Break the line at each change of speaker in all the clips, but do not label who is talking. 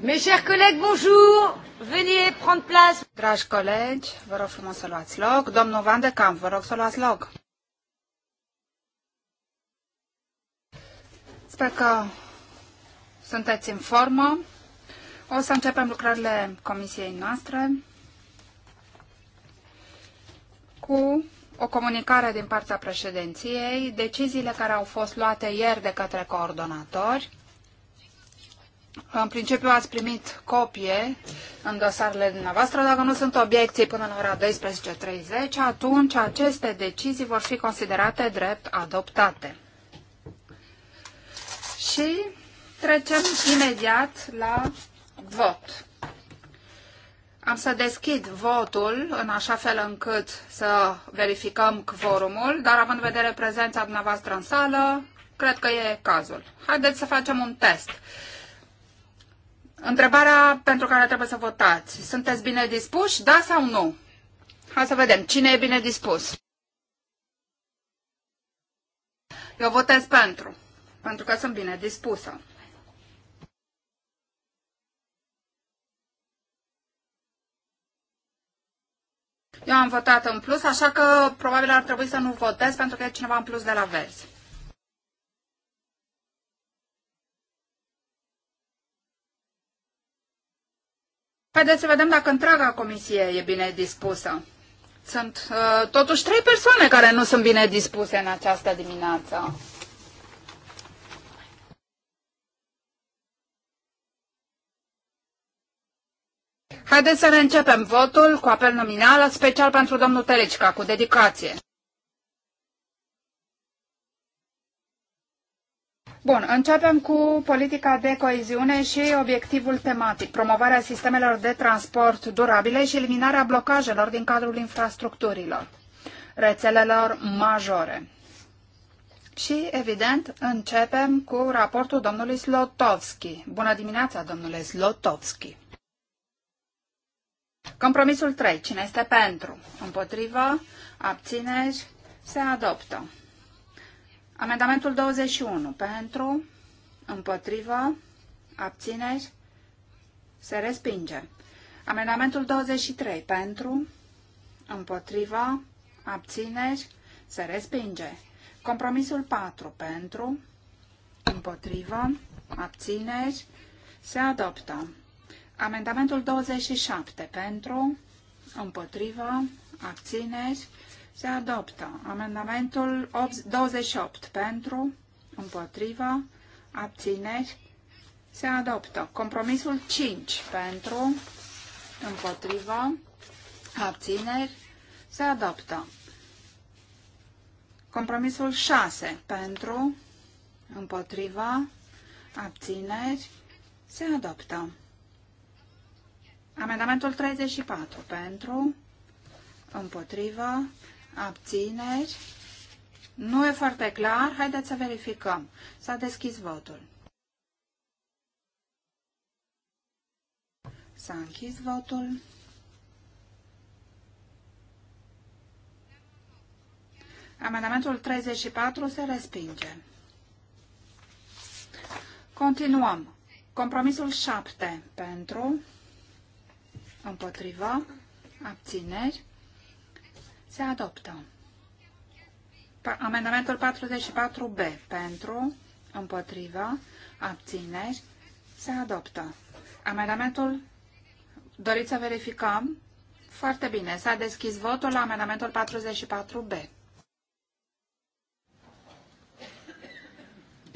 Mes chers collègues, bonjour. Veniez prendre place. Dragi colegi, vă rog frumos să luați loc. Domnul Van de Camp, vă rog să luați loc. Sper că sunteți în formă. O să începem lucrările comisiei noastre cu o comunicare din partea președinției, deciziile care au fost luate ieri de către coordonatori, în principiu ați primit copie în dosarele dumneavoastră. Dacă nu sunt obiecții până la ora 12.30, atunci aceste decizii vor fi considerate drept adoptate. Și trecem imediat la vot. Am să deschid votul în așa fel încât să verificăm cvorumul, dar având în vedere prezența dumneavoastră în sală, cred că e cazul. Haideți să facem un test. Întrebarea pentru care trebuie să votați. Sunteți bine dispuși? Da sau nu? Hai să vedem. Cine e bine dispus? Eu votez pentru. Pentru că sunt bine dispusă. Eu am votat în plus, așa că probabil ar trebui să nu votez pentru că e cineva în plus de la verzi. Haideți să vedem dacă întreaga comisie e bine dispusă. Sunt uh, totuși trei persoane care nu sunt bine dispuse în această dimineață. Haideți să ne începem votul cu apel nominal, special pentru domnul Telecica cu dedicație. Bun, începem cu politica de coeziune și obiectivul tematic, promovarea sistemelor de transport durabile și eliminarea blocajelor din cadrul infrastructurilor, rețelelor majore. Și, evident, începem cu raportul domnului Slotovski. Bună dimineața, domnule Slotovski! Compromisul 3. Cine este pentru? Împotrivă? Abțineri? Se adoptă. Amendamentul 21 pentru, împotrivă, abțineri, se respinge. Amendamentul 23 pentru, împotriva, abțineri, se respinge. Compromisul 4 pentru, împotriva, abțineri, se adoptă. Amendamentul 27 pentru, împotriva, abțineri, se adoptă. Amendamentul 28 pentru, împotrivă, abțineri. Se adoptă. Compromisul 5 pentru, împotrivă, abțineri. Se adoptă. Compromisul 6 pentru, împotriva, abțineri, se adoptă. Amendamentul 34 pentru, împotriva, abțineri. Nu e foarte clar. Haideți să verificăm. S-a deschis votul. S-a închis votul. Amendamentul 34 se respinge. Continuăm. Compromisul 7 pentru, împotriva, abțineri, se adoptă. Amendamentul 44B pentru, împotrivă, abțineri, se adoptă. Amendamentul, doriți să verificăm? Foarte bine, s-a deschis votul la amendamentul 44B.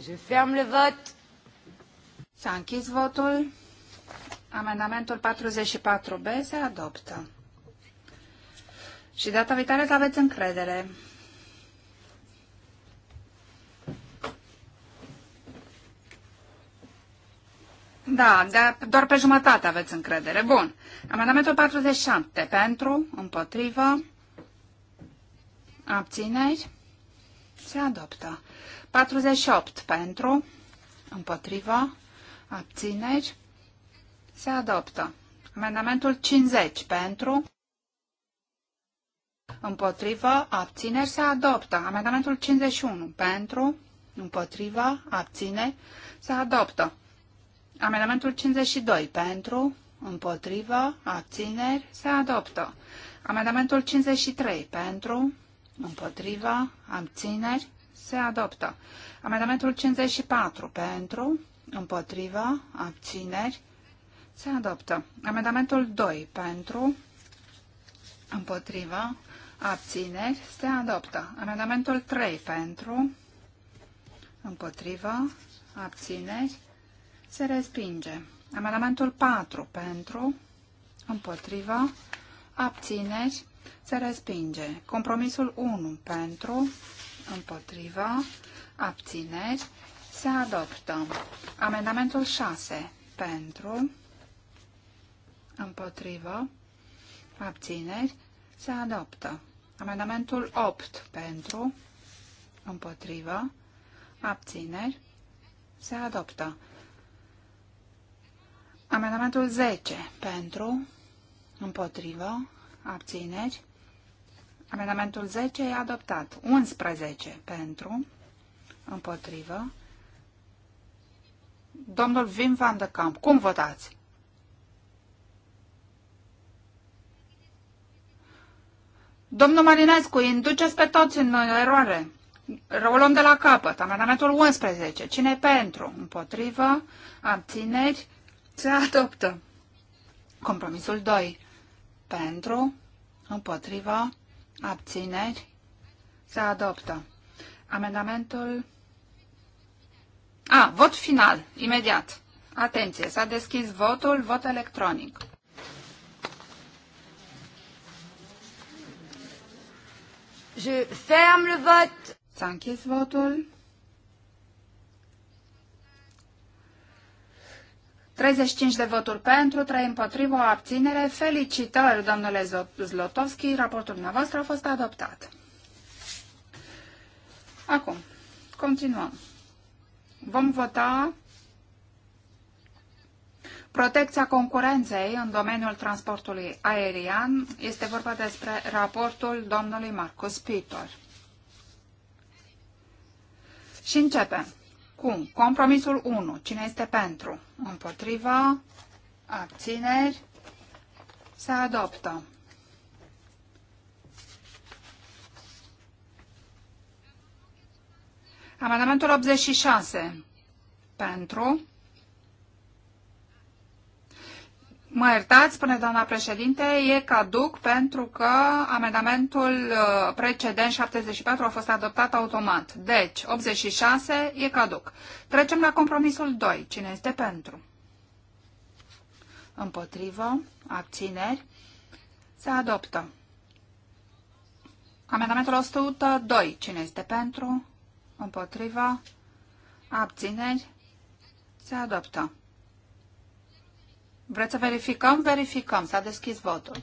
Je ferme le vot. S-a închis votul. Amendamentul 44B se adoptă. Și data viitoare să aveți încredere. Da, dar doar pe jumătate aveți încredere. Bun. Amendamentul 47. Pentru, împotrivă, abțineri, se adoptă. 48. Pentru, împotrivă, abțineri, se adoptă. Amendamentul 50. Pentru, împotrivă, abțineri, se adoptă. Amendamentul 51, pentru, împotrivă, abține, se adoptă. Amendamentul 52, pentru, împotrivă, abțineri, se adoptă. Amendamentul 53, pentru, împotrivă, abțineri, se adoptă. Amendamentul 54, pentru, împotrivă, abțineri, se adoptă. Amendamentul 2, pentru, împotrivă, abțineri, se adoptă. Amendamentul 3 pentru, împotrivă, abțineri, se respinge. Amendamentul 4 pentru, împotrivă, abțineri, se respinge. Compromisul 1 pentru, împotrivă, abțineri, se adoptă. Amendamentul 6 pentru, împotrivă, abțineri, se adoptă. Amendamentul 8 pentru, împotrivă, abțineri, se adoptă. Amendamentul 10 pentru, împotrivă, abțineri. Amendamentul 10 e adoptat. 11 pentru, împotrivă. Domnul Wim van de Camp, cum votați? Domnul Marinescu, îi induceți pe toți în eroare. O luăm de la capăt. Amendamentul 11. Cine e pentru? Împotrivă? Abțineri? Se adoptă. Compromisul 2. Pentru? Împotrivă? Abțineri? Se adoptă. Amendamentul... A, vot final, imediat. Atenție, s-a deschis votul, vot electronic. Je ferme le vote. S-a închis votul. 35 de voturi pentru, 3 împotrivă, o abținere. Felicitări, domnule Zlotovski, raportul dumneavoastră a fost adoptat. Acum, continuăm. Vom vota Protecția concurenței în domeniul transportului aerian este vorba despre raportul domnului Marcus Pitor. Și începem cu compromisul 1. Cine este pentru? Împotriva? Abțineri? Se adoptă. Amendamentul 86. Pentru? Mă iertați, spune doamna președinte, e caduc pentru că amendamentul uh, precedent 74 a fost adoptat automat. Deci, 86 e caduc. Trecem la compromisul 2. Cine este pentru? Împotrivă, abțineri, se adoptă. Amendamentul 102. Cine este pentru? Împotrivă, abțineri, se adoptă. Vreți să verificăm? Verificăm. S-a deschis votul.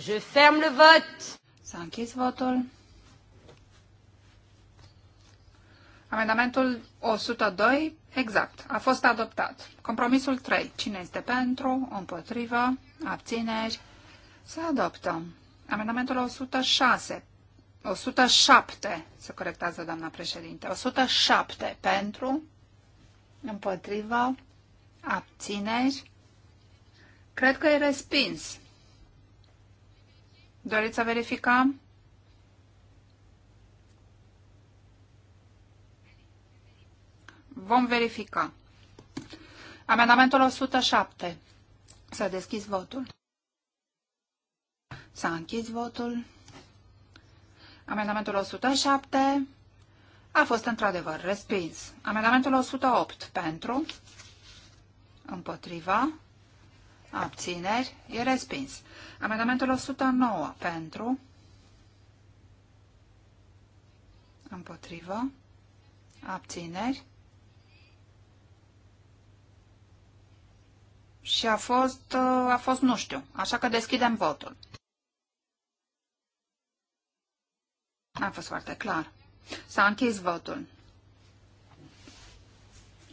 Je ferme le vot. S-a închis votul. Amendamentul 102, exact, a fost adoptat. Compromisul 3. Cine este pentru, împotrivă, abțineri, se adoptă. Amendamentul 106, 107, se corectează doamna președinte, 107 pentru, împotriva, abțineri, cred că e respins. Doriți să verificăm? Vom verifica. Amendamentul 107. S-a deschis votul. S-a închis votul. Amendamentul 107 a fost într-adevăr respins. Amendamentul 108 pentru, împotriva, abțineri, e respins. Amendamentul 109 pentru, împotriva, abțineri și a fost, a fost nu știu, așa că deschidem votul. A fost foarte clar. S-a închis votul.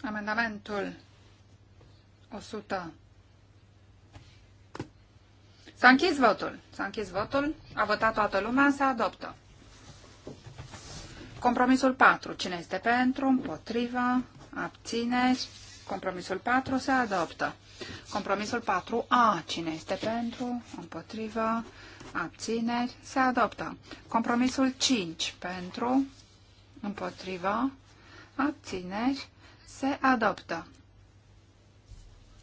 Amendamentul 100. S-a închis votul. S-a închis votul. A votat toată lumea. Se adoptă. Compromisul 4. Cine este pentru? Împotriva? Abțineri? Compromisul 4 se adoptă. Compromisul 4A. Cine este pentru? Împotriva? abțineri, se adoptă. Compromisul 5 pentru, împotrivă, abțineri, se adoptă.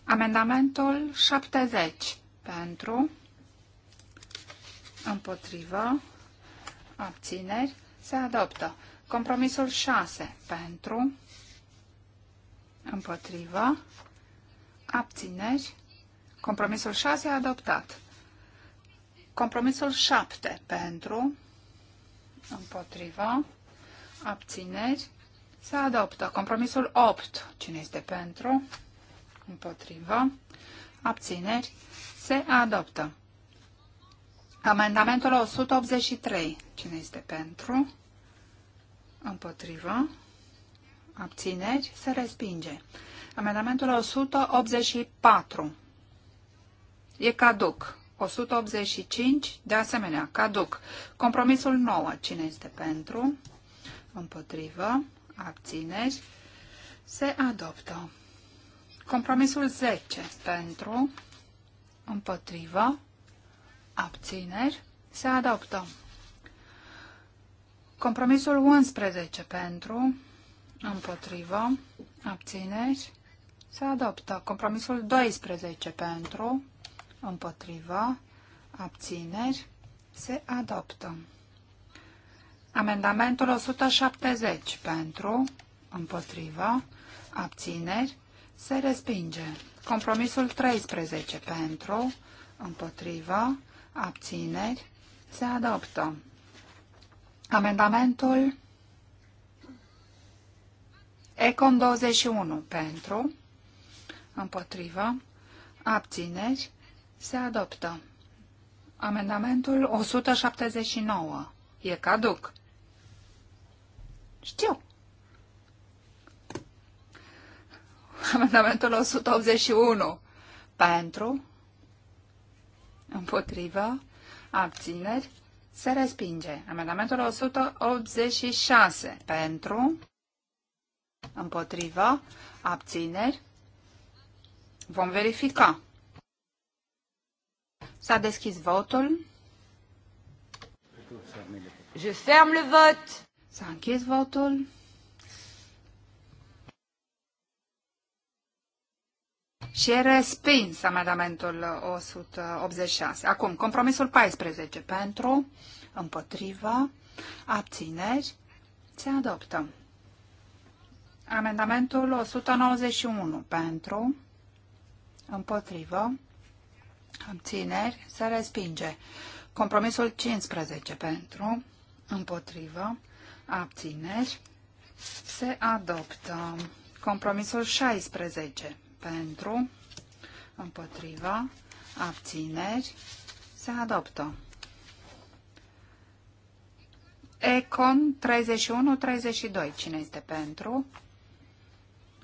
Amendamentul 70 pentru, împotrivă, abțineri, se adoptă. Compromisul 6 pentru, împotrivă, abțineri, compromisul 6 adoptat. Compromisul 7 pentru, împotriva, abțineri, se adoptă. Compromisul 8, cine este pentru, împotriva, abțineri, se adoptă. Amendamentul 183, cine este pentru, împotriva, abțineri, se respinge. Amendamentul 184, e caduc. 185, de asemenea, caduc. Compromisul 9, cine este pentru? Împotrivă, abțineri, se adoptă. Compromisul 10, pentru, împotrivă, abțineri, se adoptă. Compromisul 11, pentru, împotrivă, abțineri, se adoptă. Compromisul 12, pentru, împotriva, abțineri, se adoptă. Amendamentul 170 pentru, împotriva, abțineri, se respinge. Compromisul 13 pentru, împotriva, abțineri, se adoptă. Amendamentul Econ 21 pentru, împotriva, abțineri, se adoptă. Amendamentul 179. E caduc. Știu. Amendamentul 181. Pentru, împotrivă, abțineri, se respinge. Amendamentul 186. Pentru, împotrivă, abțineri, vom verifica. S-a deschis votul.
Je ferme le
vot. S-a închis votul. Și e respins amendamentul 186. Acum, compromisul 14 pentru, împotriva, abțineri, se adoptă. Amendamentul 191 pentru, împotrivă, abțineri, se respinge. Compromisul 15 pentru, împotrivă, abțineri, se adoptă. Compromisul 16 pentru, împotrivă, abțineri, se adoptă. Econ 31-32. Cine este pentru?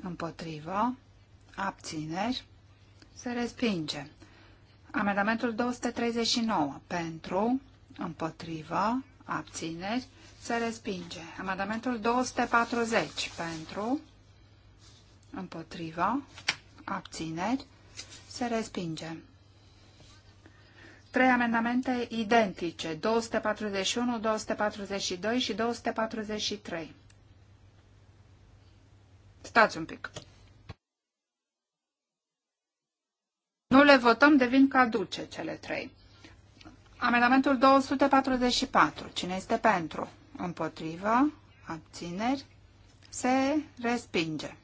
Împotrivă. Abțineri. Se respinge. Amendamentul 239 pentru, împotrivă, abțineri, se respinge. Amendamentul 240 pentru, împotrivă, abțineri, se respinge. Trei amendamente identice, 241, 242 și 243. Stați un pic. nu le votăm, devin caduce cele trei. Amendamentul 244. Cine este pentru? Împotrivă? Abțineri? Se respinge.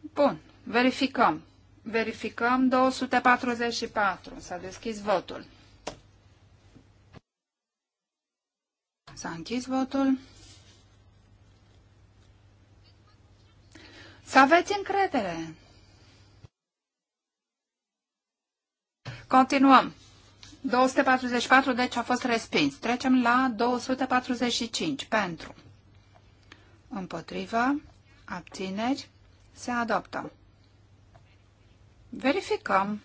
Bun. Verificăm. Verificăm 244. S-a deschis votul. S-a închis votul. Să aveți încredere! Continuăm. 244, deci a fost respins. Trecem la 245. Pentru. Împotrivă. Abțineri. Se adoptă. Verificăm.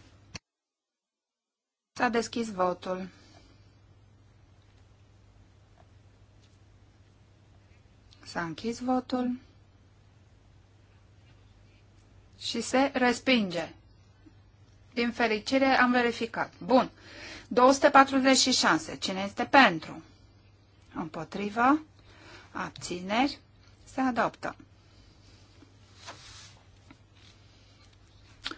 S-a deschis votul. S-a închis votul. Și se respinge. Din fericire am verificat. Bun. 246. Cine este pentru? Împotriva. Abțineri. Se adoptă.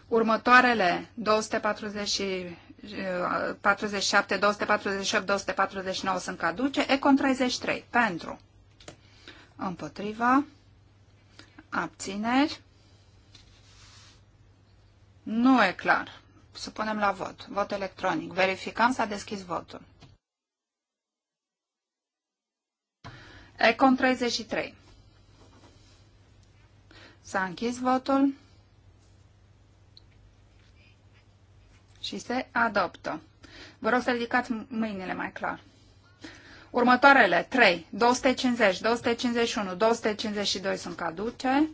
Următoarele 247, 248, 249 sunt caduce. Econ 33. Pentru. Împotriva. Abțineri. Nu e clar să punem la vot. Vot electronic. Verificăm, s-a deschis votul. Econ 33. S-a închis votul și se adoptă. Vă rog să ridicați mâinile mai clar. Următoarele 3, 250, 251, 252 sunt caduce.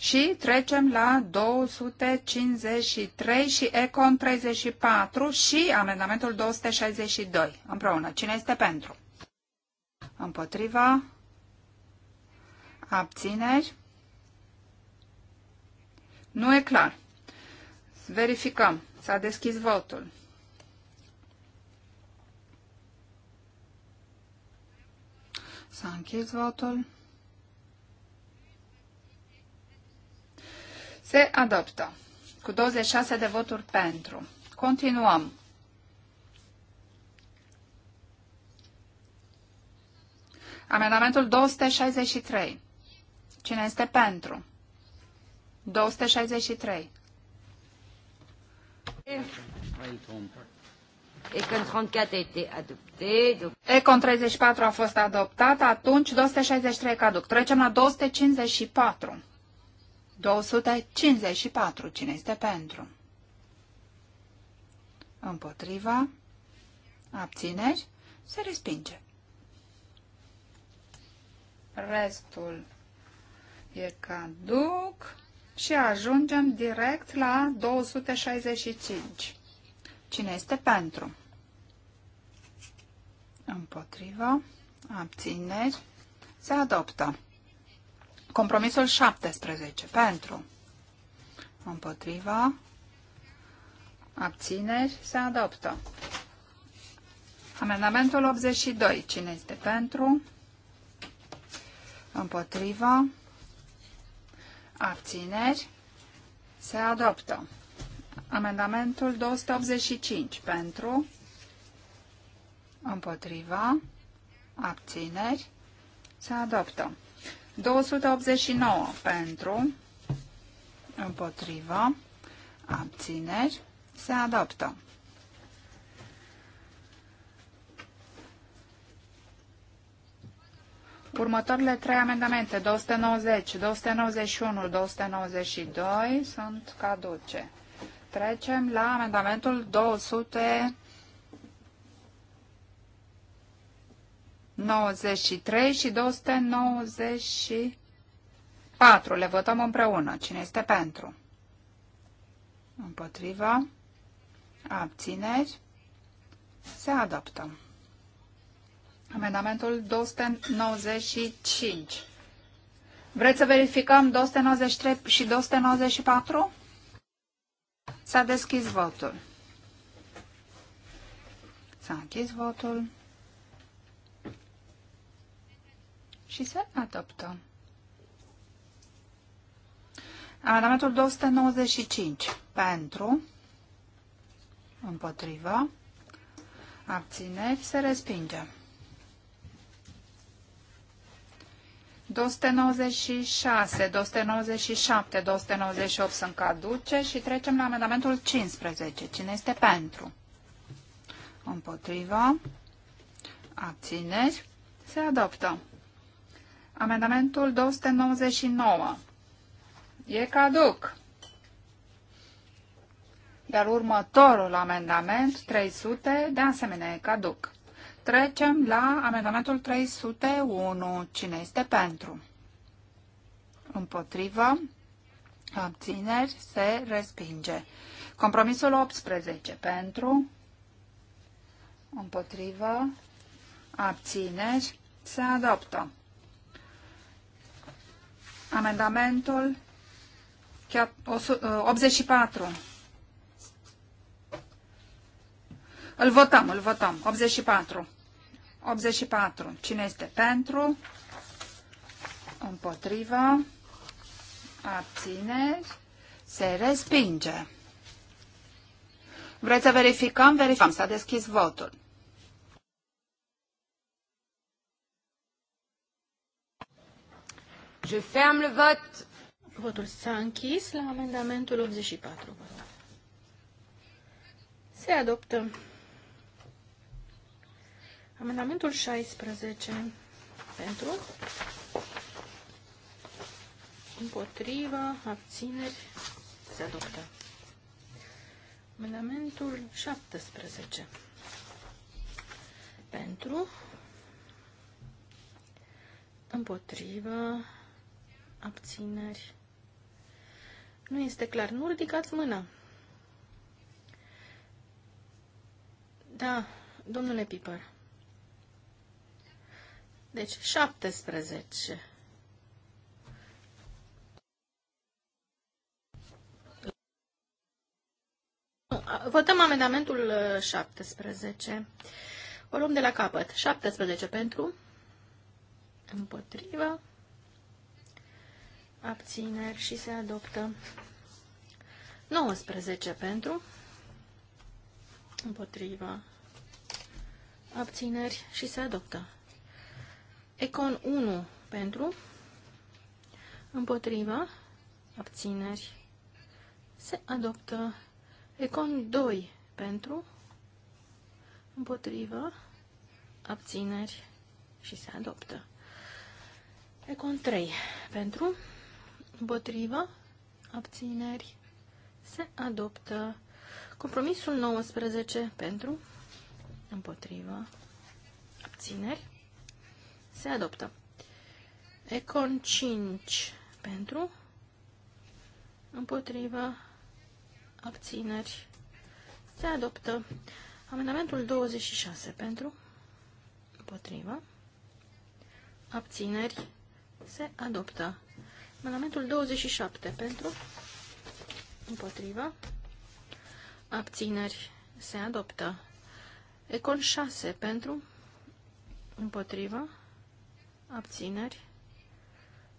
Și trecem la 253 și Econ 34 și amendamentul 262 împreună. Cine este pentru? Împotriva? Abțineri? Nu e clar. Verificăm. S-a deschis votul. S-a închis votul. Se adoptă cu 26 de voturi pentru. Continuăm. Amendamentul 263. Cine este pentru? 263. Econ 34 Econ 34 a fost adoptat, atunci 263 caduc. Trecem la 254. 254. Cine este pentru? Împotriva. Abțineri. Se respinge. Restul e caduc și ajungem direct la 265. Cine este pentru? Împotriva. Abțineri. Se adoptă. Compromisul 17. Pentru. Împotriva. Abțineri. Se adoptă. Amendamentul 82. Cine este pentru? Împotriva. Abțineri. Se adoptă. Amendamentul 285. Pentru. Împotriva. Abțineri. Se adoptă. 289 pentru, împotrivă, abțineri, se adoptă. Următoarele trei amendamente, 290, 291, 292, sunt caduce. Trecem la amendamentul 200. 93 și 294. Le votăm împreună. Cine este pentru? Împotriva. Abțineri. Se adoptă. Amendamentul 295. Vreți să verificăm 293 și 294? S-a deschis votul. S-a închis votul. și se adoptă. Amendamentul 295 pentru, împotrivă, abțineri, se respinge. 296, 297, 298 sunt caduce și trecem la amendamentul 15. Cine este pentru? Împotriva. Abțineri. Se adoptă. Amendamentul 299. E caduc. Iar următorul amendament, 300, de asemenea e caduc. Trecem la amendamentul 301. Cine este pentru? Împotrivă. Abțineri. Se respinge. Compromisul 18. Pentru. Împotrivă. Abțineri. Se adoptă. Amendamentul 84. Ă, îl votăm, îl votăm. 84. 84. Cine este pentru? Împotrivă. Abțineri. Se respinge. Vreți să verificăm? Verificăm. S-a deschis votul.
Je ferme le vote. Votul s-a închis la amendamentul 84. Se adoptă. Amendamentul 16 pentru, împotrivă, abțineri, se adoptă. Amendamentul 17 pentru, împotrivă, abțineri. Nu este clar. Nu ridicați mâna. Da, domnule Piper. Deci, 17. Votăm amendamentul 17. Uh, o luăm de la capăt. 17 pentru, împotrivă, abțineri și se adoptă 19 pentru, împotriva, abțineri și se adoptă. Econ 1 pentru, împotriva, abțineri, se adoptă. Econ 2 pentru, împotriva, abțineri și se adoptă. Econ 3 pentru, Împotrivă. Abțineri. Se adoptă. Compromisul 19 pentru. Împotrivă. Abțineri. Se adoptă. Econ 5 pentru. Împotrivă. Abțineri. Se adoptă. Amendamentul 26 pentru. Împotrivă. Abțineri. Se adoptă. Mandamentul 27 pentru, împotriva, abțineri se adoptă. Econ 6 pentru, împotriva, abțineri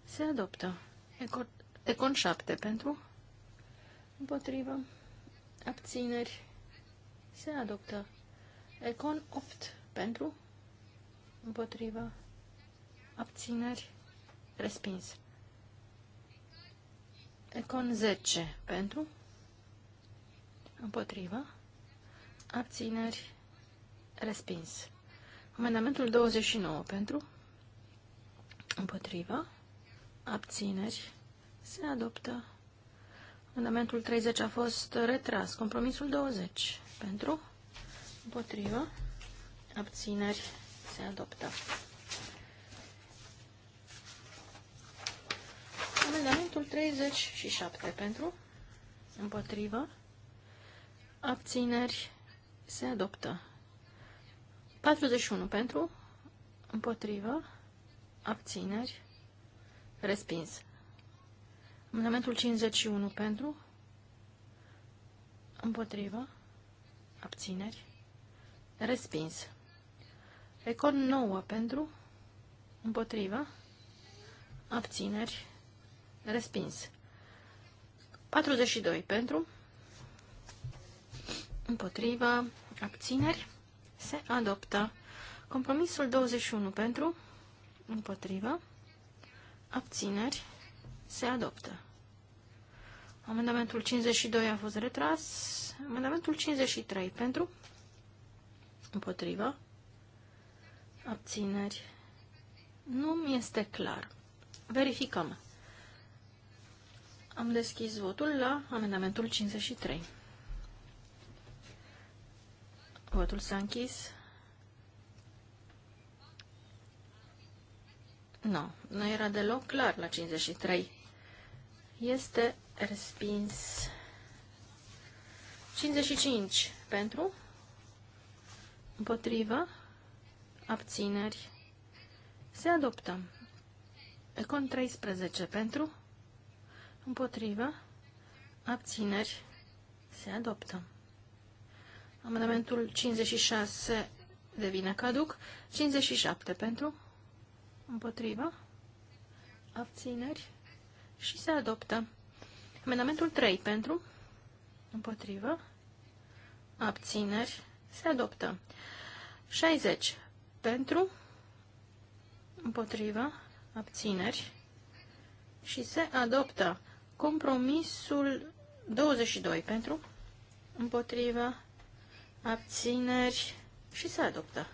se adoptă. Econ, Econ 7 pentru, împotriva, abțineri se adoptă. Econ 8 pentru, împotriva, abțineri respins. Econ 10 pentru, împotriva, abțineri, respins. Amendamentul 29 pentru, împotriva, abțineri, se adoptă. Amendamentul 30 a fost retras. Compromisul 20 pentru, împotriva, abțineri, se adoptă. Amendamentul 37 pentru, împotrivă, abțineri, se adoptă. 41 pentru, împotrivă, abțineri, respins. Amendamentul 51 pentru, împotrivă, abțineri, respins. Record 9 pentru, împotrivă, abțineri, Respins. 42 pentru. Împotrivă. Abțineri. Se adoptă. Compromisul 21 pentru. Împotrivă. Abțineri. Se adoptă. Amendamentul 52 a fost retras. Amendamentul 53 pentru. Împotrivă. Abțineri. Nu mi este clar. Verificăm. Am deschis votul la amendamentul 53. Votul s-a închis. Nu, nu era deloc clar la 53. Este respins 55 pentru, împotrivă, abțineri, se adoptă. Econ 13 pentru, Împotrivă. Abțineri. Se adoptă. Amendamentul 56 devine caduc. 57 pentru. Împotrivă. Abțineri. Și se adoptă. Amendamentul 3 pentru. Împotrivă. Abțineri. Se adoptă. 60 pentru. Împotrivă. Abțineri. Și se adoptă. Compromisul 22 pentru, împotriva, abțineri și se adoptă.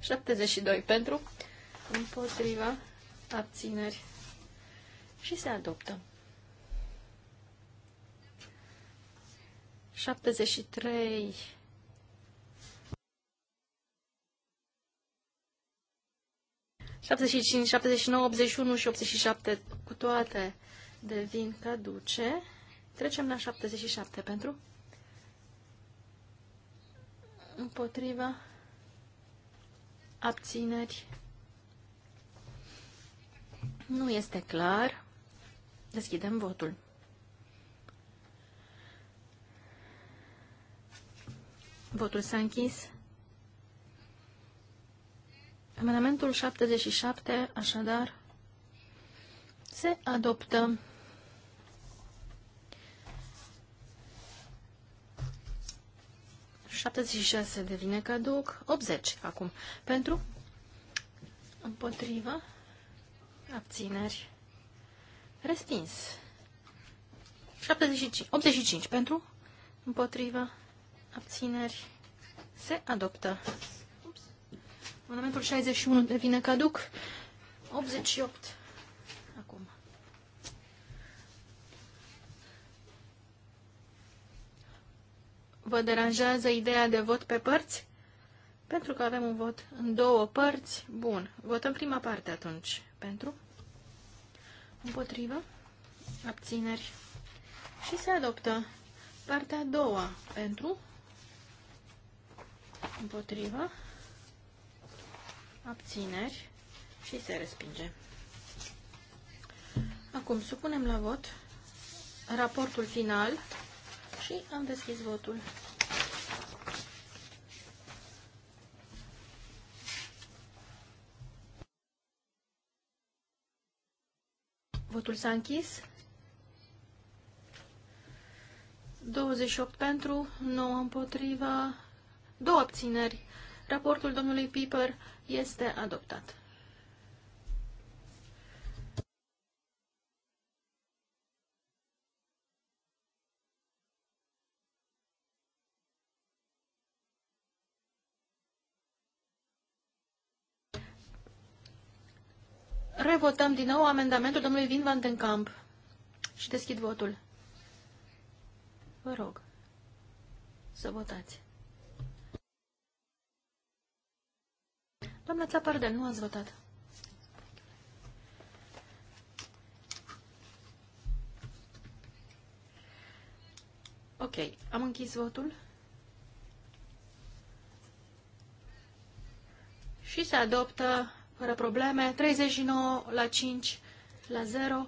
Șaptezeci doi pentru, împotriva, abțineri și se adoptă. 73. Șaptezeci și 79, 81 și 87 cu toate devin caduce. Trecem la 77 pentru împotriva abțineri. Nu este clar. Deschidem votul. Votul s-a închis. Amendamentul 77, așadar, se adoptă. se devine caduc, 80 acum. Pentru, împotriva, abțineri, respins. 75, 85 pentru, împotriva, abțineri, se adoptă. Monumentul 61 devine caduc. 88. Acum. Vă deranjează ideea de vot pe părți? Pentru că avem un vot în două părți, bun. Votăm prima parte atunci. Pentru? Împotrivă? Abțineri. Și se adoptă partea a doua. Pentru? împotriva, abțineri și se respinge. Acum supunem la vot raportul final și am deschis votul. Votul s-a închis. 28 pentru, 9 împotriva, două abțineri. Raportul domnului Piper este adoptat. Revotăm din nou amendamentul domnului Vin Van den Kamp și deschid votul. Vă rog să votați. Doamna Țapardel, nu ați votat. Ok, am închis votul. Și se adoptă, fără probleme, 39 la 5 la 0.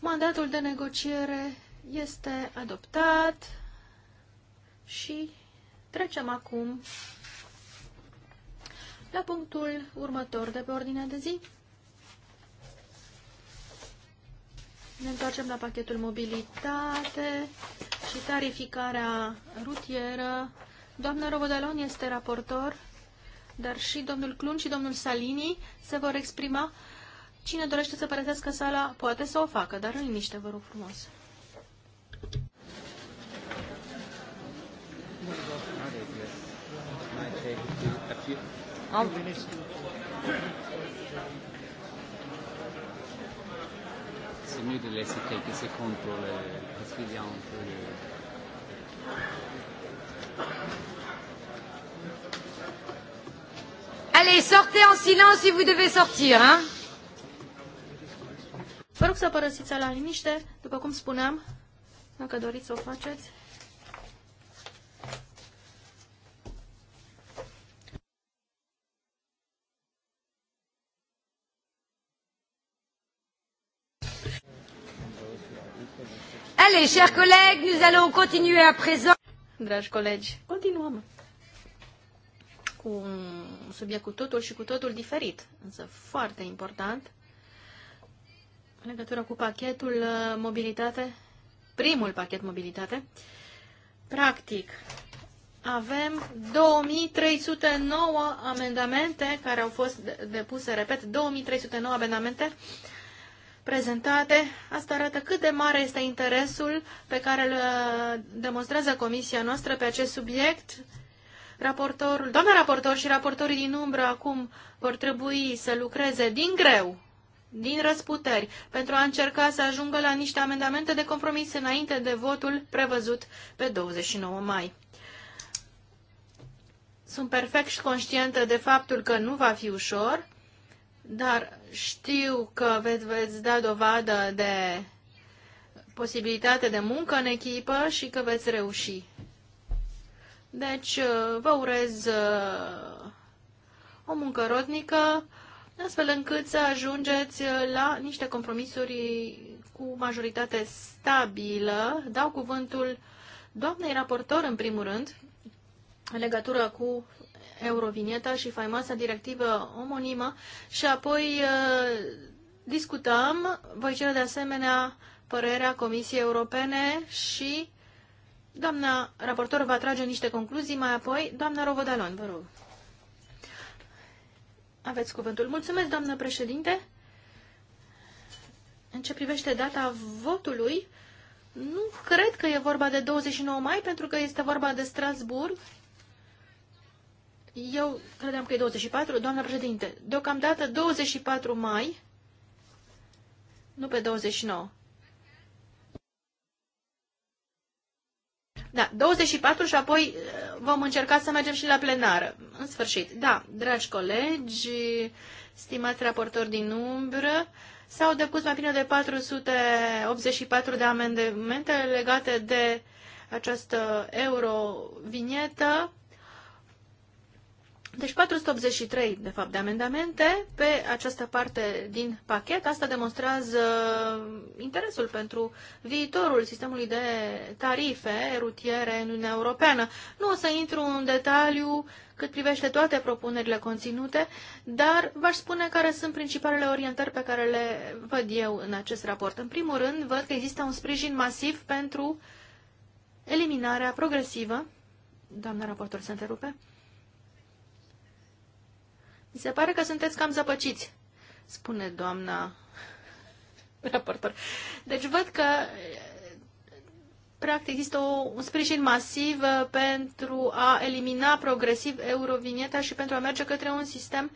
Mandatul de negociere este adoptat și trecem acum la punctul următor de pe ordinea de zi. Ne întoarcem la pachetul mobilitate și tarificarea rutieră. Doamna Robodalon este raportor, dar și domnul Clun și domnul Salini se vor exprima. Cine dorește să părăsească sala, poate să o facă, dar în liniște, vă rog frumos.
Thank you. C'est mieux de laisser quelques secondes pour le... parce qu'il y a un peu
de... Allez, sortez en silence si vous devez sortir, hein Vă rog să părăsiți la liniște, după cum spuneam, dacă doriți să o faceți.
Allez, chers collègues, nous allons continuer à présent.
Dragi colegi, continuăm cu un subiect cu totul și cu totul diferit, însă foarte important, în legătură cu pachetul uh, mobilitate, primul pachet mobilitate. Practic, avem 2309 amendamente care au fost depuse, repet, 2309 amendamente prezentate. Asta arată cât de mare este interesul pe care îl uh, demonstrează comisia noastră pe acest subiect. Raportorul, doamna raportor și raportorii din umbră acum vor trebui să lucreze din greu, din răsputeri, pentru a încerca să ajungă la niște amendamente de compromis înainte de votul prevăzut pe 29 mai. Sunt perfect conștientă de faptul că nu va fi ușor, dar știu că veți, veți da dovadă de posibilitate de muncă în echipă și că veți reuși. Deci, uh, vă urez uh, o muncă rodnică, astfel încât să ajungeți uh, la niște compromisuri cu majoritate stabilă. Dau cuvântul doamnei raportor, în primul rând, în legătură cu Eurovinieta și faimoasa directivă omonimă și apoi uh, discutăm, voi cere de asemenea părerea Comisiei Europene și doamna raportor va trage niște concluzii mai apoi. Doamna Rovodalon, vă rog. Aveți cuvântul. Mulțumesc, doamnă președinte. În ce privește data votului, nu cred că e vorba de 29 mai, pentru că este vorba de Strasburg eu credeam că e 24, doamna președinte. Deocamdată 24 mai, nu pe 29. Da, 24 și apoi uh, vom încerca să mergem și la plenară. În sfârșit, da, dragi colegi, stimați raportori din umbră, s-au depus mai bine de 484 de amendamente legate de această eurovinietă. Deci 483, de fapt, de amendamente pe această parte din pachet. Asta demonstrează interesul pentru viitorul sistemului de tarife rutiere în Uniunea Europeană. Nu o să intru în detaliu cât privește toate propunerile conținute, dar v-aș spune care sunt principalele orientări pe care le văd eu în acest raport. În primul rând, văd că există un sprijin masiv pentru eliminarea progresivă. Doamna raportor, se întrerupe mi se pare că sunteți cam zăpăciți, spune doamna raportor. Deci văd că practic există o, un sprijin masiv uh, pentru a elimina progresiv eurovinieta și pentru a merge către un sistem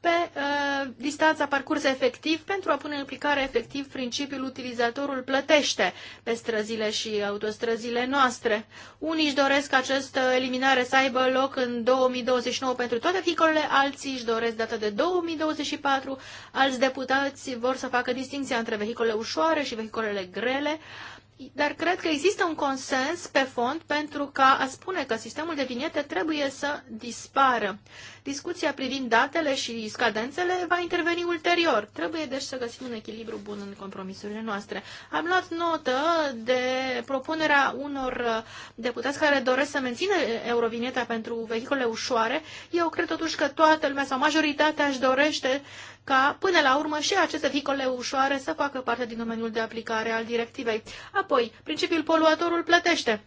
pe uh, distanța parcurs efectiv pentru a pune în aplicare efectiv principiul utilizatorul plătește pe străzile și autostrăzile noastre. Unii își doresc această eliminare să aibă loc în 2029 pentru toate vehiculele, alții își doresc data de 2024, alți deputați vor să facă distinția între vehicole ușoare și vehicolele grele. Uh, dar cred că există un consens pe fond pentru ca a spune că sistemul de viniete trebuie să dispară. Discuția privind datele și scadențele va interveni ulterior. Trebuie deci să găsim un echilibru bun în compromisurile noastre. Am luat notă de propunerea unor deputați care doresc să mențină eurovinieta pentru vehicule ușoare. Eu cred totuși că toată lumea sau majoritatea își dorește ca până la urmă și aceste vehicole ușoare să facă parte din domeniul de aplicare al directivei. Apoi, principiul poluatorul plătește.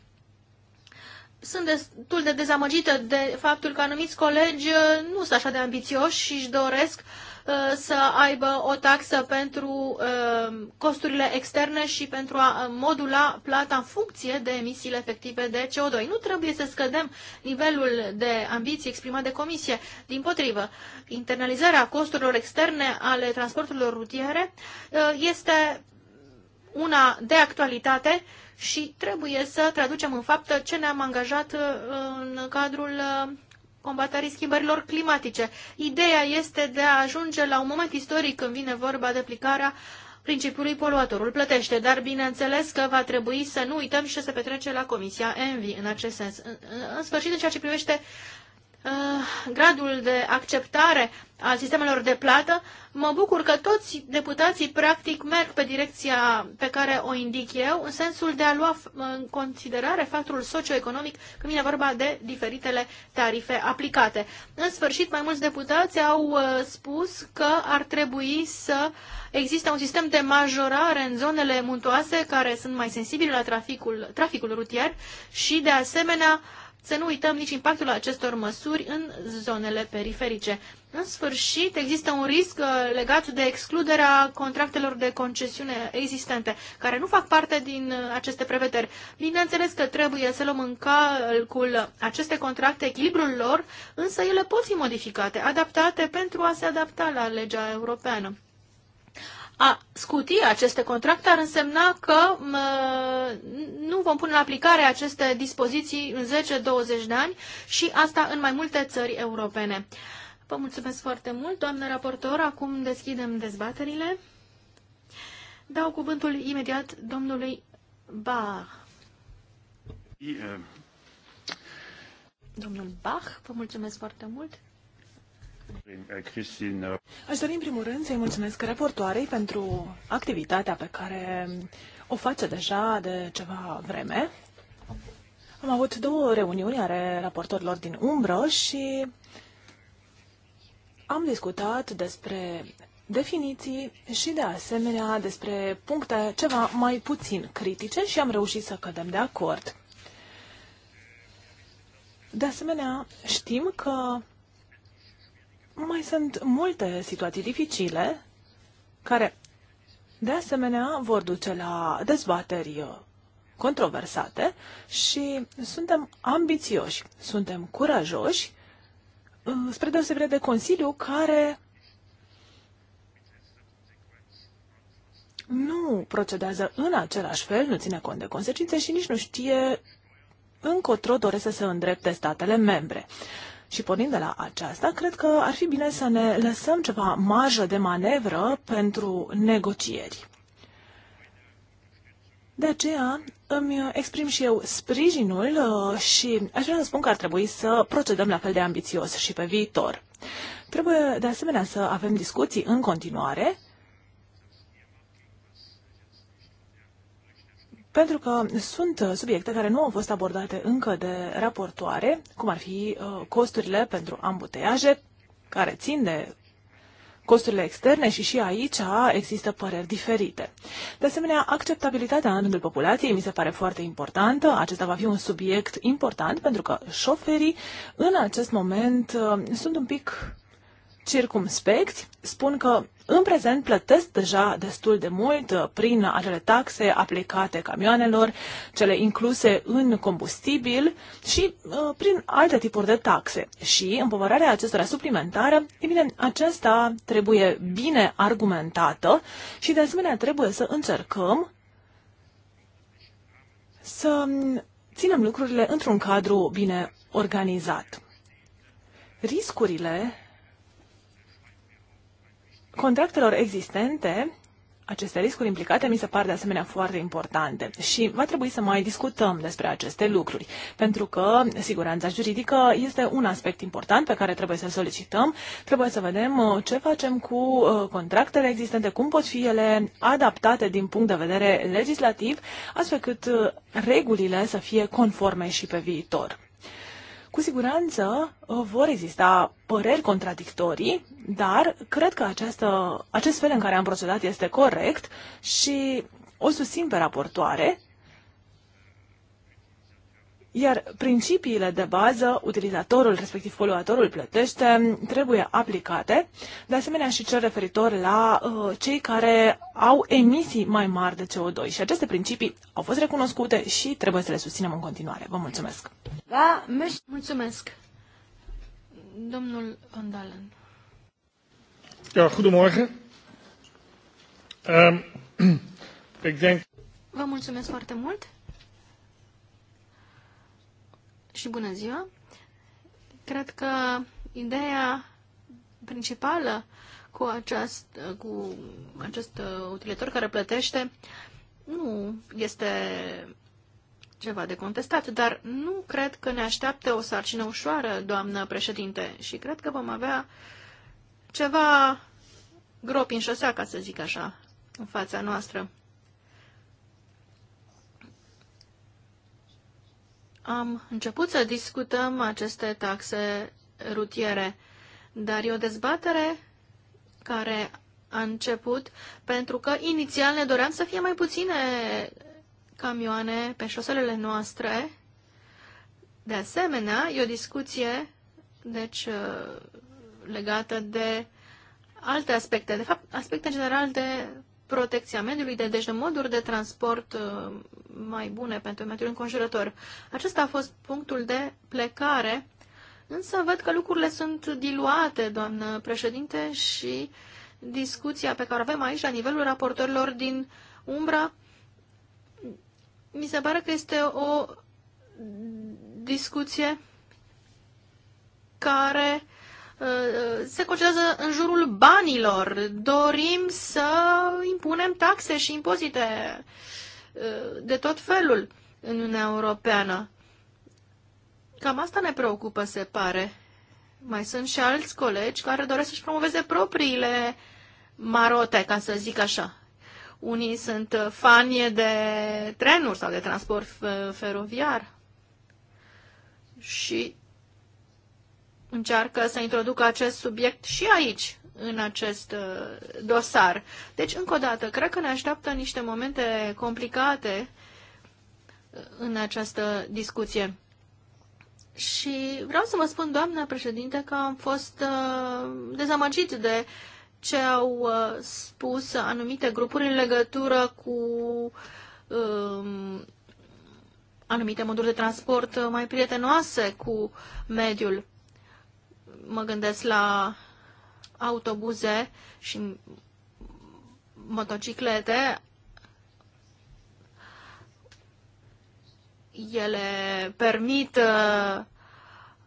Sunt destul de dezamăgită de faptul că anumiți colegi uh, nu sunt așa de ambițioși și își doresc uh, Uh, să aibă o taxă pentru uh, costurile externe și pentru a uh, modula plata în funcție de emisiile efective de CO2. Nu trebuie să scădem nivelul de ambiții exprimat de comisie. Din potrivă, internalizarea costurilor externe ale transporturilor rutiere este una de actualitate și trebuie să traducem în faptă ce ne-am angajat în cadrul combaterii schimbărilor climatice. Ideea este de a ajunge la un moment istoric când vine vorba de aplicarea principiului poluatorul plătește, dar bineînțeles că va trebui să nu uităm și să se petrece la Comisia Envi în acest sens. În, în sfârșit, în ceea ce privește Eh, gradul de acceptare al sistemelor de plată, mă bucur că toți deputații practic merg pe direcția pe care o indic eu, în sensul de a lua în considerare factorul socioeconomic când vine vorba de diferitele tarife aplicate. În sfârșit, mai mulți deputați au eh, spus că ar trebui să existe un sistem de majorare în zonele muntoase care sunt mai sensibile la traficul, traficul rutier și, de asemenea, să nu uităm nici impactul acestor măsuri în zonele periferice. În sfârșit, există un risc uh, legat de excluderea contractelor de concesiune existente, care nu fac parte din uh, aceste prevederi. Bineînțeles că trebuie să luăm în calcul aceste contracte, echilibrul lor, însă ele pot fi modificate, adaptate pentru a se adapta la legea europeană a scuti aceste contracte ar însemna că nu vom pune în aplicare aceste dispoziții în 10-20 de ani și asta în mai multe țări europene. Vă mulțumesc foarte mult, doamnă raportor. Acum deschidem dezbaterile. Dau cuvântul imediat domnului Bach. Uh, Domnul Bach,
vă mulțumesc foarte mult. Aș dori în primul rând să-i mulțumesc raportoarei pentru activitatea pe care o face deja de ceva vreme. Am avut două reuniuni ale raportorilor din umbră și am discutat despre definiții și de asemenea despre puncte ceva mai puțin critice și am reușit să cădem de acord. De asemenea, știm că mai sunt multe situații dificile care, de asemenea, vor duce la dezbateri uh, controversate și suntem ambițioși, suntem curajoși, uh, spre deosebire de Consiliu, care nu procedează în același fel, nu ține cont de consecințe și nici nu știe încotro doresc să se îndrepte statele membre. Și pornind de la aceasta, cred că ar fi bine să ne lăsăm ceva marjă de manevră pentru negocieri. De aceea îmi exprim și eu sprijinul uh, și aș vrea să spun că ar trebui să procedăm la fel de ambițios și pe viitor. Trebuie de asemenea să avem discuții în continuare pentru că sunt subiecte care nu au fost abordate încă de raportoare, cum ar fi uh, costurile pentru ambuteiaje, care țin de costurile externe și și aici există păreri diferite. De asemenea, acceptabilitatea în rândul populației mi se pare foarte importantă. Acesta va fi un subiect important pentru că șoferii în acest moment uh, sunt un pic circumspecți spun că în prezent plătesc deja destul de mult uh, prin acele taxe aplicate camioanelor, cele incluse în combustibil și uh, prin alte tipuri de taxe. Și împovărarea acestora suplimentară, evident, aceasta trebuie bine argumentată și de asemenea trebuie să încercăm să mm, ținem lucrurile într-un cadru bine organizat. Riscurile contractelor existente, aceste riscuri implicate mi se par de asemenea foarte importante și va trebui să mai discutăm despre aceste lucruri, pentru că siguranța juridică este un aspect important pe care trebuie să-l solicităm. Trebuie să vedem uh, ce facem cu uh, contractele existente, cum pot fi ele adaptate din punct de vedere legislativ, astfel cât uh, regulile să fie conforme și pe viitor. Cu siguranță uh, vor exista păreri contradictorii, dar cred că această, acest fel în care am procedat este corect și o susțin pe raportoare iar principiile de bază, utilizatorul, respectiv poluatorul plătește, trebuie aplicate, de asemenea și cel referitor la uh, cei care au emisii mai mari de CO2. Și aceste principii au fost recunoscute și trebuie să le susținem în continuare. Vă mulțumesc!
Da, mulțumesc! Domnul Andalen.
Ja, goedemorgen.
Um, ik denk... Vă mulțumesc foarte mult! și bună ziua! Cred că ideea principală cu acest, cu acest utilitor care plătește nu este ceva de contestat, dar nu cred că ne așteaptă o sarcină ușoară, doamnă președinte, și cred că vom avea ceva gropi în șosea, ca să zic așa, în fața noastră. am început să discutăm aceste taxe rutiere, dar e o dezbatere care a început pentru că inițial ne doream să fie mai puține camioane pe șoselele noastre. De asemenea, e o discuție deci, uh, legată de alte aspecte, de fapt, aspecte general de protecția mediului, de, deci de moduri de transport uh, mai bune pentru mediul înconjurător. Acesta a fost punctul de plecare, însă văd că lucrurile sunt diluate, doamnă președinte, și discuția pe care o avem aici la nivelul raportorilor din Umbra, mi se pare că este o discuție care Uh, se concentrează în jurul banilor. Dorim să impunem taxe și impozite uh, de tot felul în Uniunea Europeană. Cam asta ne preocupă, se pare. Mai sunt și alți colegi care doresc să-și promoveze propriile marote, ca să zic așa. Unii sunt fani de trenuri sau de transport feroviar. Și încearcă să introducă acest subiect și aici, în acest uh, dosar. Deci, încă o dată, cred că ne așteaptă niște momente complicate uh, în această discuție. Și vreau să vă spun, doamna președinte, că am fost uh, dezamăgit de ce au spus anumite grupuri în legătură cu um, anumite moduri de transport mai prietenoase cu mediul mă gândesc la autobuze și motociclete, ele permit uh,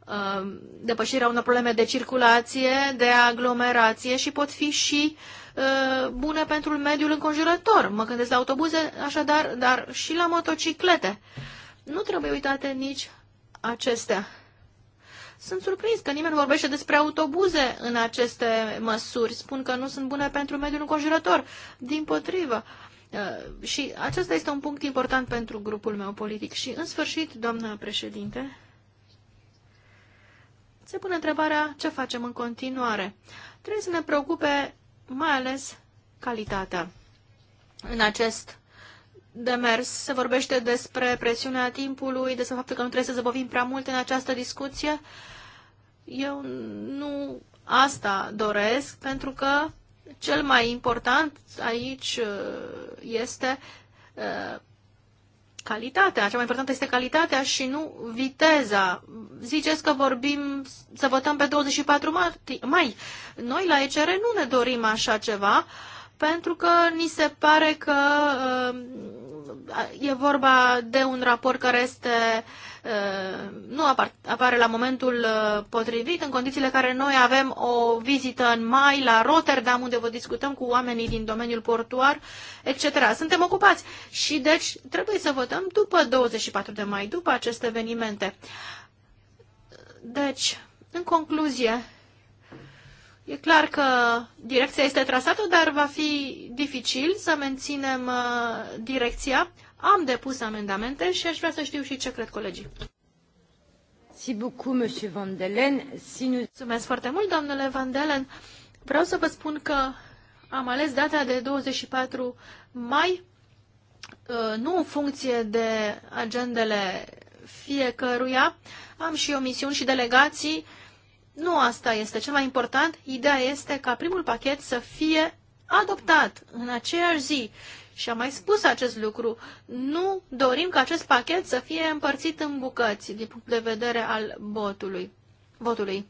uh, depășirea unor probleme de circulație, de aglomerație și pot fi și uh, bune pentru mediul înconjurător. Mă gândesc la autobuze, așadar, dar și la motociclete. Nu trebuie uitate nici acestea. Sunt surprins că nimeni nu vorbește despre autobuze în aceste măsuri. Spun că nu sunt bune pentru mediul înconjurător. Din potrivă. Uh, și acesta este un punct important pentru grupul meu politic. Și, în sfârșit, doamnă președinte, se pune întrebarea ce facem în continuare. Trebuie să ne preocupe mai ales calitatea. În acest demers. Se vorbește despre presiunea timpului, despre faptul că nu trebuie să zăbovim prea mult în această discuție. Eu nu asta doresc, pentru că cel mai important aici uh, este uh, calitatea. Cea mai importantă este calitatea și nu viteza. Ziceți că vorbim să votăm pe 24 mai. Noi la ECR nu ne dorim așa ceva, pentru că ni se pare că uh, e vorba de un raport care este nu apare la momentul potrivit, în condițiile care noi avem o vizită în mai la Rotterdam, unde vă discutăm cu oamenii din domeniul portuar, etc. Suntem ocupați și deci trebuie să votăm după 24 de mai, după aceste evenimente. Deci, în concluzie, E clar că direcția este trasată, dar va fi dificil să menținem uh, direcția. Am depus amendamente și aș vrea să știu și ce cred colegii. Mulțumesc foarte mult, domnule Van Delen. Vreau să vă spun că am ales data de 24 mai, uh, nu în funcție de agendele fiecăruia. Am și misiuni și delegații nu asta este cel mai important. Ideea este ca primul pachet să fie adoptat în aceeași zi. Și am mai spus acest lucru. Nu dorim ca acest pachet să fie împărțit în bucăți din punct de vedere al votului. votului.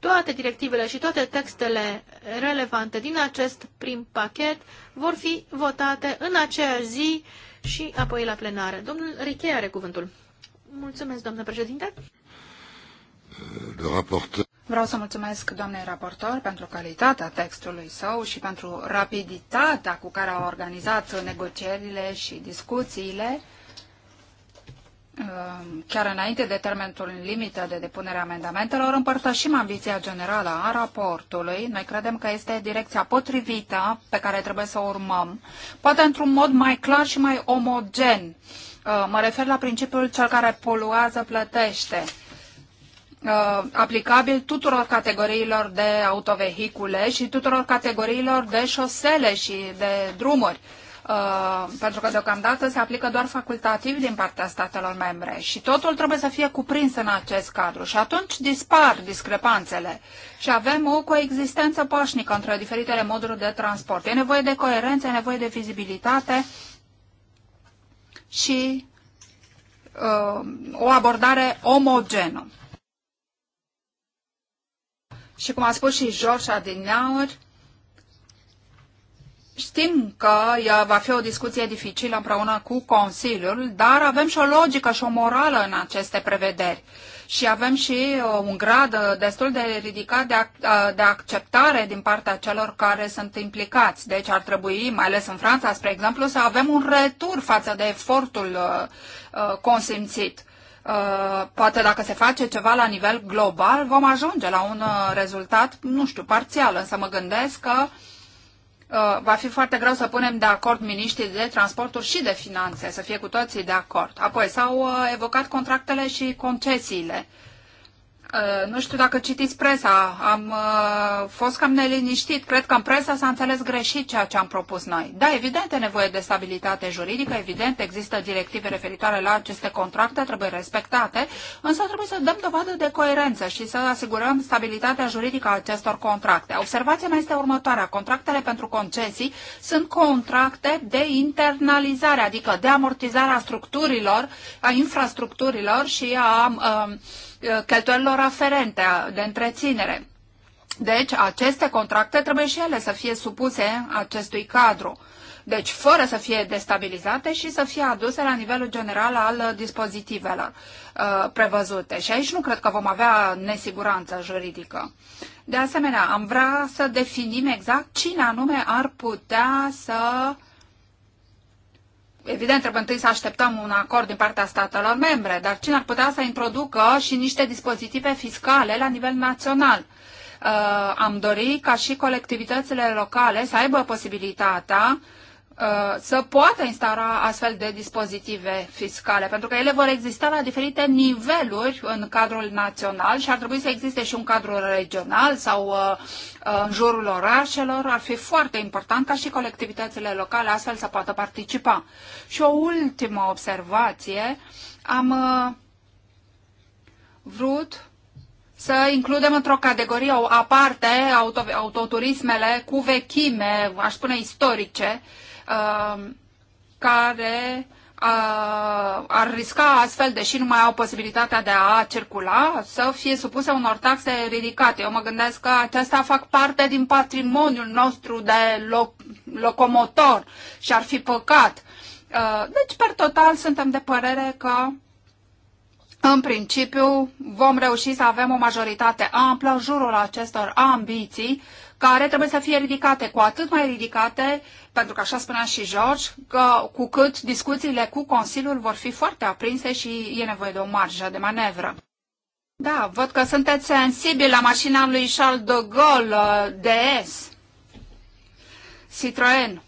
Toate directivele și toate textele relevante din acest prim pachet vor fi votate în aceeași zi și apoi la plenară. Domnul Richei are cuvântul. Mulțumesc, domnule președinte.
Vreau să mulțumesc doamnei raportor pentru calitatea textului său și pentru rapiditatea cu care a organizat negocierile și discuțiile ehm, chiar înainte de termenul limită de depunere a amendamentelor, împărtășim ambiția generală a raportului. Noi credem că este direcția potrivită pe care trebuie să o urmăm, poate într-un mod mai clar și mai omogen. Ehm, mă refer la principiul cel care poluează plătește uh, aplicabil tuturor categoriilor de autovehicule și tuturor categoriilor de șosele și de drumuri. Uh, pentru că deocamdată se aplică doar facultativ din partea statelor membre și totul trebuie să fie cuprins în acest cadru și atunci dispar discrepanțele și avem o coexistență pașnică între diferitele moduri de transport. E nevoie de coerență, e nevoie de vizibilitate și uh, o abordare omogenă. Și cum a spus și George Adinaur, Știm că va fi o discuție dificilă împreună cu Consiliul, dar avem și o logică și o morală în aceste prevederi. Și avem și uh, un grad uh, destul de ridicat de, ac- uh, de acceptare din partea celor care sunt implicați. Deci ar trebui, mai ales în Franța, spre exemplu, să avem un retur față de efortul uh, consimțit. Uh, poate dacă se face ceva la nivel global, vom ajunge la un uh, rezultat, nu știu, parțial, însă mă gândesc că uh, va fi foarte greu să punem de acord miniștrii de transporturi și de finanțe, să fie cu toții de acord. Apoi s-au evocat contractele și concesiile. Uh, Uh, nu știu dacă citiți presa, am uh, fost cam neliniștit. Cred că în presa s-a înțeles greșit ceea ce am propus noi. Da, evident e nevoie de stabilitate juridică, evident există directive referitoare la aceste contracte, trebuie respectate, însă trebuie să dăm dovadă de coerență și să asigurăm stabilitatea juridică a acestor contracte. Observația mea este următoarea. Contractele pentru concesii sunt contracte de internalizare, adică de amortizare a structurilor, a infrastructurilor și a, a, um, a Eh, cheltuielilor aferente de întreținere. Deci, aceste contracte trebuie și ele să fie supuse acestui cadru. Deci, fără să fie destabilizate și să fie aduse la nivelul general al eh, dispozitivelor uh, prevăzute. Și aici nu cred că vom avea nesiguranță juridică. De asemenea, am vrea să definim exact cine anume ar putea să uh, Evident, trebuie întâi să așteptăm un acord din partea statelor membre, dar cine ar putea să introducă și niște dispozitive fiscale la nivel național? Uh, am dorit ca și colectivitățile locale să aibă posibilitatea Uh, să poată instaura astfel de dispozitive fiscale, pentru că ele vor exista la diferite niveluri în cadrul național și ar trebui să existe și un cadru regional sau uh, uh, în jurul orașelor. Ar fi foarte important ca și colectivitățile locale astfel să poată participa. Și o ultimă observație, am vrut să includem într-o categorie aparte autoturismele cu vechime, aș spune istorice, Um, care uh, ar risca astfel, deși nu mai au posibilitatea de a circula, să fie supuse unor taxe ridicate. Eu mă gândesc că acestea fac parte din patrimoniul nostru de loc- locomotor și ar fi păcat. Uh, deci, per total, suntem de părere că în principiu, vom reuși să avem o majoritate amplă în jurul acestor ambiții care trebuie să fie ridicate, cu atât mai ridicate, pentru că așa spunea și George, că cu cât discuțiile cu Consiliul vor fi foarte aprinse și e nevoie de o marjă de manevră. Da, văd că sunteți sensibil la mașina lui Charles de Gaulle uh, DS. Citroen.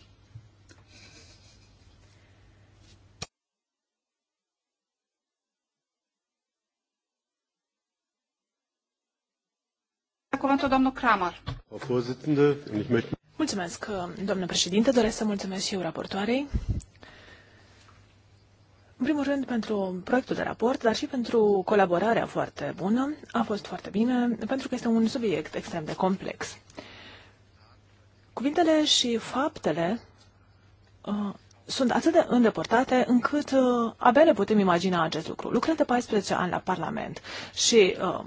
cuvântul domnul Kramer. Mulțumesc, domnule președinte. Doresc să mulțumesc și eu raportoarei. În primul rând pentru proiectul de raport, dar și pentru colaborarea foarte bună. A fost foarte bine, pentru că este un subiect extrem de complex. Cuvintele și faptele uh, sunt atât de îndepărtate încât uh, abia le putem imagina acest lucru. Lucrez de 14 ani la Parlament și uh,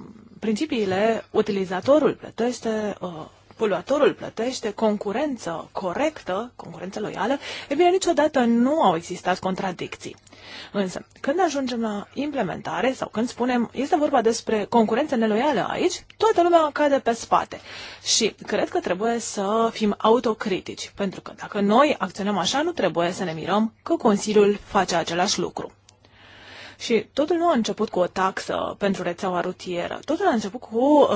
principiile utilizatorul plătește, uh, poluatorul plătește, concurență corectă, concurență loială, e bine, niciodată nu au existat contradicții. Însă, când ajungem la implementare sau când spunem este vorba despre concurență neloială aici, toată lumea cade pe spate. Și cred că trebuie să fim autocritici, pentru că dacă noi acționăm așa, nu trebuie să ne mirăm că Consiliul face același lucru. Și totul nu a început cu o taxă pentru rețeaua rutieră. Totul a început cu uh,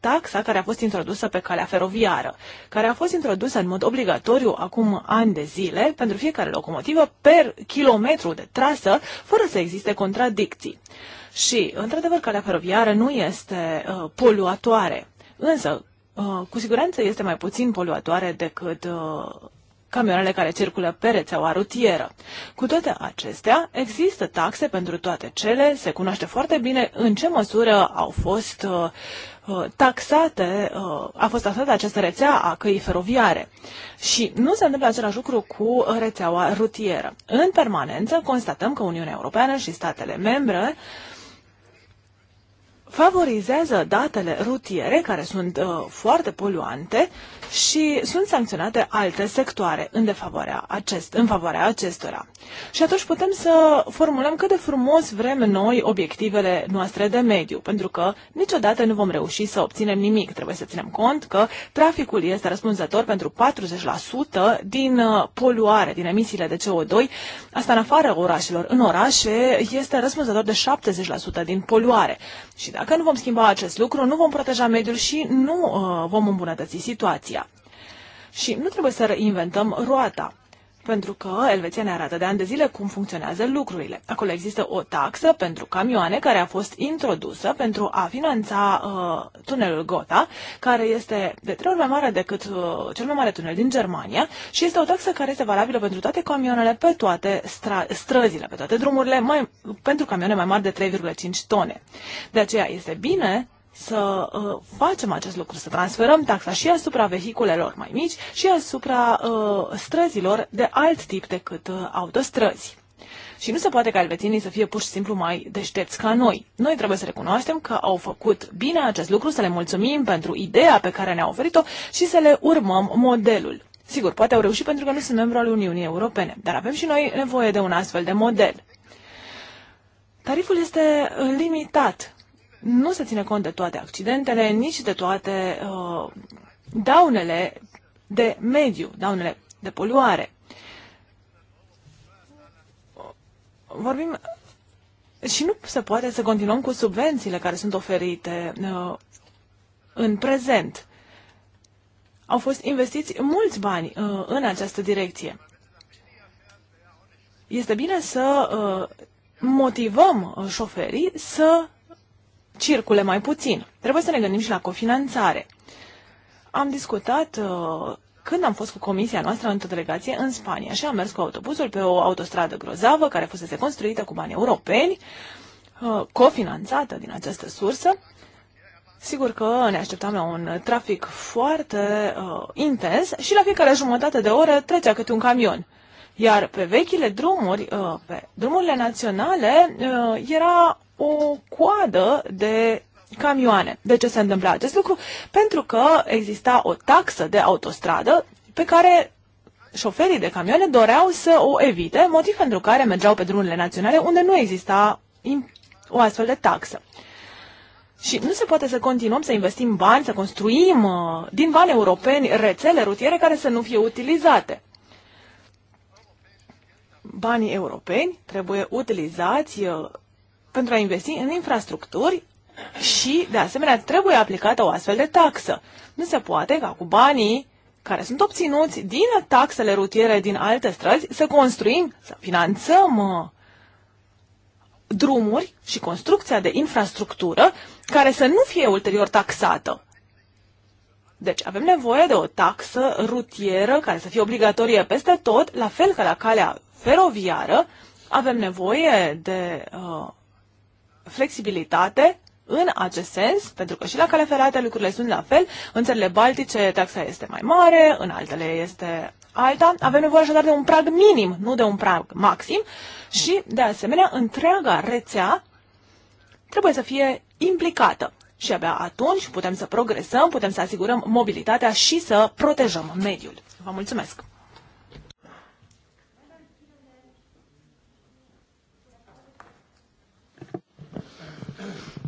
taxa care a fost introdusă pe calea feroviară, care a fost introdusă în mod obligatoriu acum ani de zile pentru fiecare locomotivă per kilometru de trasă, fără să existe contradicții. Și, într-adevăr, calea feroviară nu este uh, poluatoare, însă, uh, cu siguranță este mai puțin poluatoare decât uh, camioanele care circulă pe rețeaua rutieră. Cu toate acestea, există taxe pentru toate cele, se cunoaște foarte bine în ce măsură au fost uh, uh taxate, uh, a fost taxată această rețea a căii feroviare. Și nu se întâmplă același lucru cu rețeaua rutieră. În permanență constatăm că Uniunea Europeană și statele membre uh, favorizează datele rutiere, care sunt uh, foarte poluante, și sunt sancționate alte sectoare în, defavoarea acest, în favoarea acestora. Și atunci putem să formulăm cât de frumos vrem noi obiectivele noastre de mediu, pentru că niciodată nu vom reuși să obținem nimic. Trebuie să ținem cont că traficul este răspunzător pentru 40% din uh, poluare, din emisiile de CO2. Asta în afara orașelor. În orașe este răspunzător de 70% din poluare. Și dacă dacă nu vom schimba acest lucru, nu vom proteja mediul și nu uh, vom îmbunătăți situația. Și nu trebuie să reinventăm roata. Pentru că Elveția ne arată de ani de zile cum funcționează lucrurile. Acolo există o taxă pentru camioane care a fost introdusă pentru a finanța uh, tunelul Gotha, care este de trei ori mai mare decât uh, cel mai mare tunel din Germania și este o taxă care este valabilă pentru toate camioanele pe toate stra- străzile, pe toate drumurile, mai, pentru camioane mai mari de 3,5 tone. De aceea este bine să uh, facem acest lucru, să transferăm taxa și asupra vehiculelor mai mici și asupra uh, străzilor de alt tip decât uh, autostrăzi. Și nu se poate ca elvețienii să fie pur și simplu mai deștepți ca noi. Noi trebuie să recunoaștem că au făcut bine acest lucru, să le mulțumim pentru ideea pe care ne au oferit-o și să le urmăm modelul. Sigur, poate au reușit pentru că nu sunt membru al Uniunii Europene, dar avem și noi nevoie de un astfel de model. Tariful este limitat nu se ține cont de toate accidentele, nici de toate uh, daunele de mediu, daunele de poluare. Vorbim și nu se poate să continuăm cu subvențiile care sunt oferite uh, în prezent. Au fost investiți mulți bani uh, în această direcție. Este bine să uh, motivăm uh, șoferii să circule mai puțin. Trebuie să ne gândim și la cofinanțare. Am discutat uh, când am fost cu comisia noastră într-o delegație în Spania și am mers cu autobuzul pe o autostradă grozavă care fusese construită cu bani europeni, uh, cofinanțată din această sursă. Sigur că ne așteptam la un trafic foarte uh, intens și la fiecare jumătate de oră trecea câte un camion. Iar pe vechile drumuri, uh, pe drumurile naționale, uh, era o coadă de camioane. De ce se întâmpla acest lucru? Pentru că exista o taxă de autostradă pe care șoferii de camioane doreau să o evite, motiv pentru care mergeau pe drumurile naționale unde nu exista o astfel de taxă. Și nu se poate să continuăm să investim bani, să construim uh, din bani europeni rețele rutiere care să nu fie utilizate. Banii europeni trebuie utilizați uh, pentru a investi în infrastructuri și, de asemenea, trebuie aplicată o astfel de taxă. Nu se poate ca cu banii care sunt obținuți din taxele rutiere din alte străzi să construim, să finanțăm uh, drumuri și construcția de infrastructură care să nu fie ulterior taxată. Deci avem nevoie de o taxă rutieră care să fie obligatorie peste tot, la fel ca la calea feroviară, avem nevoie de uh, flexibilitate în acest sens, pentru că și la cale ferată lucrurile sunt la fel, în țările baltice taxa este mai mare, în altele este alta, avem nevoie așadar de un prag minim, nu de un prag maxim și, de asemenea, întreaga rețea trebuie să fie implicată și abia atunci putem să progresăm, putem să asigurăm mobilitatea și să protejăm mediul. Vă mulțumesc!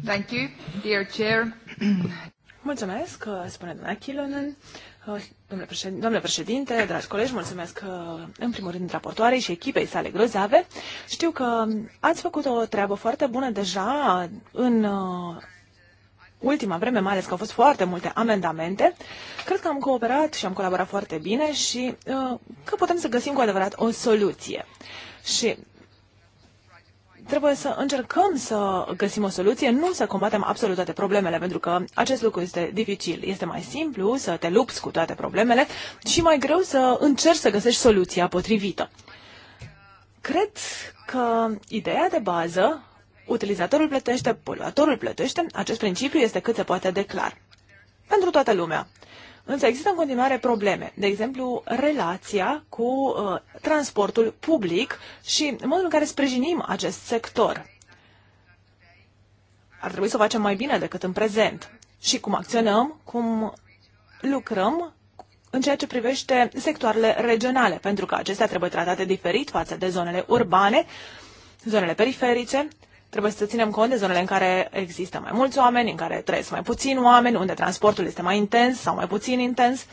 Thank you, dear chair. Mulțumesc, uh, spune doamna Chilonen. Uh, domnule președinte, domnule președinte, dragi colegi, mulțumesc uh, în primul rând raportoarei și echipei sale grozave. Știu că ați făcut o treabă foarte bună deja în ultima vreme, mai ales că au fost foarte multe amendamente. Cred că am cooperat și am colaborat foarte bine și că putem să găsim cu adevărat o soluție. Și trebuie să încercăm să găsim o soluție, nu să combatem absolut toate problemele, pentru că acest lucru este dificil. Este mai simplu să te lupți cu toate problemele și mai greu să încerci să găsești soluția potrivită. Cred că ideea de bază, utilizatorul plătește, poluatorul plătește, acest principiu este cât se poate de clar. Pentru toată lumea. Însă există în continuare probleme, de exemplu relația cu uh, transportul public și modul în care sprijinim acest sector. Ar trebui să o facem mai bine decât în prezent și cum acționăm, cum lucrăm în ceea ce privește sectoarele regionale, pentru că acestea trebuie tratate diferit față de zonele urbane, zonele periferice Trebuie să ținem cont de zonele în care există mai mulți oameni, în care trăiesc mai puțini oameni, unde transportul este mai intens sau mai puțin intens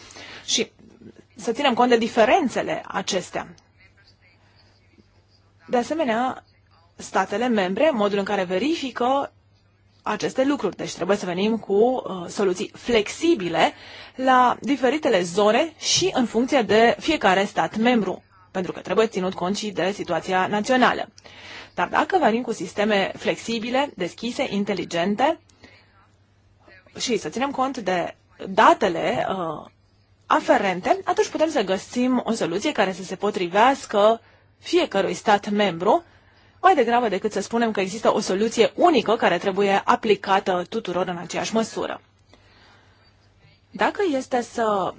și să ținem cont de diferențele acestea. De asemenea, statele membre, modul în care verifică aceste lucruri. Deci trebuie să venim cu uh, soluții flexibile la diferitele zone și în funcție de fiecare stat membru, pentru că trebuie ținut cont și de situația națională. Dar dacă venim cu sisteme flexibile, deschise, inteligente și să ținem cont de datele uh, aferente, atunci putem să găsim o soluție care să se potrivească fiecărui stat membru, mai degrabă decât să spunem că există o soluție unică care trebuie aplicată tuturor în aceeași măsură. Dacă este să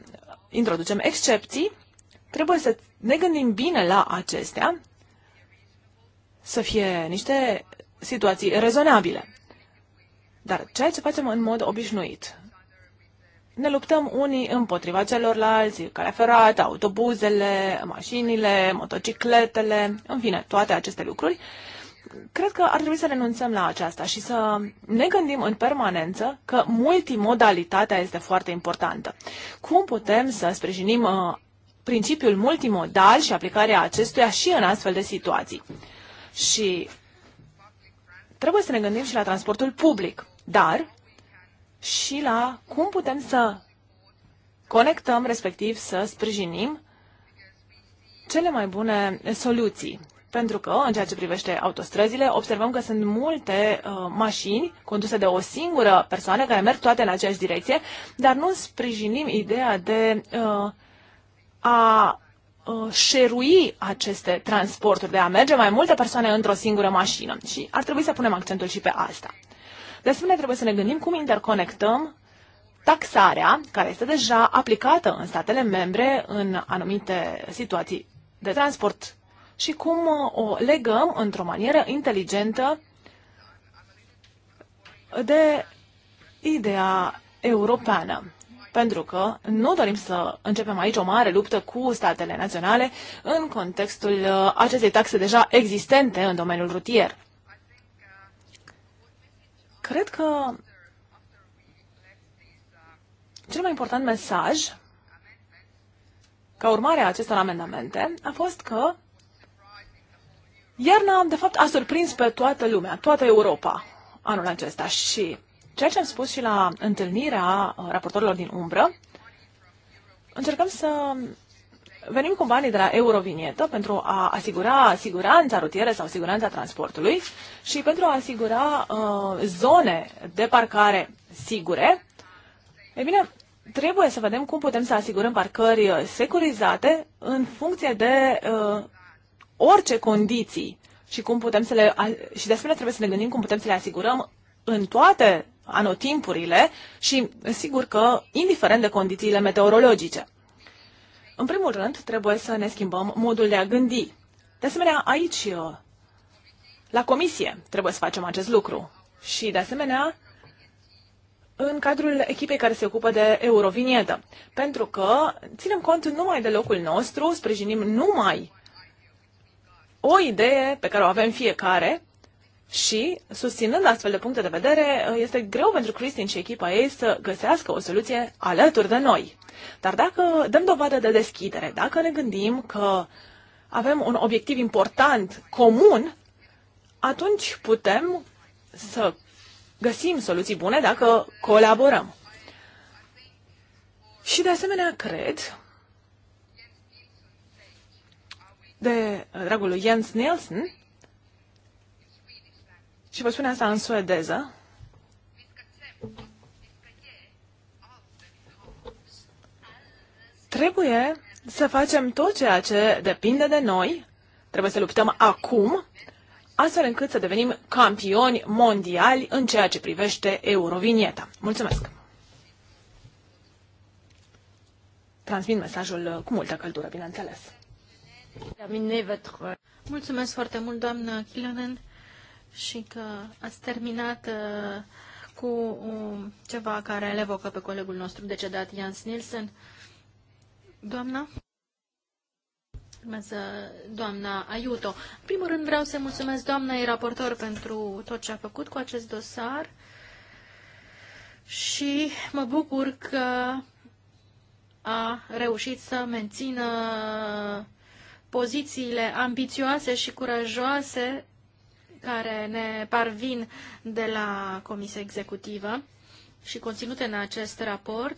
introducem excepții, trebuie să ne gândim bine la acestea să fie niște situații rezonabile. Dar ceea ce facem în mod obișnuit, ne luptăm unii împotriva celorlalți, calea ferată, autobuzele, mașinile, motocicletele, în fine, toate aceste lucruri, cred că ar trebui să renunțăm la aceasta și să ne gândim în permanență că multimodalitatea este foarte importantă. Cum putem să sprijinim uh, principiul multimodal și aplicarea acestuia și în astfel de situații? Și trebuie să ne gândim și la transportul public, dar și la cum putem să conectăm, respectiv să sprijinim cele mai bune soluții. Pentru că, în ceea ce privește autostrăzile, observăm că sunt multe uh, mașini conduse de o singură persoană care merg toate în aceeași direcție, dar nu sprijinim ideea de uh, a Uh, șerui aceste transporturi, de a merge mai multe persoane într-o singură mașină. Și ar trebui să punem accentul și pe asta. De asemenea, trebuie să ne gândim cum interconectăm taxarea, care este deja aplicată în statele membre în anumite situații de transport și cum uh, o legăm într-o manieră inteligentă de ideea europeană pentru că nu dorim să începem aici o mare luptă cu statele naționale în contextul uh, acestei taxe deja existente în domeniul rutier. Cred că cel mai important mesaj ca urmare a acestor amendamente a fost că iarna, de fapt, a surprins pe toată lumea, toată Europa anul acesta și Ceea ce am spus și la întâlnirea uh, raportorilor din umbră, încercăm să venim cu banii de la Eurovinietă pentru a asigura siguranța rutieră sau siguranța transportului și pentru a asigura uh, zone de parcare sigure. E bine, trebuie să vedem cum putem să asigurăm parcări securizate în funcție de uh, orice condiții și cum putem să le și de asemenea trebuie să ne gândim cum putem să le asigurăm în toate anotimpurile și sigur că indiferent de condițiile meteorologice. În primul rând, trebuie să ne schimbăm modul de a gândi. De asemenea, aici, uh, la comisie, trebuie să facem acest lucru. Și, de asemenea, în cadrul echipei care se ocupă de Eurovinietă. Pentru că ținem cont numai de locul nostru, sprijinim numai o idee pe care o avem fiecare și, susținând astfel de puncte de vedere, este greu pentru Cristin și echipa ei să găsească o soluție alături de noi. Dar dacă dăm dovadă de deschidere, dacă ne gândim că avem un obiectiv important comun, atunci putem să găsim soluții bune dacă colaborăm. Și de asemenea, cred, de dragul lui Jens Nielsen, și vă spune asta în suedeză. Trebuie să facem tot ceea ce depinde de noi, trebuie să luptăm acum, astfel încât să devenim campioni mondiali în ceea ce privește Eurovinieta. Mulțumesc! Transmit mesajul cu multă căldură, bineînțeles.
Mulțumesc foarte mult, doamnă Kilonen și că ați terminat uh, cu um, ceva care le evocă pe colegul nostru decedat, Jans Nielsen. Doamna? Urmează doamna Aiuto. În primul rând vreau să mulțumesc doamnei raportor pentru tot ce a făcut cu acest dosar și mă bucur că a reușit să mențină pozițiile ambițioase și curajoase care ne parvin de la Comisia Executivă și conținute în acest raport,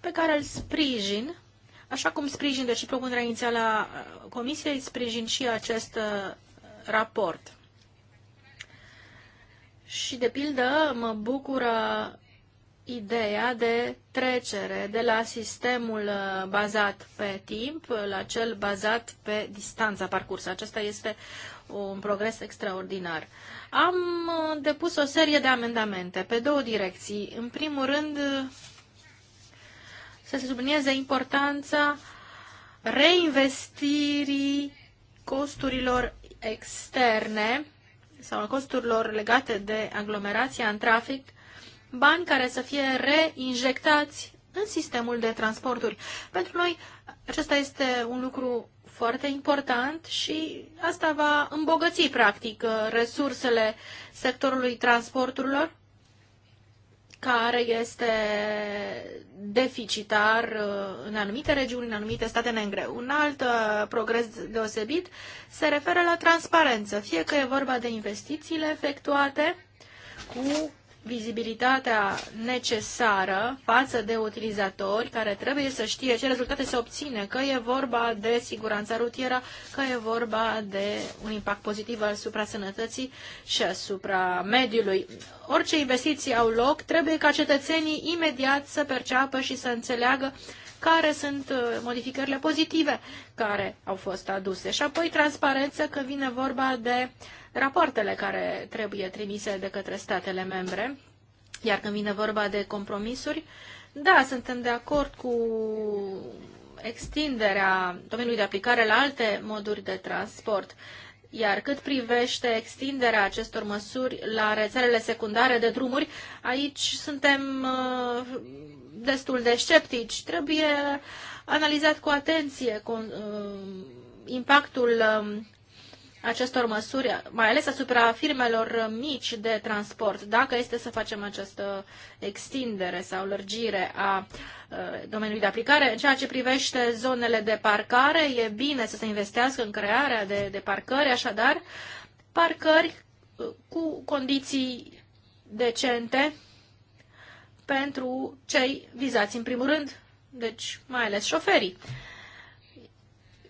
pe care îl sprijin, așa cum sprijin, deși propunerea inițială a Comisiei, sprijin și acest uh, raport. Și, de pildă, mă bucură ideea de trecere de la sistemul uh, bazat pe timp la cel bazat pe distanța parcursă. Acesta este un progres extraordinar. Am uh, depus o serie de amendamente pe două direcții. În primul rând, să se sublinieze importanța reinvestirii costurilor externe sau costurilor legate de aglomerația în trafic bani care să fie reinjectați în sistemul de transporturi. Pentru noi acesta este un lucru foarte important și asta va îmbogăți, practic, resursele sectorului transporturilor, care este deficitar uh, în anumite regiuni, în anumite state negre. Un alt uh, progres deosebit se referă la transparență, fie că e vorba de investițiile efectuate cu vizibilitatea necesară față de utilizatori care trebuie să știe ce rezultate se obține, că e vorba de siguranța rutieră, că e vorba de un impact pozitiv asupra sănătății și asupra mediului. Orice investiții au loc, trebuie ca cetățenii imediat să perceapă și să înțeleagă care sunt uh, modificările pozitive care au fost aduse. Și apoi transparență că vine vorba de rapoartele care trebuie trimise de către statele membre. Iar când vine vorba de compromisuri, da, suntem de acord cu extinderea domeniului de aplicare la alte moduri de transport. Iar cât privește extinderea acestor măsuri la rețelele secundare de drumuri, aici suntem uh, destul de sceptici. Trebuie analizat cu atenție uh, impactul um, acestor măsuri, mai ales asupra firmelor mici de transport, dacă este să facem această extindere sau lărgire a uh, domeniului de aplicare. În ceea ce privește zonele de parcare, e bine să se investească în crearea de, de parcări, așadar, parcări uh, cu condiții decente pentru cei vizați în primul rând, deci mai ales șoferii.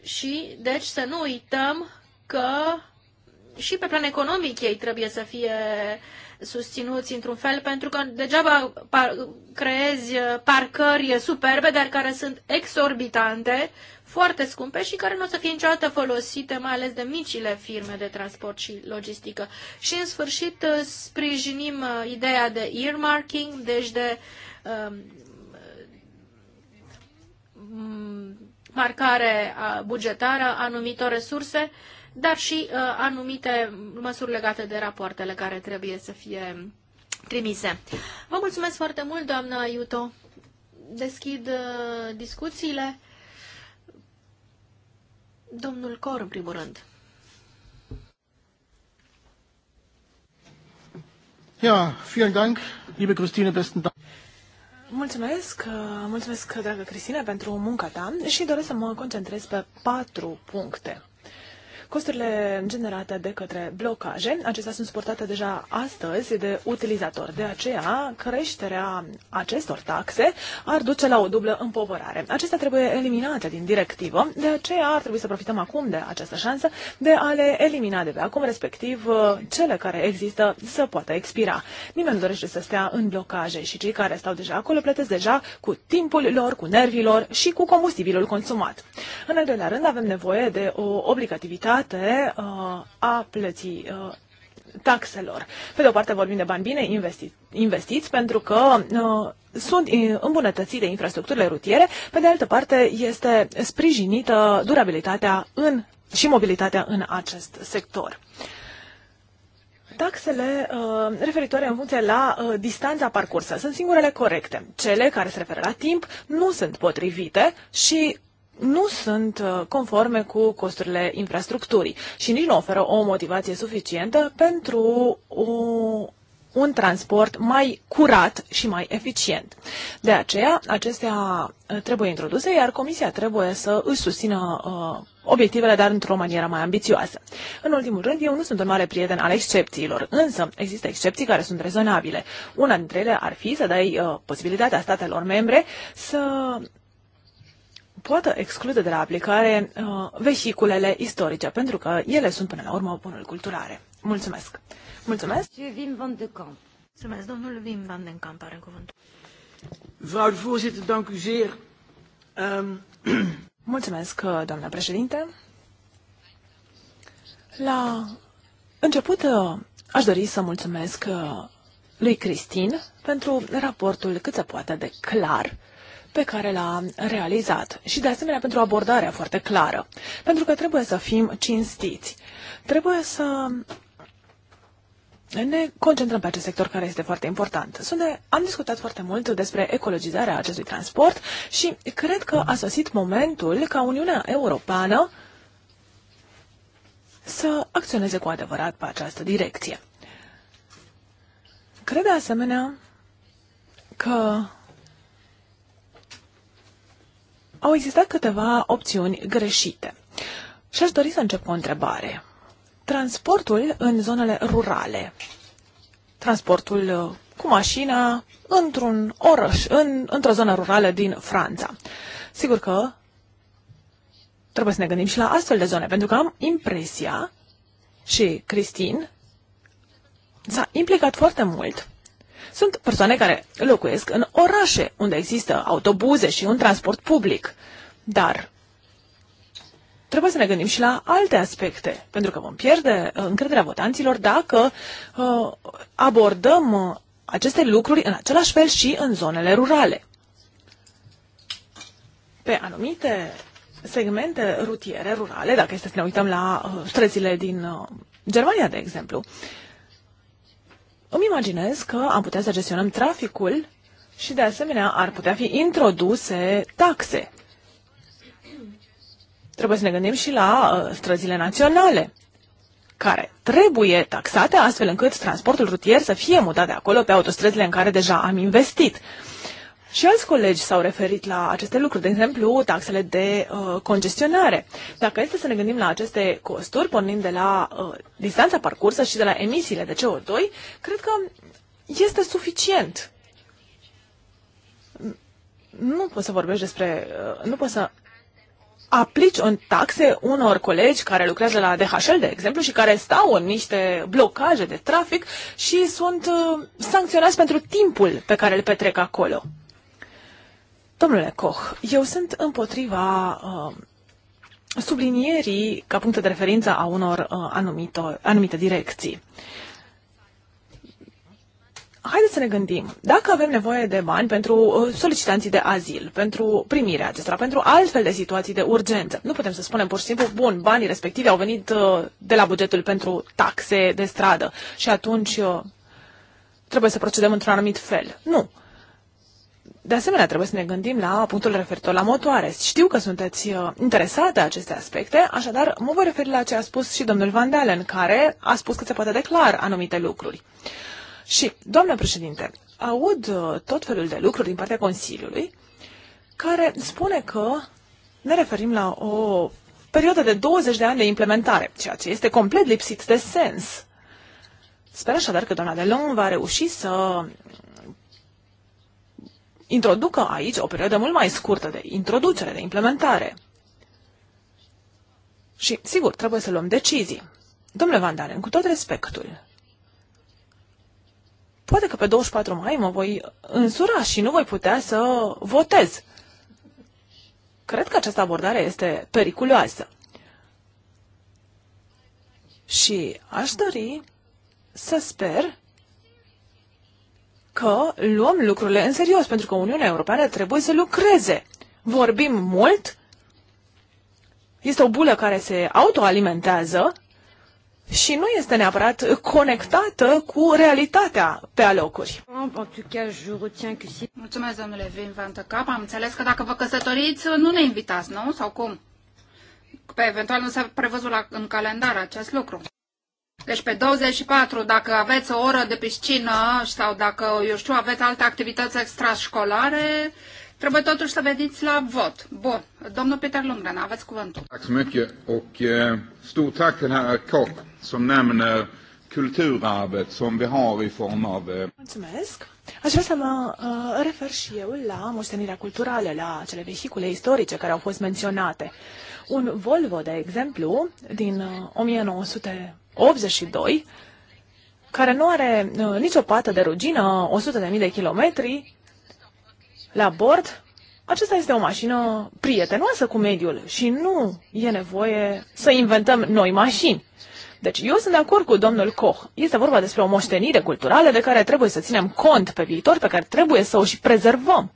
Și deci să nu uităm că și pe plan economic ei trebuie să fie susținuți într-un fel, pentru că degeaba par- creezi parcări superbe, dar care sunt exorbitante, foarte scumpe și care nu o să fie niciodată folosite, mai ales de micile firme de transport și logistică. Și în sfârșit sprijinim uh, ideea de earmarking, deci de um, marcare uh, bugetară a anumitor resurse uh, dar și uh, anumite măsuri legate de rapoartele care trebuie să fie trimise. Vă mulțumesc foarte mult, doamna Iuto. Deschid uh, discuțiile. Domnul Cor, în primul rând.
Ja, vielen Dank, liebe Christine, besten Dank.
Mulțumesc, uh, mulțumesc, dragă Cristina, pentru munca ta și doresc să mă concentrez pe patru puncte. Costurile generate de către blocaje, acestea sunt suportate deja astăzi de utilizatori. De aceea, creșterea acestor taxe ar duce la o dublă împovărare. Acestea trebuie eliminate din directivă, de aceea ar trebui să profităm acum de această șansă de a le elimina de pe acum, respectiv uh, cele care există să poată expira. Nimeni nu dorește să stea în blocaje și cei care stau deja acolo plătesc deja cu timpul lor, cu nervii lor și cu combustibilul consumat. În al doilea rând, avem nevoie de o obligativitate uh, a plății uh, taxelor. Pe de o parte vorbim de bani bine investi- investiți pentru că uh, sunt uh, îmbunătățite infrastructurile rutiere, pe de altă parte este sprijinită durabilitatea în, și mobilitatea în acest sector. Taxele uh, referitoare în funcție la uh, distanța parcursă sunt singurele corecte. Cele care se referă la timp nu sunt potrivite și nu sunt uh, conforme cu costurile infrastructurii și nici nu oferă o motivație suficientă pentru o, un transport mai curat și mai eficient. De aceea, acestea uh, trebuie introduse, iar Comisia trebuie să își susțină uh, obiectivele, dar într-o manieră mai ambițioasă. În ultimul rând, eu nu sunt un mare prieten al excepțiilor, însă există excepții care sunt rezonabile. Una dintre ele ar fi să dai uh, posibilitatea statelor membre să poată exclude de la aplicare uh, vehiculele istorice, pentru că ele sunt până la urmă bunuri culturale. Mulțumesc! Mulțumesc!
de Mulțumesc, domnul Vim van den Kamp are cuvântul.
Vreau, voorzitter, dank u zeer. Ehm, mulțumesc, uh, doamna președinte. La început uh, aș dori să mulțumesc uh, lui Cristin pentru raportul cât se poate de clar pe care l-a realizat și de asemenea pentru abordarea foarte clară. Pentru că trebuie să fim cinstiți. Trebuie să ne concentrăm pe acest sector care este foarte important. Sunt am discutat foarte mult despre ecologizarea acestui transport și cred că a sosit momentul ca Uniunea Europeană să acționeze cu adevărat pe această direcție. Cred de asemenea că au existat câteva opțiuni greșite. Și aș dori să încep cu o întrebare. Transportul în zonele rurale. Transportul uh, cu mașina într-un oraș, în, într-o zonă rurală din Franța. Sigur că trebuie să ne gândim și la astfel de zone, pentru că am impresia și Cristin s-a implicat foarte mult sunt persoane care locuiesc în orașe unde există autobuze și un transport public. Dar trebuie să ne gândim și la alte aspecte, pentru că vom pierde uh, încrederea votanților dacă uh, abordăm uh, aceste lucruri în același fel și în zonele rurale. Pe anumite segmente rutiere rurale, dacă este să ne uităm la uh, străzile din Germania, de exemplu, uh, îmi imaginez că am putea să gestionăm traficul și de asemenea ar putea fi introduse taxe. Trebuie să ne gândim și la uh, străzile naționale, care trebuie taxate astfel încât transportul rutier să fie mutat de acolo pe autostrăzile în care deja am investit. Și alți colegi s-au referit la aceste lucruri, de exemplu, taxele de uh, congestionare. Dacă este să ne gândim la aceste costuri, pornind de la uh, distanța parcursă și de la emisiile de CO2, cred că este suficient. Nu poți să vorbești despre. Uh, nu poți să aplici în taxe unor colegi care lucrează la DHL, de exemplu, și care stau în niște blocaje de trafic și sunt uh, sancționați pentru timpul pe care îl petrec acolo. Domnule Koch, eu sunt împotriva uh, sublinierii ca punct de referință a unor uh, anumito, anumite direcții. Haideți să ne gândim. Dacă avem nevoie de bani pentru uh, solicitanții de azil, pentru primirea acestora, pentru altfel de situații de urgență, nu putem să spunem pur și simplu, bun, banii respectivi au venit uh, de la bugetul pentru taxe de stradă și atunci uh, trebuie să procedăm într-un anumit fel. Nu. De asemenea, trebuie să ne gândim la punctul referitor la motoare. Știu că sunteți uh, interesate aceste aspecte, așadar mă voi referi la ce a spus și domnul Van Dalen, care a spus că se poate declara anumite lucruri. Și, doamnă președinte, aud uh, tot felul de lucruri din partea Consiliului care spune că ne referim la o perioadă de 20 de ani de implementare, ceea ce este complet lipsit de sens. Sper așadar că doamna Delon va reuși să introducă aici o perioadă mult mai scurtă de introducere, de implementare. Și, sigur, trebuie să luăm decizii. Domnule Van cu tot respectul, poate că pe 24 mai mă voi însura și nu voi putea să votez. Cred că această abordare este periculoasă. Și aș dori să sper că luăm lucrurile în serios, pentru că Uniunea Europeană trebuie să lucreze. Vorbim mult, este o bulă care se autoalimentează și nu este neapărat conectată cu realitatea pe alocuri.
Mulțumesc, domnule Vin Van Cap. Am înțeles că dacă vă căsătoriți, nu ne invitați, nu? Sau cum? Pe eventual nu s-a prevăzut la, în calendar acest lucru. Deci pe 24, dacă aveți o oră de piscină sau dacă, eu știu, aveți alte activități extrașcolare, trebuie totuși să veniți la vot. Bun. Domnul Peter Lundgren,
aveți cuvântul. Mulțumesc. så mycket och eh, stort tack till herr Koch som nämner
kulturarvet som vi har i form av... Eh,
Mulțumesc. Aș vrea să mă uh, refer și eu la moștenirea culturală, la cele vehicule istorice care au fost menționate. Un Volvo, de exemplu, din 1900 82, care nu are uh, nicio pată de rugină, 100.000 de kilometri, la bord, acesta este o mașină prietenoasă cu mediul și nu e nevoie să inventăm noi mașini. Deci eu sunt de acord cu domnul Koch. Este vorba despre o moștenire culturală de care trebuie să ținem cont pe viitor, pe care trebuie să o și prezervăm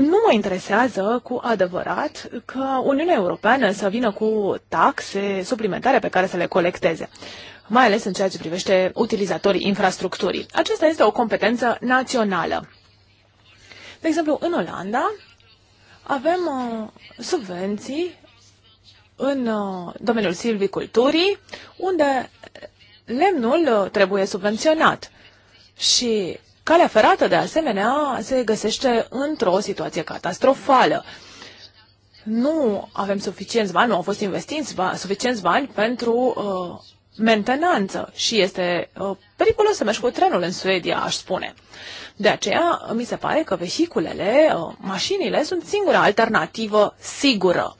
nu mă interesează cu adevărat că Uniunea Europeană să vină cu taxe suplimentare pe care să le colecteze mai ales în ceea ce privește utilizatorii infrastructurii. Aceasta este o competență națională. De exemplu, în Olanda avem uh, subvenții în uh, domeniul silviculturii, unde lemnul uh, trebuie subvenționat. Și Calea ferată, de asemenea, se găsește într-o situație catastrofală. Nu avem suficienți bani, nu au fost investiți ba, suficienți bani pentru uh, mentenanță și este uh, periculos să mergi cu trenul în Suedia, aș spune. De aceea, mi se pare că vehiculele, uh, mașinile sunt singura alternativă sigură.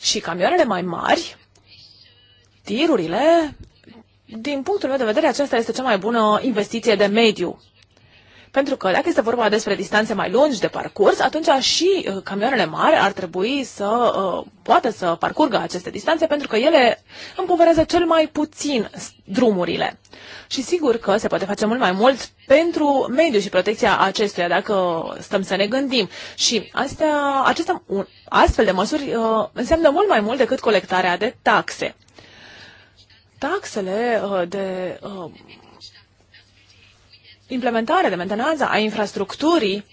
Și camioanele mai mari, tirurile, din punctul meu de vedere, aceasta este cea mai bună investiție de mediu. Pentru că dacă este vorba despre distanțe mai lungi de parcurs, atunci și uh, camioanele mari ar trebui să uh, poată să parcurgă aceste distanțe, pentru că ele împoverează cel mai puțin drumurile. Și sigur că se poate face mult mai mult pentru mediu și protecția acestuia, dacă stăm să ne gândim. Și astea, acestea, un, astfel de măsuri uh, înseamnă mult mai mult decât colectarea de taxe. Taxele uh, de uh, implementare, de mentenanță a infrastructurii,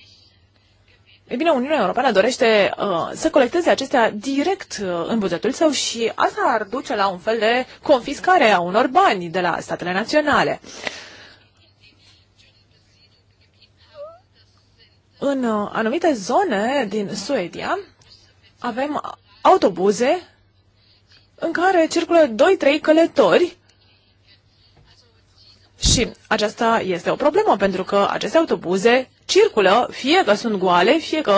e bine, Uniunea Europeană dorește uh, să colecteze acestea direct uh, în bugetul său și asta ar duce la un fel de confiscare a unor bani de la statele naționale. În uh, anumite zone din Suedia avem autobuze în care circulă 2-3 călători și aceasta este o problemă, pentru că aceste autobuze circulă, fie că sunt goale, fie că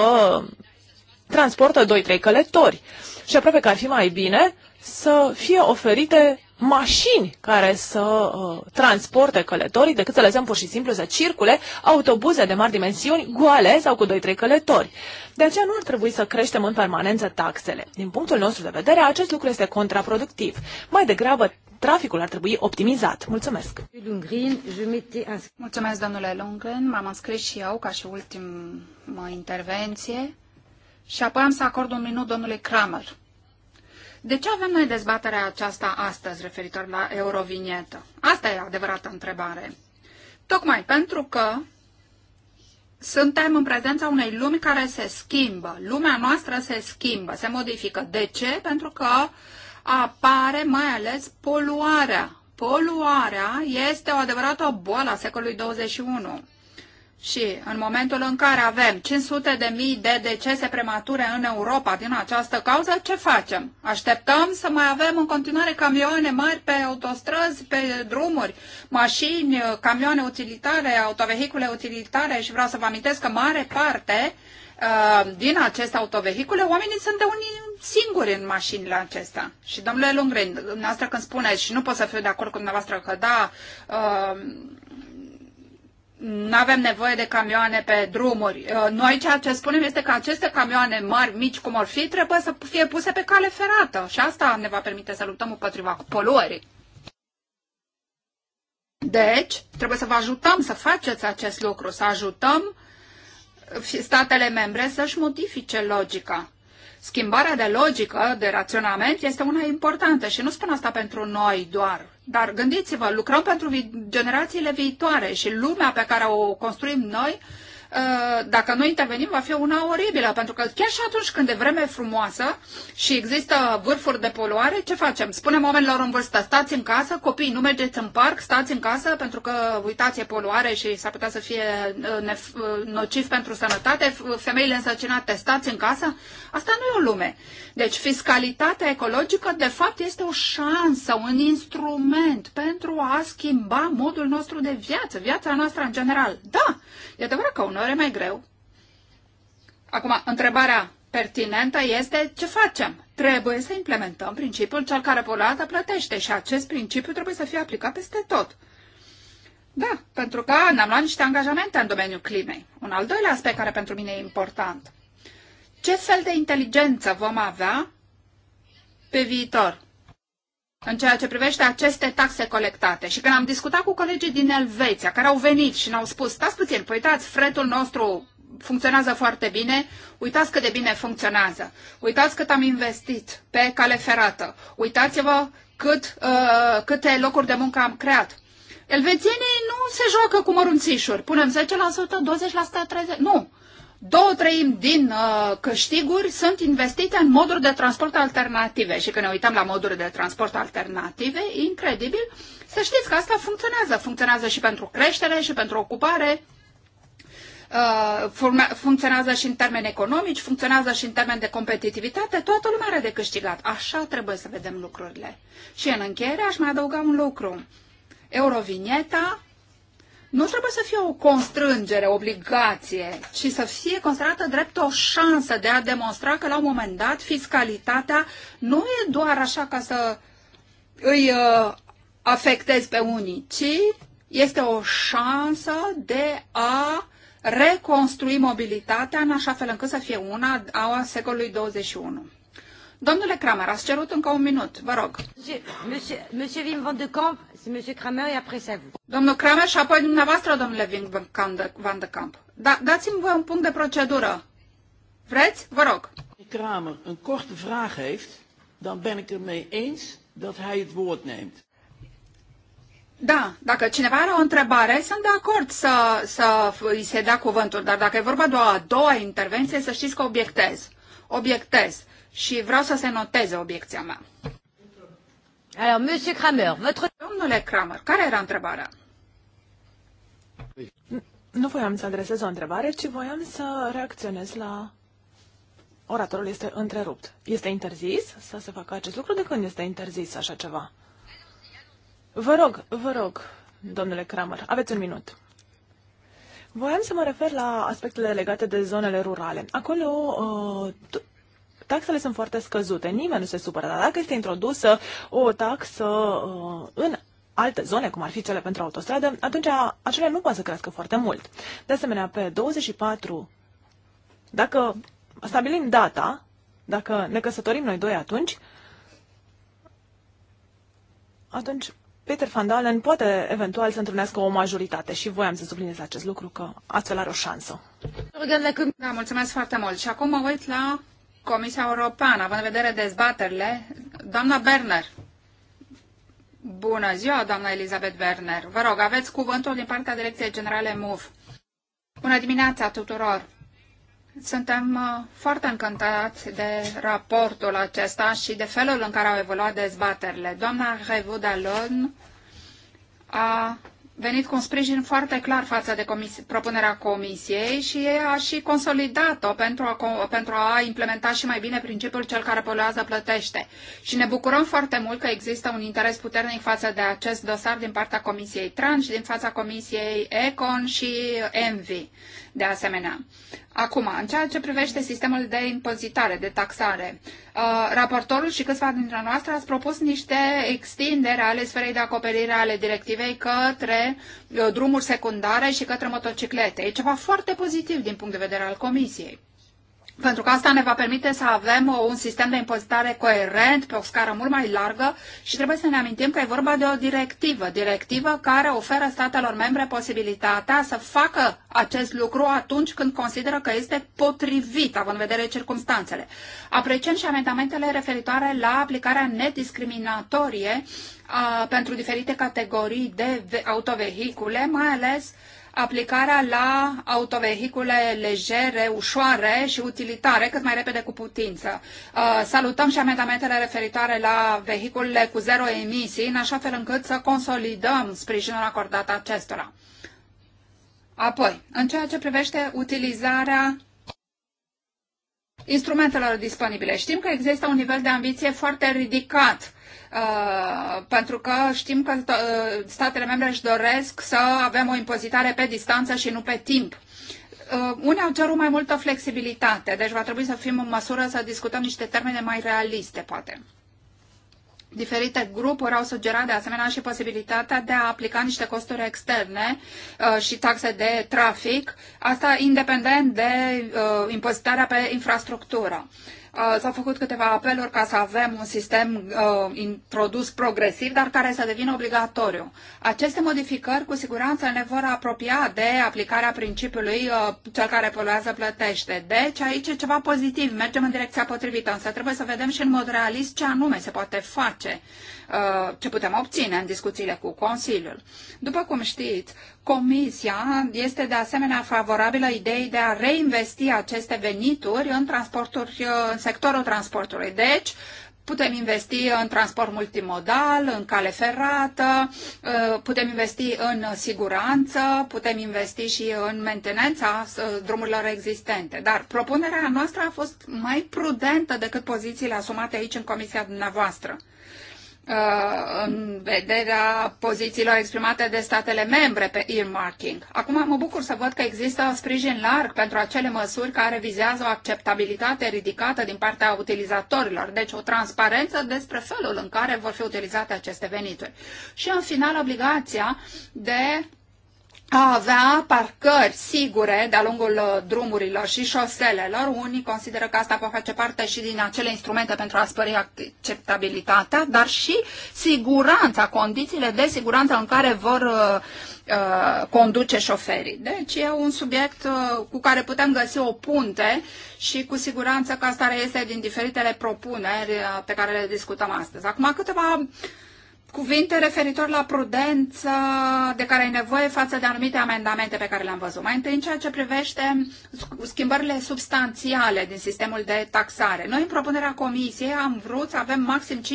transportă 2-3 călători. Și aproape că ar fi mai bine să fie oferite mașini care să uh, transporte călătorii, decât să lăsăm pur și simplu să circule autobuze de mari dimensiuni, goale sau cu 2-3 călători. De aceea nu ar trebui să creștem în permanență taxele. Din punctul nostru de vedere, acest lucru este contraproductiv. Mai degrabă traficul ar trebui optimizat. Mulțumesc!
Mulțumesc, domnule Lundgren. M-am înscris și eu ca și ultimă intervenție și apoi am să acord un minut domnului Kramer. De ce avem noi dezbaterea aceasta astăzi referitor la Eurovinietă? Asta e adevărata întrebare. Tocmai pentru că suntem în prezența unei lumi care se schimbă. Lumea noastră se schimbă, se modifică. De ce? Pentru că uh, apare mai ales poluarea. Poluarea este o adevărată boală a secolului 21. Și în momentul în care avem 500 de mii de decese premature în Europa din această cauză, ce facem? Așteptăm să mai avem în continuare camioane mari pe autostrăzi, pe drumuri, mașini, camioane utilitare, autovehicule utilitare și vreau să vă amintesc că mare parte uh, Uh, din acest autovehicule, oamenii sunt de unii singuri în mașinile acestea. Și domnule Lungren, dumneavoastră când spuneți, și nu pot să fiu de acord cu dumneavoastră că da, uh, nu avem nevoie de camioane pe drumuri. Uh, noi ceea ce spunem este că aceste camioane mari, mici cum ar fi, trebuie să fie puse pe cale ferată și asta ne va permite să luptăm împotriva poluării. Deci, trebuie să vă ajutăm să faceți acest lucru, să ajutăm statele membre să-și modifice logica. Schimbarea de logică, de raționament, este una importantă și nu spun asta pentru noi doar. Dar gândiți-vă, lucrăm pentru vi generațiile viitoare și lumea pe care o construim noi Uh, dacă noi intervenim, va fi una oribilă, pentru că chiar și atunci când e vreme frumoasă și există vârfuri de poluare, ce facem? Spunem oamenilor în vârstă, stați în casă, copii, nu mergeți în parc, stați în casă, pentru că, uitați, e poluare și s-ar putea să fie uh, uh, nociv pentru sănătate, femeile însăcinate, stați în casă. Asta nu e o lume. Deci fiscalitatea ecologică, de fapt, este o șansă, un instrument pentru a schimba modul nostru de viață, viața noastră în general. Da, e adevărat că uneori pare mai greu. Acum, întrebarea pertinentă este ce facem? Trebuie să implementăm principiul cel care polată plătește și acest principiu trebuie să fie aplicat peste tot. Da, pentru că ne-am luat niște angajamente în domeniul climei. Un al doilea aspect care pentru mine e important. Ce fel de inteligență vom avea pe viitor? în ceea ce privește aceste taxe colectate. Și când am discutat cu colegii din Elveția, care au venit și ne-au spus, stați puțin, păi uitați, fretul nostru funcționează foarte bine, uitați cât de bine funcționează, uitați cât am investit pe cale ferată, uitați-vă cât, uh, câte locuri de muncă am creat. Elvețienii nu se joacă cu mărunțișuri. Punem 10%, 20%, 30%. Nu două treimi din uh, câștiguri sunt investite în moduri de transport alternative. Și când ne uităm la moduri de transport alternative, incredibil, să știți că asta funcționează. Funcționează și pentru creștere și pentru ocupare. Uh, funcționează și în termeni economici, funcționează și în termeni de competitivitate, toată lumea are de câștigat. Așa trebuie să vedem lucrurile. Și în încheiere aș mai adăuga un lucru. Eurovinieta nu trebuie să fie o constrângere, obligație, ci să fie considerată drept o șansă de a demonstra că la un moment dat fiscalitatea nu e doar așa ca să îi uh, afectezi pe unii, ci este o șansă de a reconstrui mobilitatea în așa fel încât să fie una a secolului 21. Domnule Kramer, ați cerut încă un minut, vă rog.
Monsieur Wim van de Kamp, monsieur Kramer, și apoi ça vous.
Domnul Kramer și apoi dumneavoastră, domnule Wim van de Kamp. Da, dați-mi voi un punct de procedură. Vreți? Vă rog. Kramer
een korte vraag heeft, dan ben ik ermee eens dat hij het woord neemt.
Da, dacă cineva are o întrebare, sunt de acord să, să îi se dea cuvântul, dar dacă e vorba de o a doua intervenție, să știți că obiectez. Obiectez și vreau să se noteze obiecția mea. Alors, Monsieur Kramer,
votre... Domnule Kramer, care era întrebarea? Nu voiam să adresez o întrebare, ci voiam să reacționez la... Oratorul este întrerupt. Este interzis să se facă acest lucru? De când este interzis așa ceva? Vă rog, vă rog, domnule Kramer, aveți un minut. Voiam să mă refer la aspectele legate de zonele rurale. Acolo uh, taxele sunt foarte scăzute, nimeni nu se supără, dar dacă este introdusă o taxă uh, în alte zone, cum ar fi cele pentru autostradă, atunci acelea nu pot să crească foarte mult. De asemenea, pe 24, dacă stabilim data, dacă ne căsătorim noi doi atunci, atunci Peter Van Dalen poate eventual să întâlnească o majoritate și voiam să subliniez acest lucru, că astfel are o șansă.
Da, mulțumesc foarte mult. Și acum mă uit la Comisia Europeană, având în vedere dezbaterile, doamna Berner. Bună ziua, doamna Elizabeth Berner. Vă rog, aveți cuvântul din partea Direcției Generale MUV. Bună dimineața tuturor! Suntem uh, foarte încântați de raportul acesta și de felul în care au evoluat dezbaterile. Doamna Revu Dallon a venit cu un sprijin foarte clar față de propunerea comisiei și a și consolidat-o pentru a, pentru a implementa și mai bine principiul cel care poluează plătește. Și ne bucurăm foarte mult că există un interes puternic față de acest dosar din partea comisiei TRAN și din fața comisiei ECON și ENVI de asemenea. Acum, în ceea ce privește sistemul de impozitare, de taxare, uh, raportorul și câțiva dintre noastre ați propus niște extindere ale sferei de acoperire ale directivei către uh, drumuri secundare și către motociclete. E ceva foarte pozitiv din punct de vedere al Comisiei pentru că asta ne va permite să avem uh, un sistem de impozitare coerent, pe o scară mult mai largă și trebuie să ne amintim că e vorba de o directivă, directivă care oferă statelor membre posibilitatea să facă acest lucru atunci când consideră că este potrivit, având în vedere circunstanțele. Apreciem și amendamentele referitoare la aplicarea nediscriminatorie a, uh, pentru diferite categorii de autovehicule, mai ales uh, aplicarea la autovehicule legere, ușoare și utilitare cât mai repede cu putință. Uh, salutăm și amendamentele referitoare la vehiculele cu zero emisii, în așa fel încât să consolidăm sprijinul acordat acestora. Apoi, în ceea ce privește utilizarea instrumentelor disponibile. Știm că există un nivel de ambiție foarte ridicat Uh, pentru că știm că uh, statele membre își doresc să avem o impozitare pe distanță și nu pe timp. Uh, unii au cerut mai multă flexibilitate, deci va trebui să fim în măsură să discutăm niște termene mai realiste, poate. Diferite grupuri au sugerat de asemenea și posibilitatea de a aplica niște costuri externe uh, și taxe de trafic, asta independent de uh, impozitarea pe infrastructură. Uh, s-au făcut câteva apeluri ca să avem un sistem uh, introdus progresiv, dar care să devină obligatoriu. Aceste modificări cu siguranță ne vor apropia de aplicarea principiului uh, cel care poluează plătește. Deci aici e ceva pozitiv, mergem în direcția potrivită, însă trebuie să vedem și în mod realist ce anume se poate face, uh, ce putem obține în discuțiile cu Consiliul. După cum știți, Comisia este de asemenea favorabilă ideii de a reinvesti aceste venituri în, transporturi, uh, în sectorul transportului. Deci, putem investi în transport multimodal, în cale ferată, uh, putem investi în siguranță, putem investi și în mentenența uh, drumurilor existente. Dar propunerea noastră a fost mai prudentă decât pozițiile asumate aici în comisia dumneavoastră. Uh, în vederea pozițiilor exprimate de statele membre pe earmarking. Acum mă bucur să văd că există sprijin larg pentru acele măsuri care vizează o acceptabilitate ridicată din partea utilizatorilor, deci o transparență despre felul în care vor fi utilizate aceste venituri. Și în final obligația de a avea parcări sigure de-a lungul uh, drumurilor și șoselelor. Unii consideră că asta va face parte și din acele instrumente pentru a spări acceptabilitatea, dar și siguranța, condițiile de siguranță în care vor uh, uh, conduce șoferii. Deci e un subiect cu care putem găsi o punte și cu siguranță că asta reiese din diferitele propuneri pe care le discutăm astăzi. Acum câteva uh, cuvinte referitor la prudență de care ai nevoie față de anumite amendamente pe care le-am văzut. Mai întâi, în ceea ce privește schimbările substanțiale din sistemul de taxare. Noi, în propunerea comisiei, am vrut să avem maxim 5%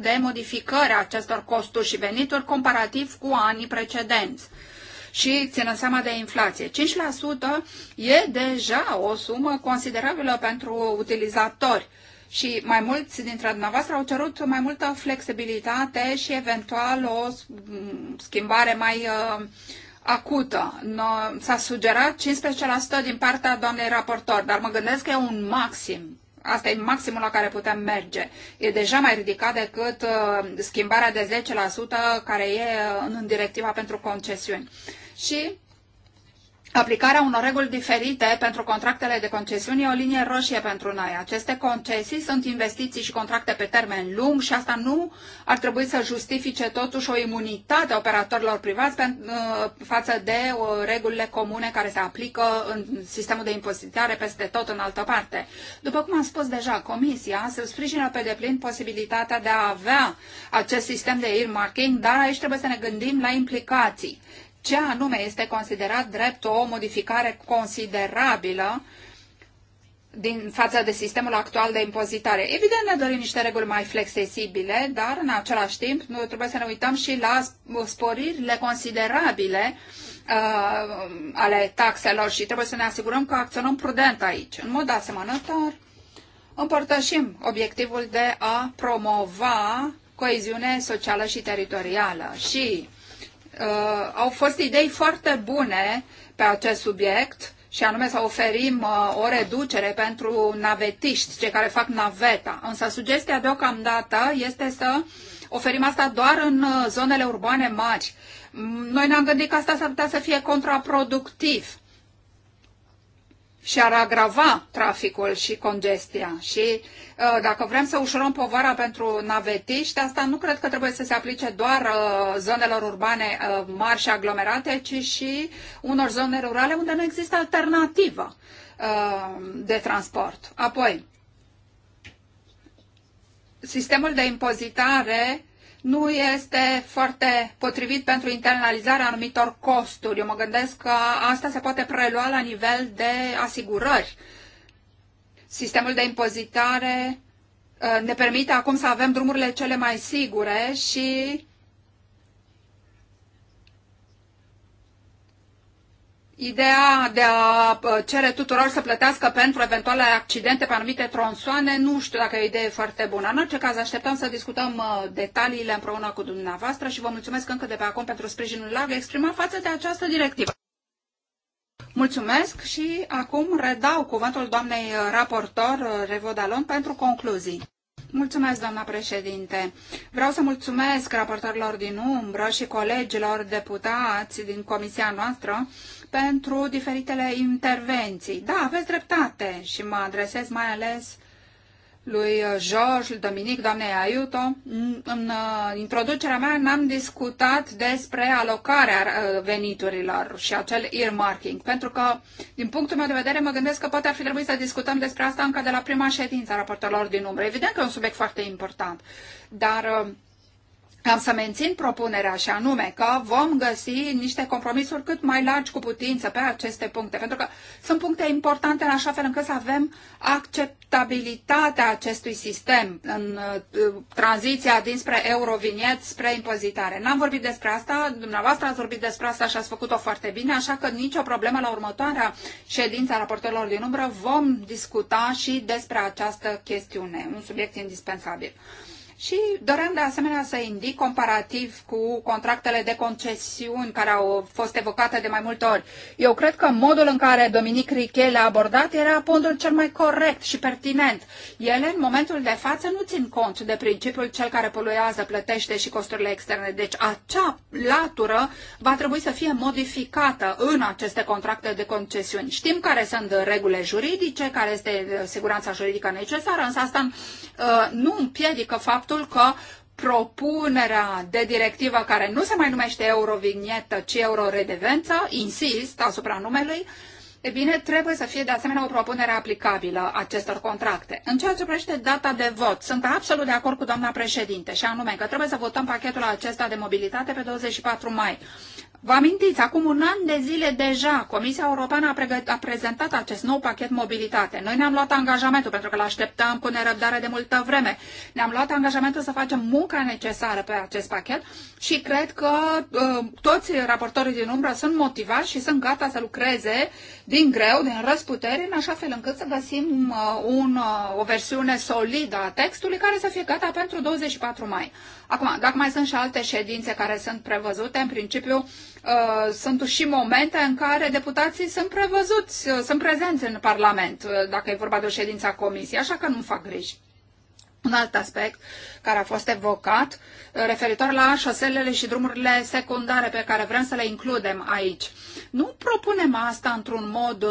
de modificări a acestor costuri și venituri comparativ cu anii precedenți și ținând seama de inflație. 5% e deja o sumă considerabilă pentru utilizatori și mai mulți dintre dumneavoastră au cerut mai multă flexibilitate și eventual o schimbare mai uh, acută. No, s-a sugerat 15% din partea doamnei raportor, dar mă gândesc că e un maxim. Asta e maximul la care putem merge. E deja mai ridicat decât uh, schimbarea de 10% care e în, uh, în directiva pentru concesiuni și Aplicarea unor reguli diferite pentru contractele de concesiuni e o linie roșie pentru noi. Aceste concesii sunt investiții și contracte pe termen lung și asta nu ar trebui să justifice totuși o imunitate a operatorilor privați uh, față de uh, regulile comune care se aplică în sistemul de impozitare peste tot în altă parte. După cum am spus deja, Comisia se sprijină pe deplin posibilitatea de a avea acest sistem de earmarking, dar aici trebuie să ne gândim la implicații ce anume este considerat drept o modificare considerabilă din față de sistemul actual de impozitare. Evident, ne dorim niște reguli mai flexibile, dar în același timp nu trebuie să ne uităm și la sporirile considerabile uh, ale taxelor și trebuie să ne asigurăm că acționăm prudent aici. În mod asemănător, împărtășim obiectivul de a promova coeziune socială și teritorială și uh, au fost idei foarte bune pe acest subiect și anume să oferim uh, o reducere pentru navetiști, cei care fac naveta. Însă sugestia deocamdată este să oferim asta doar în uh, zonele urbane mari. Mm, noi ne-am gândit că asta s-ar putea să fie contraproductiv și ar agrava traficul și congestia. Și uh, dacă vrem să ușurăm povara pentru navetiști, asta nu cred că trebuie să se aplice doar uh, zonelor urbane uh, mari și aglomerate, ci și unor zone rurale unde nu există alternativă de transport. Apoi, sistemul de impozitare nu este foarte potrivit pentru internalizarea anumitor costuri. Eu mă gândesc că asta se poate prelua la nivel de asigurări. Sistemul de impozitare uh, ne permite acum să avem drumurile cele mai sigure și Ideea de a uh, cere tuturor să plătească pentru eventuale accidente pe anumite tronsoane, nu știu dacă e o idee foarte bună. În orice caz, așteptăm să discutăm uh, detaliile împreună cu dumneavoastră și vă mulțumesc încă de pe acum pentru sprijinul larg exprimat față de această directivă. Mulțumesc și acum redau cuvântul doamnei uh, raportor Revodalon pentru concluzii. Mulțumesc, doamna președinte. Vreau să mulțumesc raportorilor din umbră și colegilor deputați din comisia noastră pentru diferitele intervenții. Da, aveți dreptate și mă adresez mai ales lui George, Dominic, doamnei Aiuto. În uh, introducerea mea n-am discutat despre alocarea uh, veniturilor și acel earmarking, pentru că, din punctul meu de vedere, mă gândesc că poate ar fi trebuit să discutăm despre asta încă de la prima ședință a raportelor din umbră. Evident că e un subiect foarte important, dar uh, am să mențin propunerea și anume că vom găsi niște compromisuri cât mai largi cu putință pe aceste puncte, pentru că sunt puncte importante în așa fel încât să avem acceptabilitatea acestui sistem în uh, tranziția dinspre eurovinet spre impozitare. N-am vorbit despre asta, dumneavoastră ați vorbit despre asta și ați făcut-o foarte bine, așa că nicio problemă la următoarea ședință a raportorilor din umbră vom discuta și despre această chestiune, un subiect indispensabil. Și doream de asemenea să indic comparativ cu contractele de concesiuni care au fost evocate de mai multe ori. Eu cred că modul în care Dominic Richel le-a abordat era pondul cel mai corect și pertinent. Ele, în momentul de față, nu țin cont de principiul cel care poluează, plătește și costurile externe. Deci acea latură va trebui să fie modificată în aceste contracte de concesiuni. Știm care sunt regulile juridice, care este uh, siguranța juridică necesară, însă asta Uh, nu împiedică faptul că propunerea de directivă care nu se mai numește eurovignetă, ci euroredevență, insist asupra numelui, e bine, trebuie să fie de asemenea o propunere aplicabilă acestor contracte. În ceea ce privește data de vot, sunt absolut de acord cu doamna președinte și anume că trebuie să votăm pachetul acesta de mobilitate pe 24 mai. Vă amintiți, acum un an de zile deja, Comisia Europeană a, a prezentat acest nou pachet mobilitate. Noi ne-am luat angajamentul, pentru că l-așteptam cu nerăbdare de multă vreme. Ne-am luat angajamentul să facem munca necesară pe acest pachet și cred că uh, toți raportorii din umbră sunt motivați și sunt gata să lucreze din greu, din răsputeri, în așa fel încât să găsim uh, un, uh, o versiune solidă a textului care să fie gata pentru 24 mai. Acum, dacă mai sunt și alte ședințe care sunt prevăzute, în principiu, Uh, sunt și momente în care deputații sunt prevăzuți, uh, sunt prezenți în Parlament, uh, dacă e vorba de o ședință a comisiei, așa că nu fac griji. Un alt aspect care a fost evocat, referitor la șoselele și drumurile secundare pe care vrem să le includem aici. Nu propunem asta într-un mod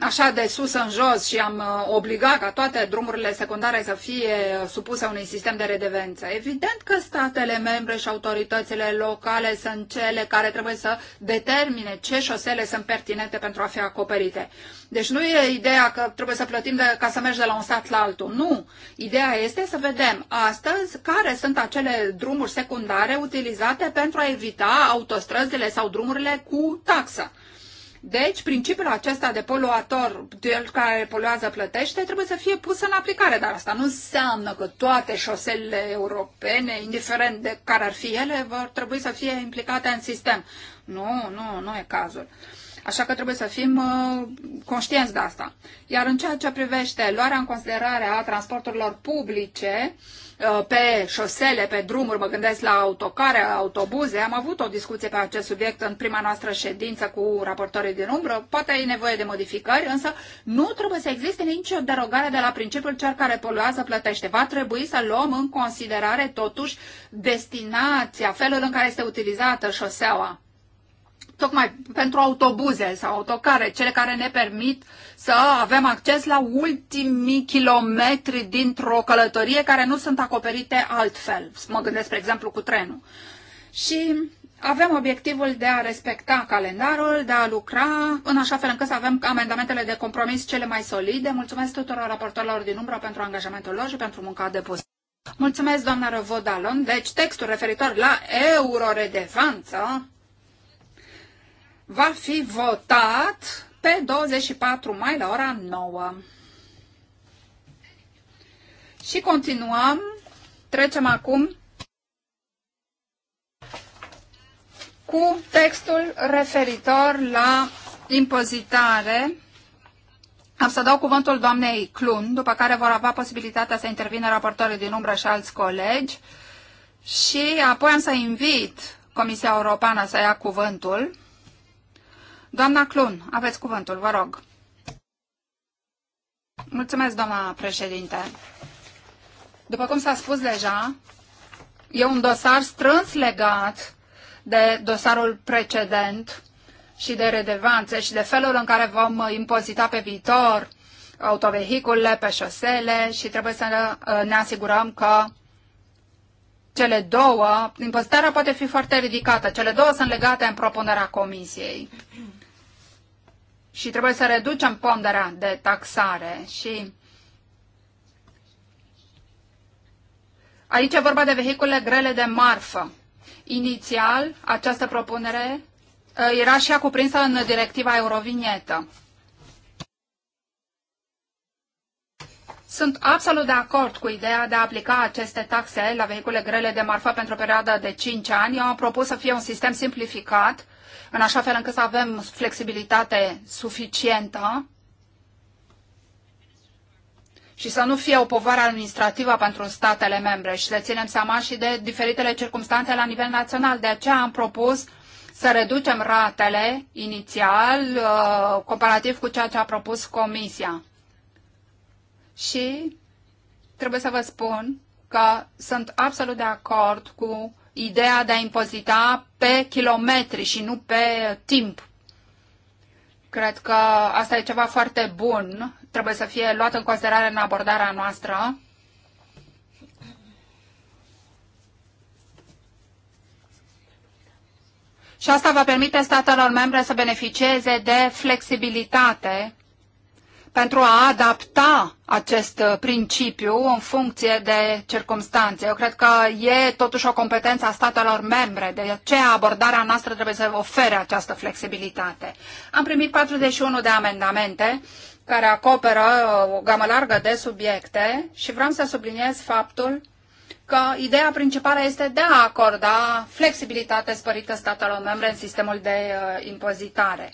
așa de sus în jos și am uh, obligat ca toate drumurile secundare să fie uh, supuse unui sistem de redevență. Evident că statele membre și autoritățile locale sunt cele care trebuie să determine ce șosele sunt pertinente pentru a fi acoperite. Deci nu e ideea că trebuie să plătim de, ca să mergi de la un stat la altul. Nu. Ideea este să vedem astăzi care sunt acele drumuri secundare utilizate pentru a evita autostrăzile sau drumurile cu taxă. Deci, principiul acesta de poluator, cel care poluează plătește, trebuie să fie pus în aplicare, dar asta nu înseamnă că toate șoselele europene, indiferent de care ar fi ele, vor trebui să fie implicate în sistem. Nu, nu, nu e cazul. Așa că trebuie să fim uh, conștienți de asta. Iar în ceea ce privește luarea în considerare a transporturilor publice, uh, Uh, pe șosele, pe drumuri, mă gândesc la autocare, autobuze. Am avut o discuție pe acest subiect în prima noastră ședință cu raportorii din umbră. Poate e nevoie de modificări, însă nu trebuie să existe nicio derogare de la principiul cel care poluează plătește. Va trebui să luăm în considerare totuși destinația, felul în care este utilizată șoseaua tocmai pentru autobuze sau autocare, cele care ne permit să avem acces la ultimii kilometri dintr-o călătorie care nu sunt acoperite altfel. Mă gândesc, spre exemplu, cu trenul. Și avem obiectivul de a respecta calendarul, de a lucra în așa fel încât să avem amendamentele de compromis cele mai solide. Mulțumesc tuturor raportorilor din umbră pentru angajamentul lor și pentru munca depusă. Mulțumesc, doamna Răvodalon. Deci, textul referitor la euroredevanță va fi votat pe 24 mai la ora 9. Și continuăm. Trecem acum cu textul referitor la impozitare. Am să dau cuvântul doamnei Clun, după care vor avea posibilitatea să intervină raportorii din umbră și alți colegi. Și apoi am să invit Comisia Europeană să ia cuvântul Doamna Clun, aveți cuvântul, vă rog. Mulțumesc, doamna președinte. După cum s-a spus deja, e un dosar strâns legat de dosarul precedent și de redevanțe și de felul în care vom impozita pe viitor autovehiculele pe șosele și trebuie să uh, ne asigurăm că cele două, impozitarea poate fi foarte ridicată, cele două sunt legate în propunerea comisiei și trebuie să reducem ponderea de taxare și aici e vorba de vehicule grele de marfă. Inițial, această propunere ă, era și ea cuprinsă în directiva Eurovinietă. Sunt absolut de acord cu ideea de a aplica aceste taxe la vehicule grele de marfă pentru o perioadă de 5 ani. Eu am propus să fie un sistem simplificat în așa fel încât să avem flexibilitate suficientă și să nu fie o povară administrativă pentru statele membre și să ținem seama și de diferitele circunstanțe la nivel național. De aceea am propus să reducem ratele inițial uh, comparativ cu ceea ce a propus Comisia. Și trebuie să vă spun că sunt absolut de acord cu ideea de a impozita pe kilometri și nu pe timp. Cred că asta e ceva foarte bun, trebuie să fie luat în considerare în abordarea noastră. Și asta va permite statelor membre să beneficieze de flexibilitate pentru a adapta acest uh, principiu în funcție de circumstanțe. Eu cred că e totuși o competență a statelor membre, de aceea abordarea noastră trebuie să ofere această flexibilitate. Am primit 41 de amendamente care acoperă uh, o gamă largă de subiecte și vreau să subliniez faptul că ideea principală este de a acorda flexibilitate sporită statelor membre în sistemul de uh, impozitare.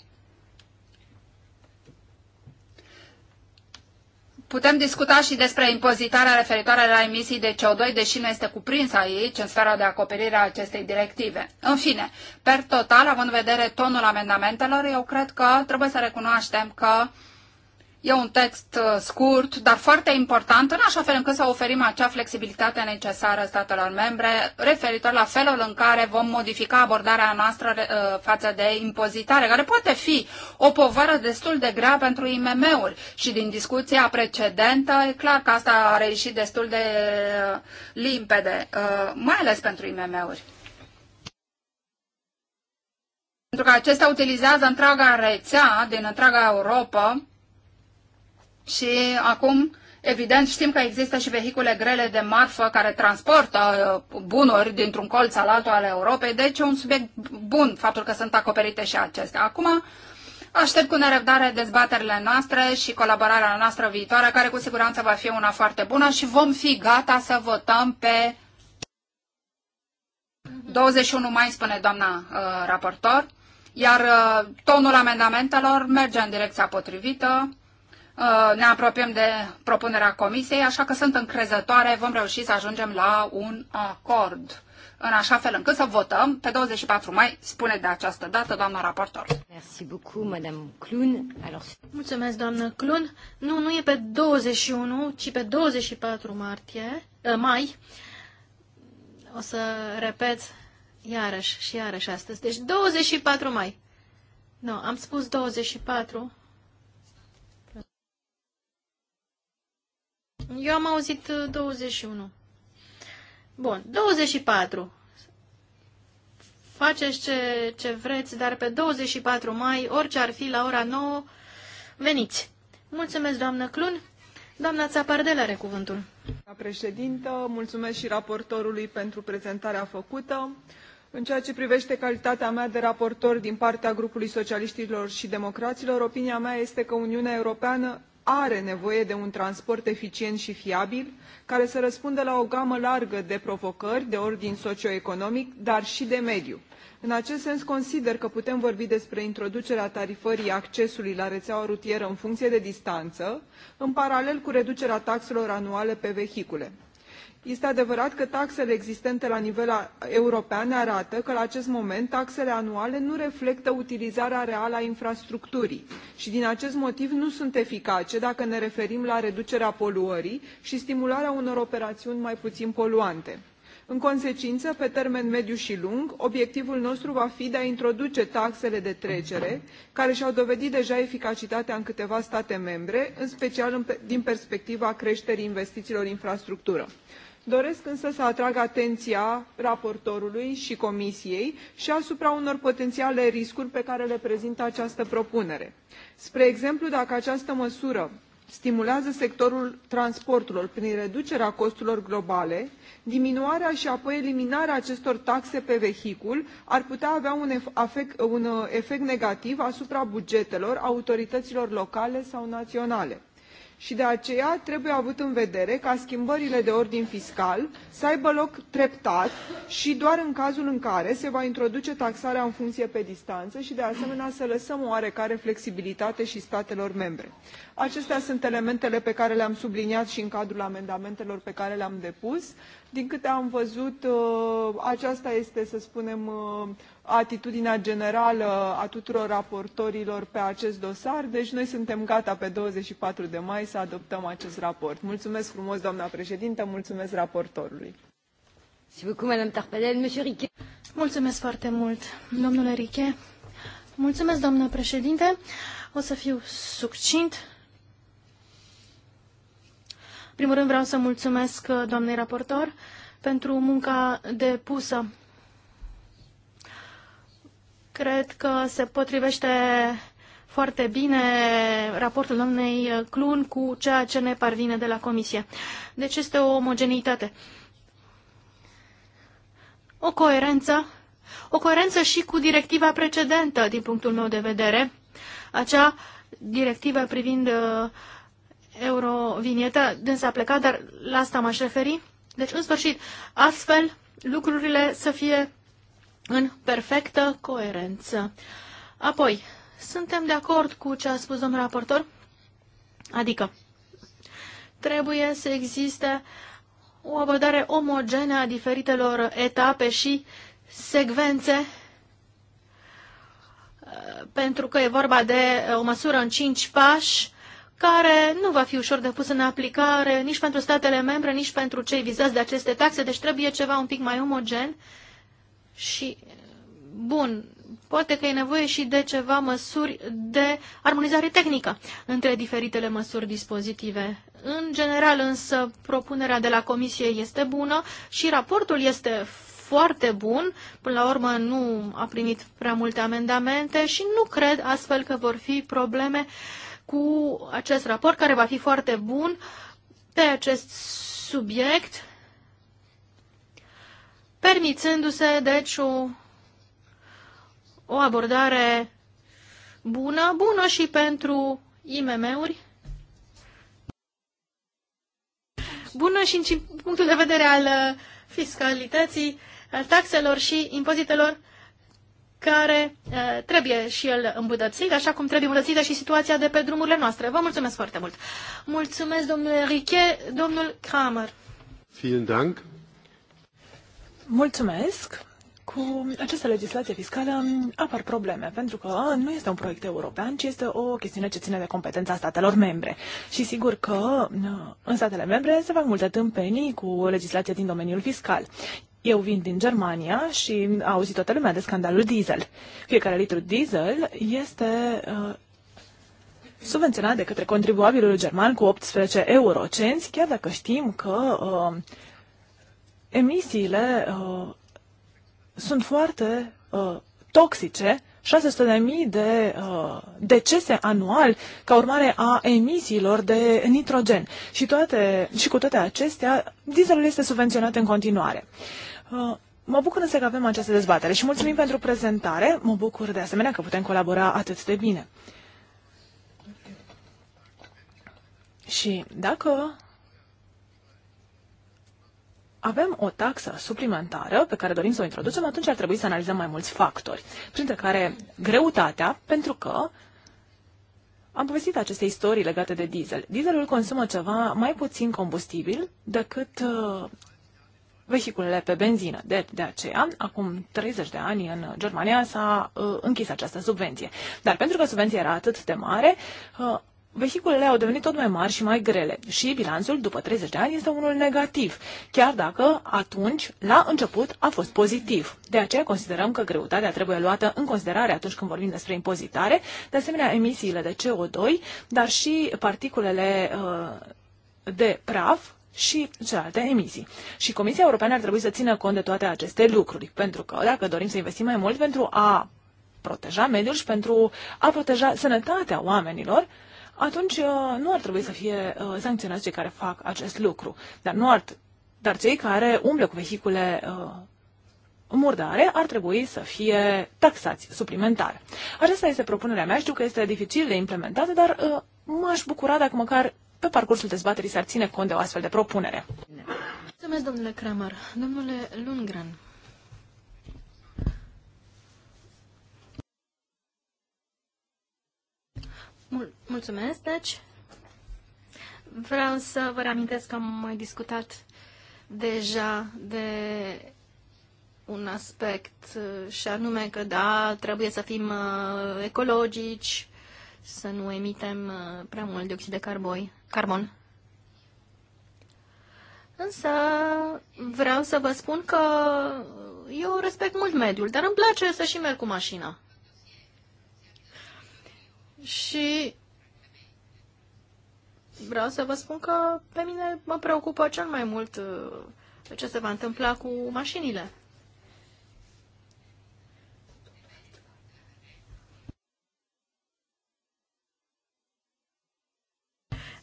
Putem discuta și despre impozitarea referitoare la emisii de CO2, deși nu este cuprinsă aici, în sfera de acoperire a acestei directive. În fine, per total, având în vedere tonul amendamentelor, eu cred că trebuie să recunoaștem că uh, E un text uh, scurt, dar foarte important, în așa fel încât să oferim acea flexibilitate necesară statelor membre referitor la felul în care vom modifica abordarea noastră uh, față de impozitare, care poate fi o povară destul de grea pentru IMM-uri. Și din discuția precedentă, e clar că asta a reieșit destul de uh, limpede, mai ales pentru IMM-uri. Pentru că acestea utilizează întreaga rețea din întreaga Europa, și acum, evident, știm că există și vehicule grele de marfă care transportă uh, bunuri dintr-un colț al altul al Europei, deci e un subiect bun faptul că sunt acoperite și acestea. Acum, Aștept cu nerăbdare dezbaterile noastre și colaborarea noastră viitoare, care cu siguranță va fi una foarte bună și vom fi gata să votăm pe 21 mai, spune doamna uh, raportor, iar uh, tonul amendamentelor merge în direcția potrivită. Uh, ne apropiem de propunerea comisiei, așa că sunt încrezătoare, vom reuși să ajungem la un acord în așa fel încât să votăm pe 24 mai, spune de această dată doamna raportor. Merci
beaucoup, madame Clun. Alors... Mulțumesc, doamnă Clun. Nu, nu e pe 21, ci pe 24 martie, uh, mai. O să repet iarăși și iarăși astăzi. Deci 24 mai. Nu, no, am spus 24 Eu am auzit 21. Uh, Bun, 24. Faceți ce, ce vreți, dar pe 24 mai, orice ar fi la ora 9, veniți. Mulțumesc, doamnă Clun. Doamna Țapardel are cuvântul.
Doamna președintă, mulțumesc și raportorului pentru prezentarea făcută. În ceea ce privește calitatea mea de raportor din partea grupului socialiștilor și democraților, opinia mea este că Uniunea Europeană are nevoie de un transport eficient și fiabil, care să răspundă la o gamă largă de provocări de ordin socioeconomic, dar și de mediu. În acest sens, consider că putem vorbi despre introducerea tarifării accesului la rețeaua rutieră în funcție de distanță, în paralel cu reducerea taxelor anuale pe vehicule este adevărat că taxele existente la nivel european arată că la acest moment taxele anuale nu reflectă utilizarea reală a infrastructurii și din acest motiv nu sunt eficace dacă ne referim la reducerea poluării și stimularea unor operațiuni mai puțin poluante. în consecință pe termen mediu și lung obiectivul nostru va fi de a introduce taxele de trecere care și au dovedit deja eficacitatea în câteva state membre în special din perspectiva creșterii investițiilor în infrastructură doresc însă să atrag atenția raportorului și comisiei și asupra unor potențiale riscuri pe care le prezintă această propunere spre exemplu dacă această măsură stimulează sectorul transporturilor prin reducerea costurilor globale diminuarea și apoi eliminarea acestor taxe pe vehicul ar putea avea un efect, un uh, efect negativ asupra bugetelor autorităților locale sau naționale și de aceea trebuie avut în vedere ca schimbările de ordin fiscal să aibă loc treptat și doar în cazul în care se va introduce taxarea în funcție pe distanță și de asemenea să lăsăm o oarecare flexibilitate și statelor membre. Acestea sunt elementele pe care le-am subliniat și în cadrul amendamentelor pe care le-am depus. Din câte am văzut, ă, aceasta este, să spunem, ă, atitudinea generală a tuturor raportorilor pe acest dosar. Deci noi suntem gata pe 24 de mai să adoptăm acest raport. Mulțumesc frumos, doamna președintă, mulțumesc raportorului.
Mulțumesc foarte mult, domnule Riche. Mulțumesc, doamnă președinte. O să fiu succint. În primul rând vreau să mulțumesc doamnei raportor pentru munca depusă Cred că se potrivește foarte bine raportul domnei Clun cu ceea ce ne parvine de la Comisie. Deci este o omogeneitate. O coerență. O coerență și cu directiva precedentă, din punctul meu de vedere, acea directivă privind uh, eurovinieta, dânsa a plecat, dar la asta m-aș referi. Deci, în sfârșit, astfel lucrurile să fie în perfectă coerență. Apoi, suntem de acord cu ce a spus domnul raportor? Adică, trebuie să existe o abordare omogenă a diferitelor etape și secvențe, pentru că e vorba de uh, o măsură în cinci pași, care nu va fi ușor de pus în aplicare nici pentru statele membre, nici pentru cei vizați de aceste taxe, deci trebuie ceva un pic mai omogen și, bun, poate că e nevoie și de ceva măsuri de armonizare tehnică între diferitele măsuri dispozitive. În general, însă, propunerea de la Comisie este bună și raportul este foarte bun. Până la urmă, nu a primit prea multe amendamente și nu cred astfel că vor fi probleme cu acest raport, care va fi foarte bun pe acest subiect permițându-se, deci, o, o abordare bună, bună și pentru IMM-uri, bună și în punctul de vedere al uh, fiscalității, al taxelor și impozitelor care uh, trebuie și el îmbunătățit, așa cum trebuie îmbunătățită și situația de pe drumurile noastre. Vă mulțumesc foarte mult. Mulțumesc, domnule
Riche, domnul Kramer. Vielen Dank. Mulțumesc! Cu această legislație fiscală apar probleme, pentru că nu este un proiect european, ci este o chestiune ce ține de competența statelor membre. Și sigur că uh, în statele membre se fac multe tâmpenii cu legislația din domeniul fiscal. Eu vin din Germania și a auzit toată lumea de scandalul diesel. Fiecare litru diesel este uh, subvenționat de către contribuabilul german cu 18 eurocenți, chiar dacă știm că uh, emisiile uh, sunt foarte uh, toxice, 600.000 de uh, decese anual ca urmare a emisiilor de nitrogen. Și, toate, și cu toate acestea, dieselul este subvenționat în continuare. Uh, Mă bucur însă că avem această dezbatere și mulțumim pentru prezentare. Mă bucur de asemenea că putem colabora atât de bine. Și dacă avem o taxă suplimentară pe care dorim să o introducem, atunci ar trebui să analizăm mai mulți factori, printre care greutatea, pentru că am povestit aceste istorii legate de diesel. Dieselul consumă ceva mai puțin combustibil decât uh, vehiculele pe benzină. De, de aceea, acum 30 de ani în Germania s-a uh, închis această subvenție. Dar pentru că subvenția era atât de mare, uh, vehiculele au devenit tot mai mari și mai grele și bilanțul după 30 de ani este unul negativ, chiar dacă atunci, la început, a fost pozitiv. De aceea considerăm că greutatea trebuie luată în considerare atunci când vorbim despre impozitare, de asemenea emisiile de CO2, dar și particulele uh, de praf și celelalte emisii. Și Comisia Europeană ar trebui să țină cont de toate aceste lucruri, pentru că dacă dorim să investim mai mult pentru a proteja mediul și pentru a proteja sănătatea oamenilor, atunci uh, nu ar trebui să fie uh, sancționați cei care fac acest lucru. Dar, nu ar, dar cei care umblă cu vehicule uh, murdare ar trebui să fie taxați suplimentar. Aceasta este propunerea mea. Știu că este dificil de implementat, dar m-aș bucura dacă măcar pe parcursul dezbaterii s-ar ține cont de o astfel de propunere.
Mulțumesc, domnule Kramer. Domnule Lundgren. Mul mulțumesc, deci. Vreau să vă reamintesc că am mai discutat deja de un aspect uh, și anume că da, trebuie să fim uh, ecologici, să nu emitem uh, prea mult dioxid de carboi, carbon. Însă vreau să vă spun că eu respect mult mediul, dar îmi place să și merg cu mașina. Și vreau să vă spun că pe mine mă preocupă cel mai mult uh, ce se va întâmpla cu mașinile.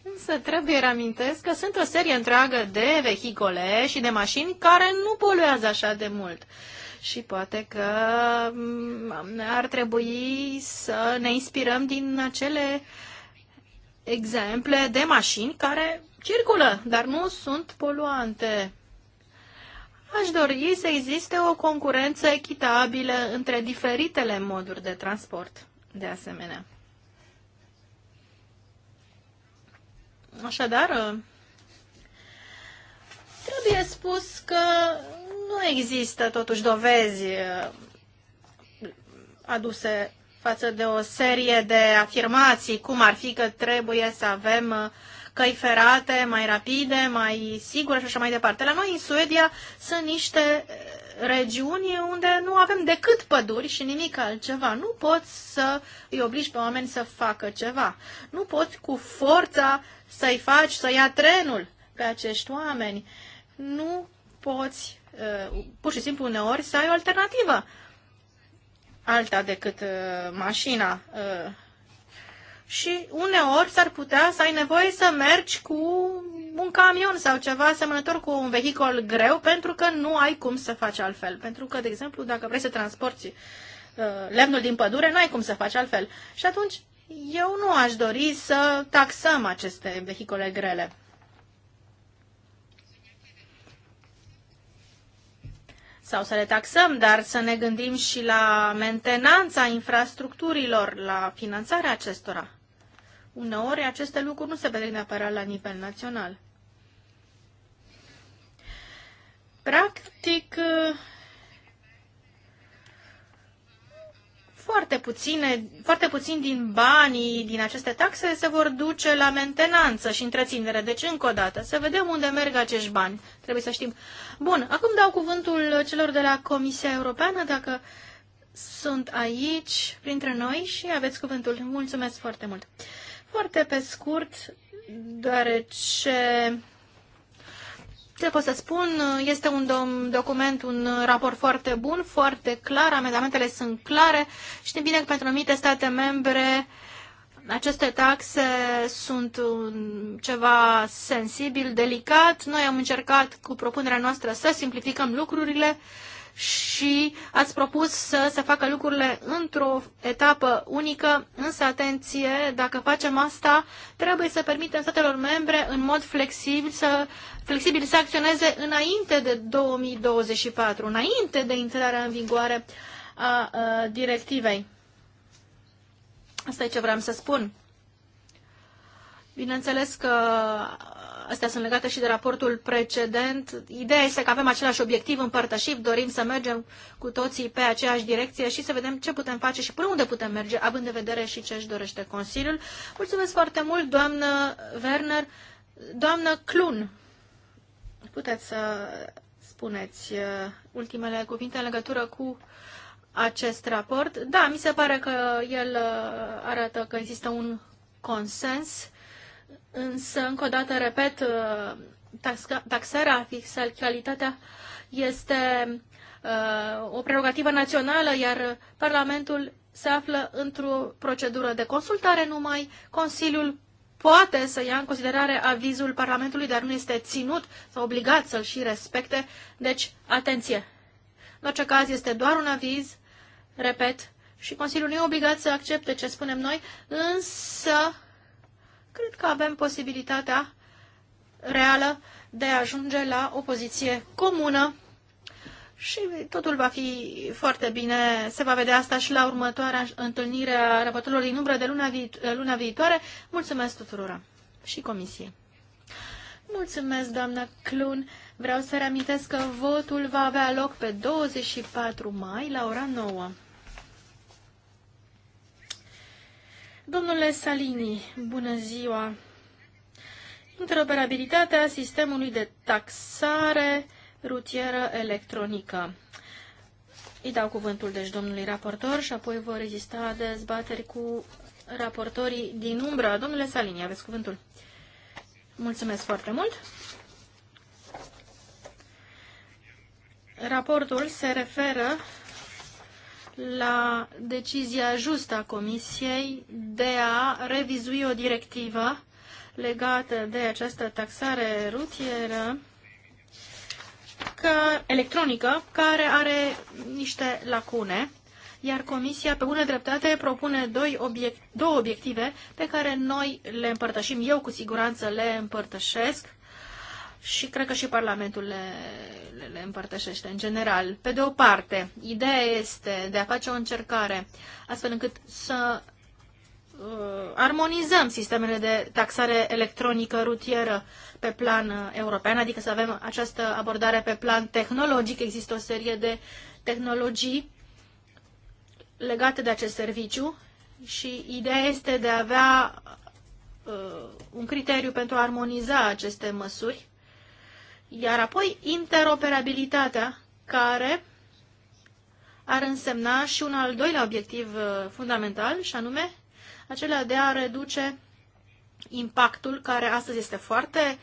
Însă trebuie reamintesc că sunt o serie întreagă de vehicole și de mașini care nu poluează așa de mult. Uh, și poate că mm, ar trebui să ne inspirăm din acele exemple de mașini care circulă, dar nu sunt poluante. Aș dori să existe o concurență echitabilă între diferitele moduri de transport, de asemenea. Așadar, trebuie spus că nu există totuși dovezi uh, aduse față de o serie de afirmații, cum ar fi că trebuie să avem uh, căi ferate mai rapide, mai sigure și așa mai departe. La noi, în Suedia, sunt niște uh, regiuni unde nu avem decât păduri și nimic altceva. Nu poți să îi obligi pe oameni să facă ceva. Nu poți cu forța să-i faci să ia trenul pe acești oameni. Nu poți Uh, pur și simplu uneori să ai o alternativă alta decât uh, mașina. Uh, și uneori s-ar putea să ai nevoie să mergi cu un camion sau ceva asemănător cu un vehicul greu pentru că nu ai cum să faci altfel. Pentru că, de exemplu, dacă vrei să transporti lemnul din pădure, nu ai cum să faci altfel. Și atunci eu nu aș dori să taxăm aceste vehicole grele. sau să le taxăm, dar să ne gândim și la mentenanța infrastructurilor, la finanțarea acestora. Uneori aceste lucruri nu se vede neapărat la nivel național. Practic, foarte, puține, foarte puțin din banii din aceste taxe se vor duce la mentenanță și întreținere. Deci, încă o dată, să vedem unde merg acești bani. Trebuie să știm. Bun, acum dau cuvântul celor de la Comisia Europeană, dacă sunt aici printre noi și aveți cuvântul. Mulțumesc foarte mult. Foarte pe scurt, deoarece ce pot să spun? Este un document, un raport foarte bun, foarte clar, amendamentele sunt clare. Știm bine că pentru anumite state membre aceste taxe sunt ceva sensibil, delicat. Noi am încercat cu propunerea noastră să simplificăm lucrurile și ați propus să se facă lucrurile într-o etapă unică, însă atenție, dacă facem asta, trebuie să permitem statelor membre în mod flexibil să, flexibil să acționeze înainte de 2024, înainte de intrarea în vigoare a, a directivei. Asta e ce vreau să spun. Bineînțeles că astea sunt legate și de raportul precedent. Ideea este că avem același obiectiv împărtășit, dorim să mergem cu toții pe aceeași direcție și să vedem ce putem face și până unde putem merge, având de vedere și ce își dorește Consiliul. Mulțumesc foarte mult, doamnă Werner. Doamnă Clun, puteți să spuneți uh, ultimele cuvinte în legătură cu acest raport. Da, mi se pare că el uh, arată că există un consens Însă, încă o dată, repet, uh, taxarea, fiscalitatea este uh, o prerogativă națională, iar Parlamentul se află într-o procedură de consultare numai. Consiliul poate să ia în considerare avizul Parlamentului, dar nu este ținut sau obligat să-l și respecte. Deci, atenție! În orice caz, este doar un aviz, repet, și Consiliul nu e obligat să accepte ce spunem noi, însă cred că avem posibilitatea reală de a ajunge la o poziție comună și totul va fi foarte bine. Se va vedea asta și la următoarea întâlnire a răbătorilor din umbră de luna, vi- luna viitoare. Mulțumesc tuturora și Comisie. Mulțumesc, doamna Clun. Vreau să reamintesc că votul va avea loc pe 24 mai la ora 9. Domnule Salini, bună ziua! Interoperabilitatea sistemului de taxare rutieră electronică. Îi dau cuvântul, deci, domnului raportor și apoi vor rezista dezbateri cu raportorii din umbră. Domnule Salini, aveți cuvântul. Mulțumesc foarte mult! Raportul se referă la decizia justă a Comisiei de a revizui o directivă legată de această taxare rutieră că, electronică, care are niște lacune, iar Comisia, pe bună dreptate, propune doi obiect, două obiective pe care noi le împărtășim, eu cu siguranță le împărtășesc, și cred că și Parlamentul le, le, le împărtășește în general. Pe de o parte, ideea este de a face o încercare astfel încât să uh, armonizăm sistemele de taxare electronică rutieră pe plan uh, european, adică să avem această abordare pe plan tehnologic. Există o serie de tehnologii legate de acest serviciu și ideea este de a avea uh, un criteriu pentru a armoniza aceste măsuri iar apoi interoperabilitatea, care ar însemna și un al doilea obiectiv uh, fundamental, și anume acela de a reduce impactul care astăzi este foarte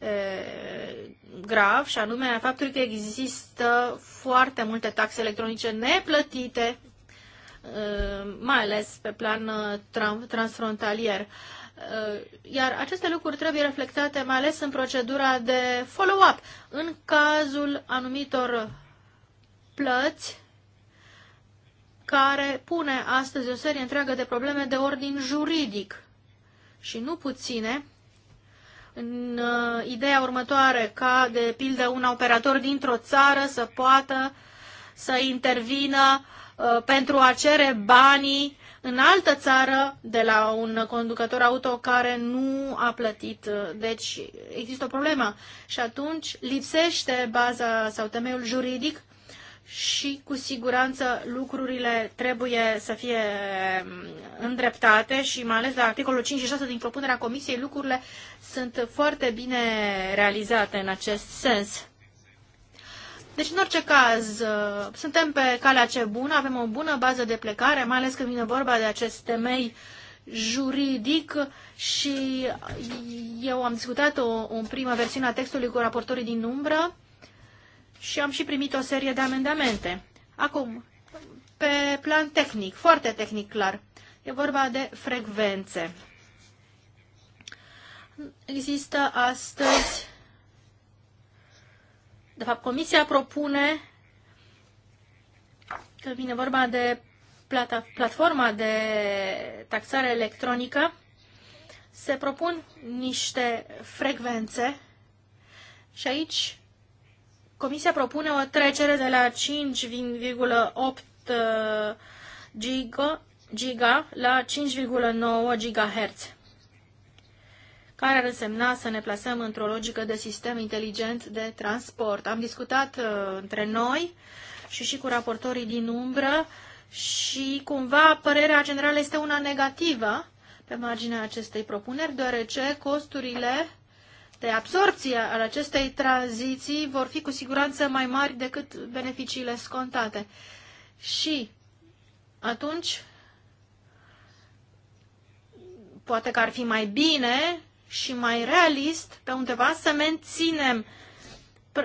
e, uh, grav, și anume faptul că există foarte multe taxe electronice neplătite uh, mai ales pe plan transfrontalier. Uh, iar aceste lucruri trebuie reflectate mai ales în procedura de follow-up. În cazul anumitor plăți care pune astăzi o serie întreagă de probleme de ordin juridic și nu puține în uh, ideea următoare ca, de pildă, un operator dintr-o țară să poată să intervină uh, pentru a cere banii în altă țară de la un conducător auto care nu a plătit. Deci există o problemă și atunci lipsește baza sau temeiul juridic și cu siguranță lucrurile trebuie să fie mm, îndreptate și mai ales la articolul 5 și 6 din propunerea Comisiei lucrurile sunt foarte bine realizate în acest sens. Deci, în orice caz, uh, suntem pe calea ce bună, avem o bună bază de plecare, mai ales când vine vorba de acest temei juridic și eu am discutat o, o primă versiune a textului cu raportorii din umbră și am și primit o serie de amendamente. Acum, pe plan tehnic, foarte tehnic clar, e vorba de frecvențe. Există astăzi de fapt, Comisia propune că vine vorba de plata, platforma de taxare electronică, se propun niște frecvențe și aici Comisia propune o trecere de la 5,8 uh, giga, giga la 5,9 GHz care ar însemna să ne plasăm într-o logică de sistem inteligent de transport. Am discutat uh, între noi și și cu raportorii din umbră și cumva părerea generală este una negativă pe marginea acestei propuneri, deoarece costurile de absorpție al acestei tranziții vor fi cu siguranță mai mari decât beneficiile scontate. Și atunci, poate că ar fi mai bine și mai realist pe undeva să menținem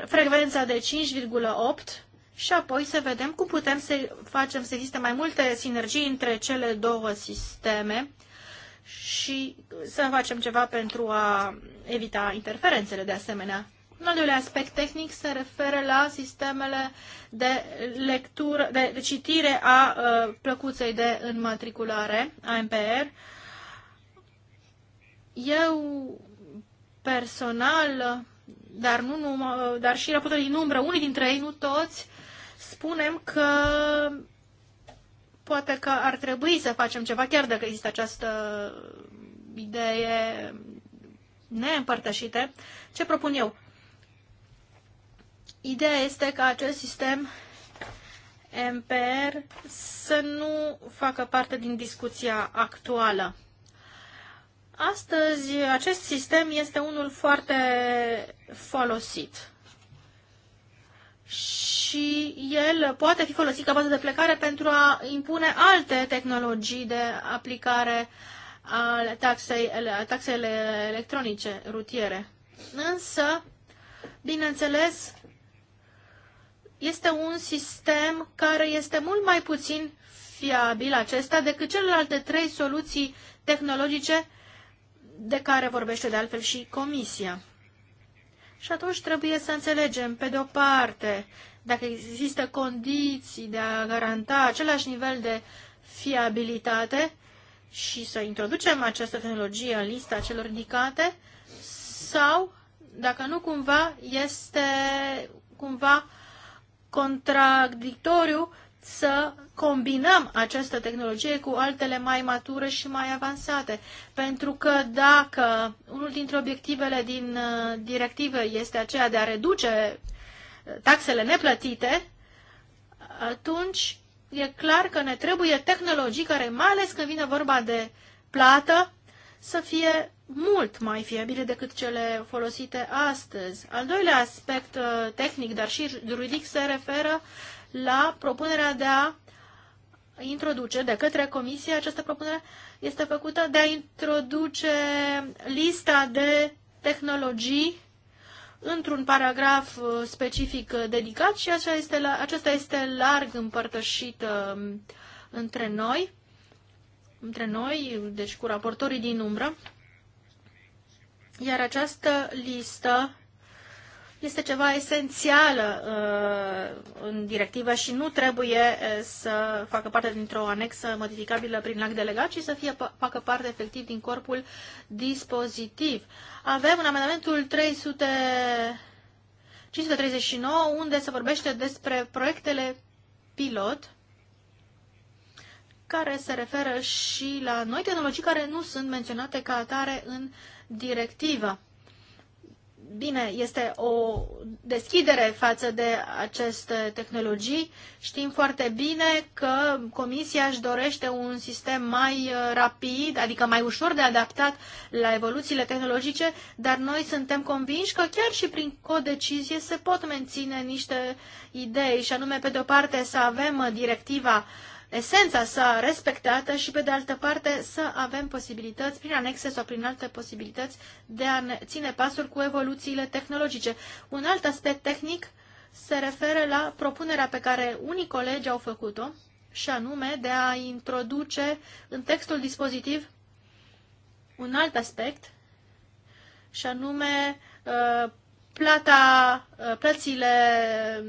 frecvența de 5,8 și apoi să vedem cum putem să facem să existe mai multe sinergii între cele două sisteme și să facem ceva pentru a evita interferențele de asemenea. Un al doilea aspect tehnic se referă la sistemele de lectură, de citire a uh, plăcuței de înmatriculare, AMPR, eu personal, dar, nu, numai, dar și raportorii din umbră, unii dintre ei, nu toți, spunem că poate că ar trebui să facem ceva, chiar dacă există această idee neîmpărtășite. Ce propun eu? Ideea este ca acest sistem MPR să nu facă parte din discuția actuală. Astăzi, acest sistem este unul foarte folosit și el poate fi folosit ca bază de plecare pentru a impune alte tehnologii de aplicare ale taxei, taxele electronice rutiere. Însă, bineînțeles, este un sistem care este mult mai puțin fiabil acesta decât celelalte trei soluții tehnologice de care vorbește de altfel și Comisia. Și atunci trebuie să înțelegem, pe de-o parte, dacă există condiții de a garanta același nivel de fiabilitate și să introducem această tehnologie în lista celor indicate, sau dacă nu cumva este cumva contradictoriu să combinăm această tehnologie cu altele mai mature și mai avansate. Pentru că dacă unul dintre obiectivele din uh, directivă este aceea de a reduce uh, taxele neplătite, atunci e clar că ne trebuie tehnologii care, mai ales când vine vorba de plată, să fie mult mai fiabile decât cele folosite astăzi. Al doilea aspect uh, tehnic, dar și juridic, se referă la propunerea de a introduce de către Comisie, această propunere este făcută de a introduce lista de tehnologii într-un paragraf uh, specific uh, dedicat și aceasta este, la, este larg împărtășit um, între noi, între noi, deci cu raportorii din umbră. Iar această listă este ceva esențială uh, în directivă și nu trebuie uh, să facă parte dintr-o anexă modificabilă prin act delegat, ci să fie, facă parte efectiv din corpul dispozitiv. Avem în amendamentul 300 539, unde se vorbește despre proiectele pilot care se referă și la noi tehnologii care nu sunt menționate ca atare în directivă. Bine, este o deschidere față de aceste tehnologii. Știm foarte bine că Comisia își dorește un sistem mai uh, rapid, adică mai ușor de adaptat la evoluțiile tehnologice, dar noi suntem convinși că chiar și prin codecizie se pot menține niște idei, și anume, pe de o parte, să avem uh, directiva uh, esența sa respectată și, pe de altă parte, să avem posibilități, prin anexe sau prin alte posibilități, de a ne ține pasul cu evoluțiile tehnologice. Un alt aspect tehnic se referă la propunerea pe care unii colegi au făcut-o, și anume de a introduce în textul dispozitiv un alt aspect, și anume uh, plata, uh, plățile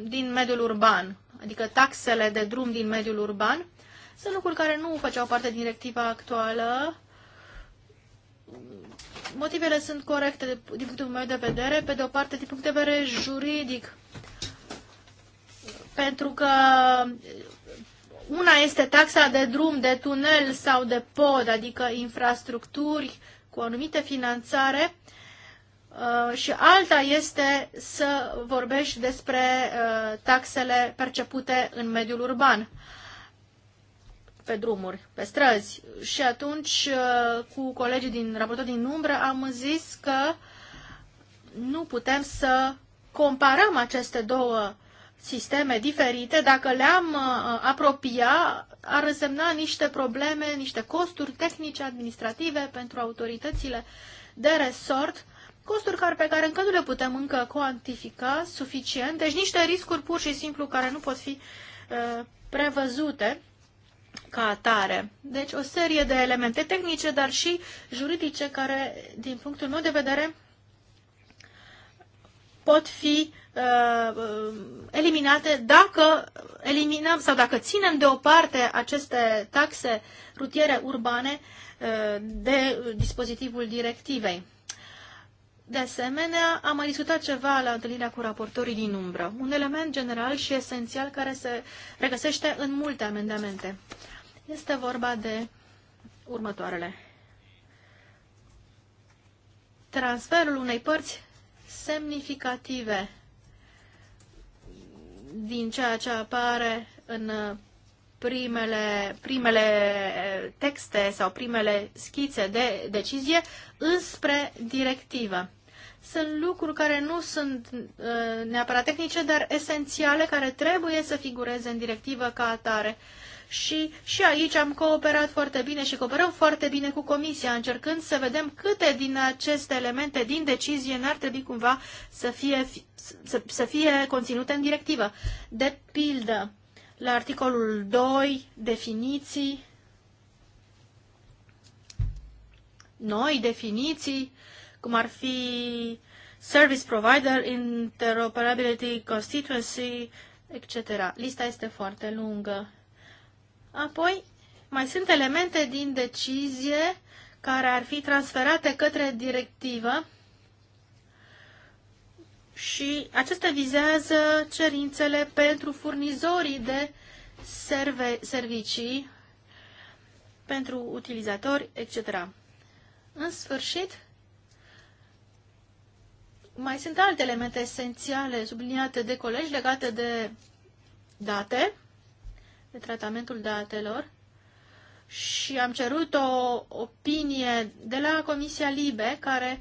din mediul urban, adică taxele de drum din mediul urban, sunt lucruri care nu făceau parte din directiva actuală. Motivele sunt corecte din punctul meu de vedere, pe de o parte din punct de vedere juridic, pentru că una este taxa de drum, de tunel sau de pod, adică infrastructuri cu anumite finanțare, uh, și alta este să vorbești despre uh, taxele percepute în mediul urban pe drumuri, pe străzi. Și atunci, uh, cu colegii din raportul din umbră, am zis că nu putem să comparăm aceste două sisteme diferite. Dacă le-am uh, apropia, ar însemna niște probleme, niște costuri tehnice, administrative pentru autoritățile de resort, costuri care, pe care încă nu le putem încă cuantifica suficient, deci niște riscuri pur și simplu care nu pot fi uh, prevăzute ca atare. Deci o serie de elemente tehnice, dar și juridice, care, din punctul meu de vedere, pot fi uh, eliminate dacă eliminăm sau dacă ținem deoparte aceste taxe rutiere urbane uh, de dispozitivul directivei. De asemenea, am mai discutat ceva la întâlnirea cu raportorii din umbră, un element general și esențial care se regăsește în multe amendamente. Este vorba de următoarele. Transferul unei părți semnificative din ceea ce apare în primele, primele texte sau primele schițe de decizie înspre directivă. Sunt lucruri care nu sunt uh, neapărat tehnice, dar esențiale, care trebuie să figureze în directivă ca atare și și aici am cooperat foarte bine și cooperăm foarte bine cu Comisia, încercând să vedem câte din aceste elemente din decizie n-ar trebui cumva să fie, să, să fie conținute în directivă. De pildă, la articolul 2, definiții, noi definiții, cum ar fi service provider, interoperability, constituency, etc. Lista este foarte lungă. Apoi, mai sunt elemente din decizie care ar fi transferate către directivă și acestea vizează cerințele pentru furnizorii de serve, servicii, pentru utilizatori, etc. În sfârșit, mai sunt alte elemente esențiale subliniate de colegi legate de date de tratamentul datelor și am cerut o opinie de la Comisia Libe, care,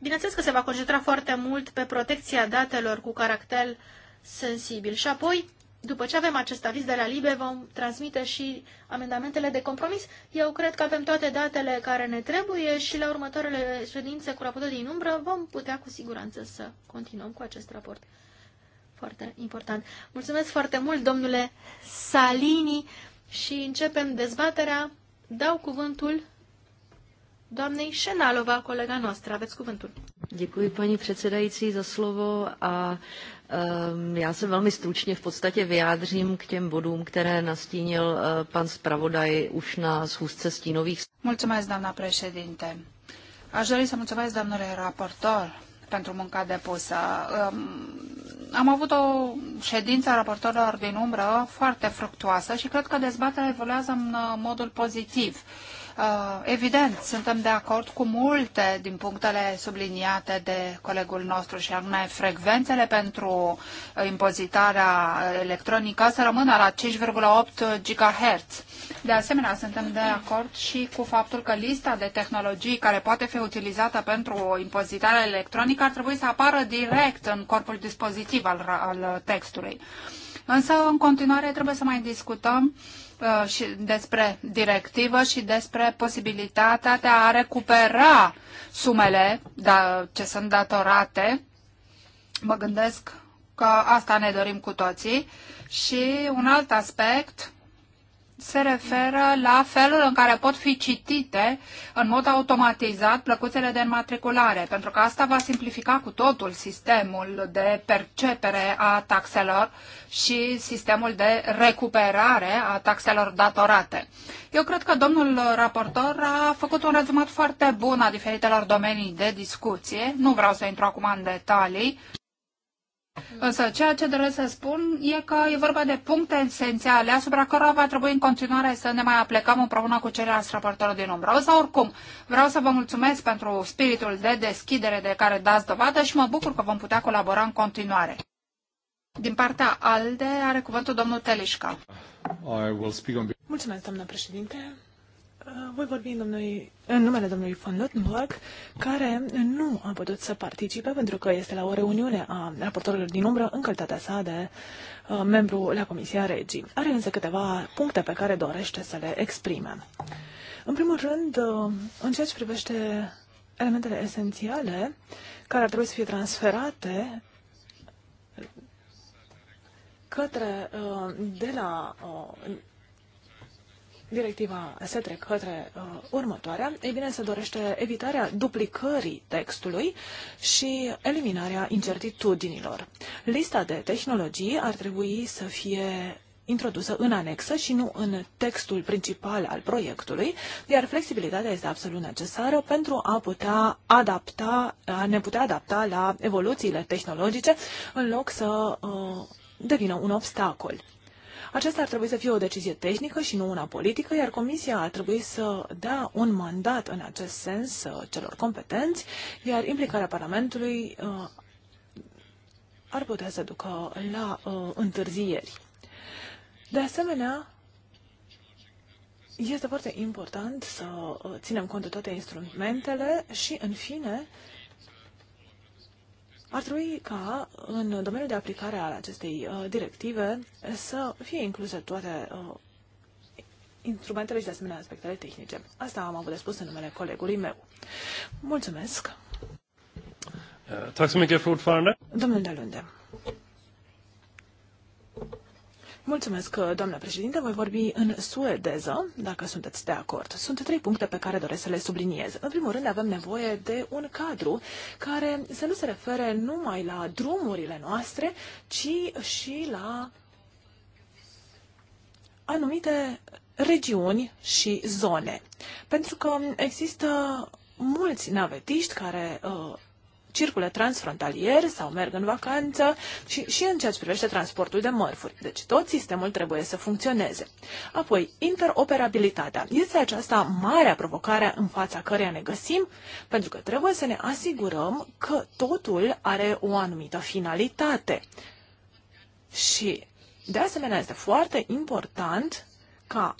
bineînțeles că se va concentra foarte mult pe protecția datelor cu caracter sensibil. Și apoi, după ce avem acest aviz de la Libe, vom transmite și amendamentele de compromis. Eu cred că avem toate datele care ne trebuie și la următoarele ședințe cu raportul din umbră vom putea cu siguranță să continuăm cu acest raport. Foarte important. Mulțumesc foarte mult, domnule Salini, și începem dezbaterea. Dau cuvântul doamnei Șenalova, colega noastră. Aveți cuvântul. Děkuji, paní předsedající, za slovo a ehm, já se velmi stručně v podstatě vyjádřím k těm bodům, které nastínil pan zpravodaj už na schůzce stínových.
Mulțumesc, doamna președinte. Aș dori să mulțumesc, domnule raportor, pentru munca depusă. Ehm, am avut o ședință a raportorilor din umbră foarte fructuoasă și cred că dezbaterea evoluează în uh, modul pozitiv. Uh, evident, suntem de acord cu multe din punctele subliniate de colegul nostru și anume frecvențele pentru uh, impozitarea electronică să rămână la 5,8 GHz. De asemenea, suntem de acord și cu faptul că lista de tehnologii care poate fi utilizată pentru impozitarea electronică ar trebui să apară direct în corpul dispozitiv al, al textului. Însă, în continuare, trebuie să mai discutăm uh, Uh, și despre directivă și despre posibilitatea de a recupera sumele da, ce sunt datorate. Mă gândesc că asta ne dorim cu toții. Și un alt aspect se referă la felul în care pot fi citite în mod automatizat plăcuțele de înmatriculare, pentru că asta va simplifica cu totul sistemul de percepere a taxelor și sistemul de recuperare a taxelor datorate. Eu cred că domnul raportor a făcut un rezumat foarte bun a diferitelor domenii de discuție. Nu vreau să intru acum în detalii. Însă ceea ce doresc să spun e că e vorba de puncte esențiale asupra cărora va trebui în continuare să ne mai aplecăm împreună cu ceilalți raportori din umbră. Însă oricum, vreau să vă mulțumesc pentru spiritul de deschidere de care dați dovadă și mă bucur că vom putea colabora în continuare. Din partea ALDE are cuvântul domnul Telișca.
Mulțumesc, doamnă președinte. Eh, voi vorbi în, domnului, în numele domnului von Luttenberg, care nu a putut să participe pentru că este la o reuniune a raportorilor din umbră în calitatea sa de uh, membru la Comisia Regii. Are însă câteva puncte pe care dorește să le exprime. În primul rând, uh, în ceea ce privește elementele esențiale care ar trebui să fie transferate către, de la directiva se trec către uh, următoarea, ei bine, se dorește evitarea duplicării textului și eliminarea incertitudinilor. Lista de tehnologii ar trebui să fie introdusă în anexă și nu în textul principal al proiectului, iar flexibilitatea este absolut necesară pentru a putea adapta, a ne putea adapta la evoluțiile tehnologice în loc să uh, devină un obstacol. Aceasta ar trebui să fie o decizie tehnică și nu una politică, iar Comisia ar trebui să dea un mandat în acest sens uh, celor competenți, iar implicarea Parlamentului uh, ar putea să ducă la uh, întârzieri. De asemenea, este foarte important să ținem cont de toate instrumentele și, în fine, ar trebui ca în domeniul de aplicare al acestei uh, directive să fie incluse toate uh, instrumentele și de asemenea aspectele tehnice. Asta am avut de spus în numele colegului meu. Mulțumesc! Uh, så mycket, fru Domnul Dalunde. Mulțumesc, doamnă președinte. Voi vorbi în suedeză, dacă sunteți de acord. Sunt trei puncte pe care doresc să le subliniez. În primul rând, avem nevoie de un cadru care să nu se refere numai la drumurile noastre, ci și la anumite regiuni și zone. Pentru că există mulți navetiști care uh, circule transfrontalier sau merg în vacanță și, și în ceea ce privește transportul de mărfuri. Deci tot sistemul trebuie să funcționeze. Apoi, interoperabilitatea. Este aceasta marea provocare în fața căreia ne găsim, pentru că trebuie să ne asigurăm că totul are o anumită finalitate. Și, de asemenea, este foarte important ca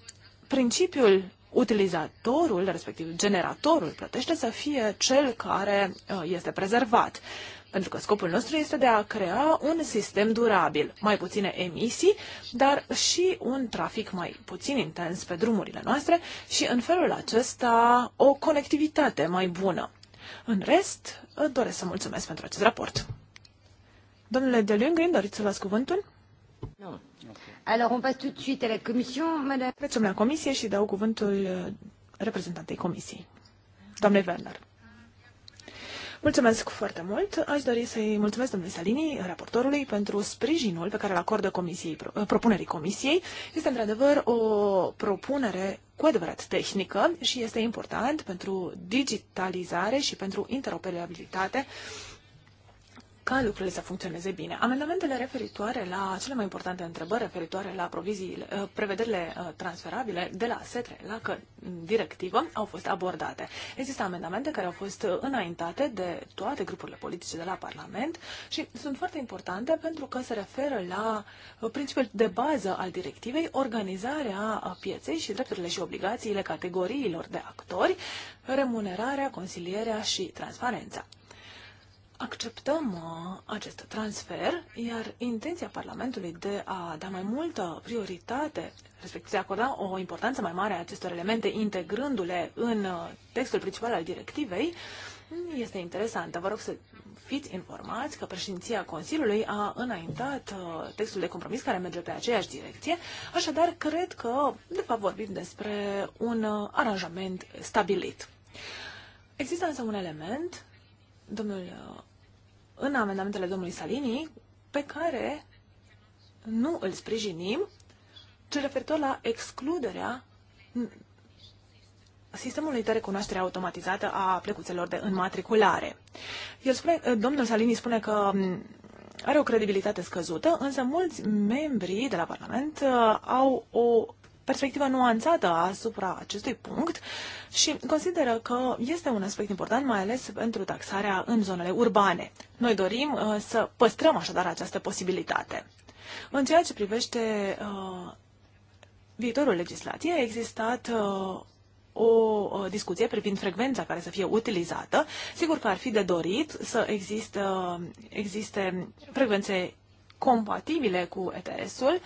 principiul utilizatorul, respectiv generatorul, plătește să fie cel care uh, este prezervat. Pentru că scopul nostru este de a crea un sistem durabil, mai puține emisii, dar și un trafic mai puțin intens pe drumurile noastre și în felul acesta o conectivitate mai bună. În rest, uh, doresc să mulțumesc pentru acest raport. Domnule de Lungrin, doriți să luați cuvântul? Nu. Alors, on passe tout de suite à la Commission, madame. Trecem la Comisie și dau cuvântul uh, reprezentantei Comisiei. Doamne Werner. Mulțumesc foarte mult. Aș dori să-i mulțumesc domnului Salini, raportorului, pentru sprijinul pe care îl acordă comisiei, uh, propunerii comisiei. Este într-adevăr o propunere cu adevărat tehnică și este important pentru digitalizare și pentru interoperabilitate ca lucrurile să funcționeze bine. Amendamentele referitoare la cele mai importante întrebări referitoare la proviziile, uh, prevederile uh, transferabile de la SETRE la mm, directivă au fost abordate. Există amendamente care au fost uh, înaintate de toate grupurile politice de la Parlament și sunt foarte importante pentru că se referă la principiul de bază al directivei, organizarea pieței și drepturile și obligațiile categoriilor de actori, remunerarea, consilierea și transparența acceptăm uh, acest transfer, iar intenția Parlamentului de a da mai multă prioritate, respectiv de a acorda o importanță mai mare a acestor elemente, integrându-le în uh, textul principal al directivei, este interesantă. Vă rog să fiți informați că președinția Consiliului a înaintat uh, textul de compromis care merge pe aceeași direcție, așadar cred că, de fapt, vorbim despre un aranjament stabilit. Există însă un element, domnul în amendamentele domnului Salini, pe care nu îl sprijinim, ce referitor la excluderea sistemului de recunoaștere automatizată a plecuțelor de înmatriculare. El spune, domnul Salini spune că mm, are o credibilitate scăzută, însă mulți membrii de la Parlament uh, au o perspectivă nuanțată asupra acestui punct și consideră că este un aspect important, mai ales pentru taxarea în zonele urbane. Noi dorim uh, să păstrăm așadar această posibilitate. În ceea ce privește uh, viitorul legislației, a existat uh, o discuție privind frecvența care să fie utilizată. Sigur că ar fi de dorit să există, existe frecvențe compatibile cu ETS-ul,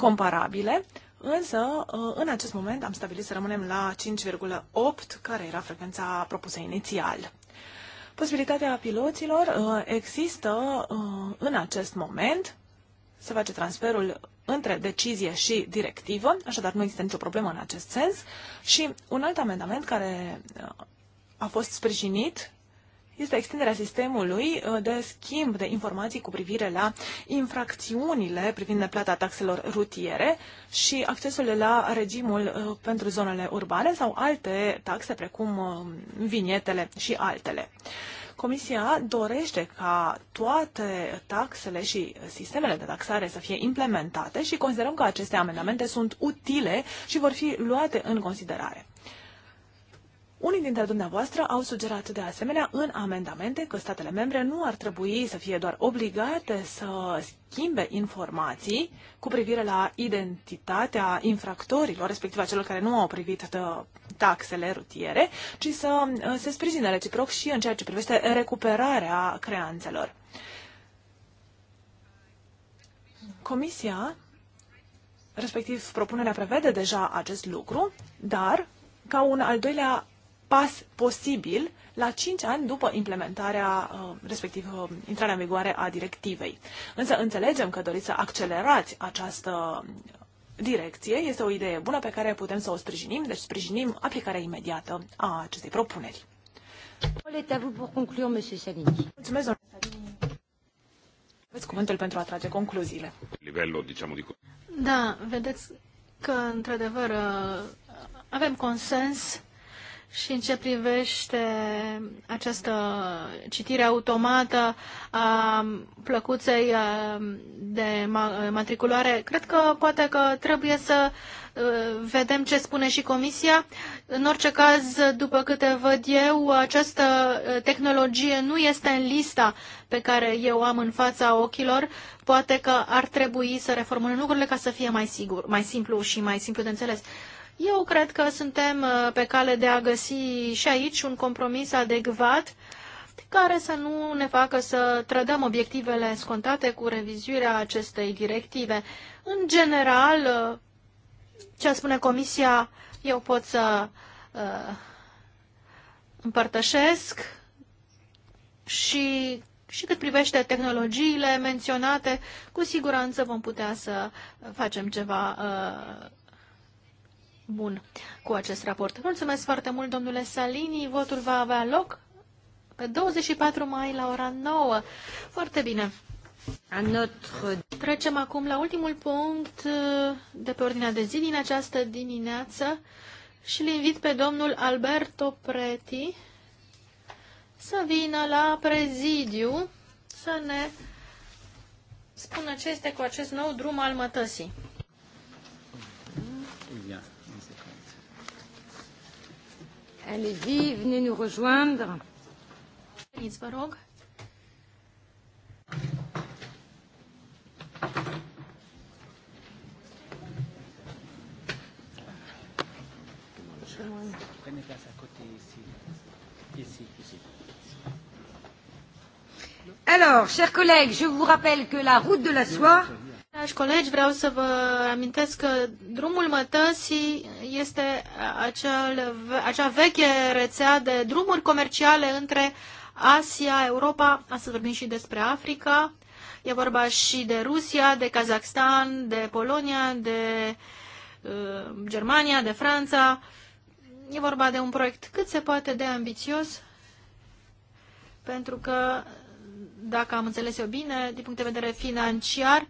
comparabile, însă uh, în acest moment am stabilit să rămânem la 5,8, care era frecvența propusă inițial. Posibilitatea piloților uh, există uh, în acest moment, se face transferul între decizie și directivă, așadar nu există nicio problemă în acest sens. Și un alt amendament care a fost sprijinit este extinderea sistemului uh, de schimb de informații cu privire la infracțiunile privind neplata taxelor rutiere și accesul la regimul uh, pentru zonele urbane sau alte taxe precum uh, vinietele și altele. Comisia dorește ca toate taxele și sistemele de taxare să fie implementate și considerăm că aceste amendamente sunt utile și vor fi luate în considerare. Unii dintre dumneavoastră au sugerat de asemenea în amendamente că statele membre nu ar trebui să fie doar obligate să schimbe informații cu privire la identitatea infractorilor, respectiv a celor care nu au privit taxele rutiere, ci să uh, se sprijine reciproc și în ceea ce privește recuperarea creanțelor. Comisia, respectiv propunerea prevede deja acest lucru, dar ca un al doilea pas posibil la 5 ani după implementarea, uh, respectiv uh, intrarea în vigoare a directivei. Însă înțelegem că doriți să accelerați această direcție. Este o idee bună pe care putem să o sprijinim, deci sprijinim aplicarea imediată a acestei propuneri. Mulțumesc, domnule Aveți cuvântul pentru a trage concluziile.
Nivelul, adică- Da, vedeți că, într-adevăr, uh, avem consens și în ce privește această citire automată a plăcuței de matriculare, cred că poate că trebuie să vedem ce spune și Comisia. În orice caz, după câte văd eu, această tehnologie nu este în lista pe care eu am în fața ochilor. Poate că ar trebui să reformulăm lucrurile ca să fie mai sigur, mai simplu și mai simplu de înțeles. Eu cred că suntem uh, pe cale de a găsi și aici un compromis adecvat care să nu ne facă să trădăm obiectivele scontate cu revizuirea acestei directive. În general, uh, ce spune Comisia, eu pot să uh, împărtășesc și, și cât privește tehnologiile menționate, cu siguranță vom putea să facem ceva uh, bun cu acest raport. Mulțumesc foarte mult, domnule Salini. Votul va avea loc pe 24 mai la ora 9. Foarte bine. Notre... Trecem acum la ultimul punct uh, de pe ordinea de zi din această dimineață și îl invit pe domnul Alberto Preti să vină la prezidiu să ne spună ce este cu acest nou drum al mătăsii. Allez-y, venez nous rejoindre. Veniți, vă rog.
Prenez place à côté ici. Ici, ici.
Alors, chers collègues, je vous rappelle que la route de la soie... Oui, Dragi colegi, vreau să vă amintesc că drumul Mătăsii este acel, acea veche rețea de drumuri comerciale între Asia, Europa, astăzi vorbim și despre Africa, e vorba și de Rusia, de Kazakhstan, de Polonia, de uh, Germania, de Franța. E vorba de un proiect cât se poate de ambițios, pentru că, dacă am înțeles eu bine, din punct de vedere financiar, uh,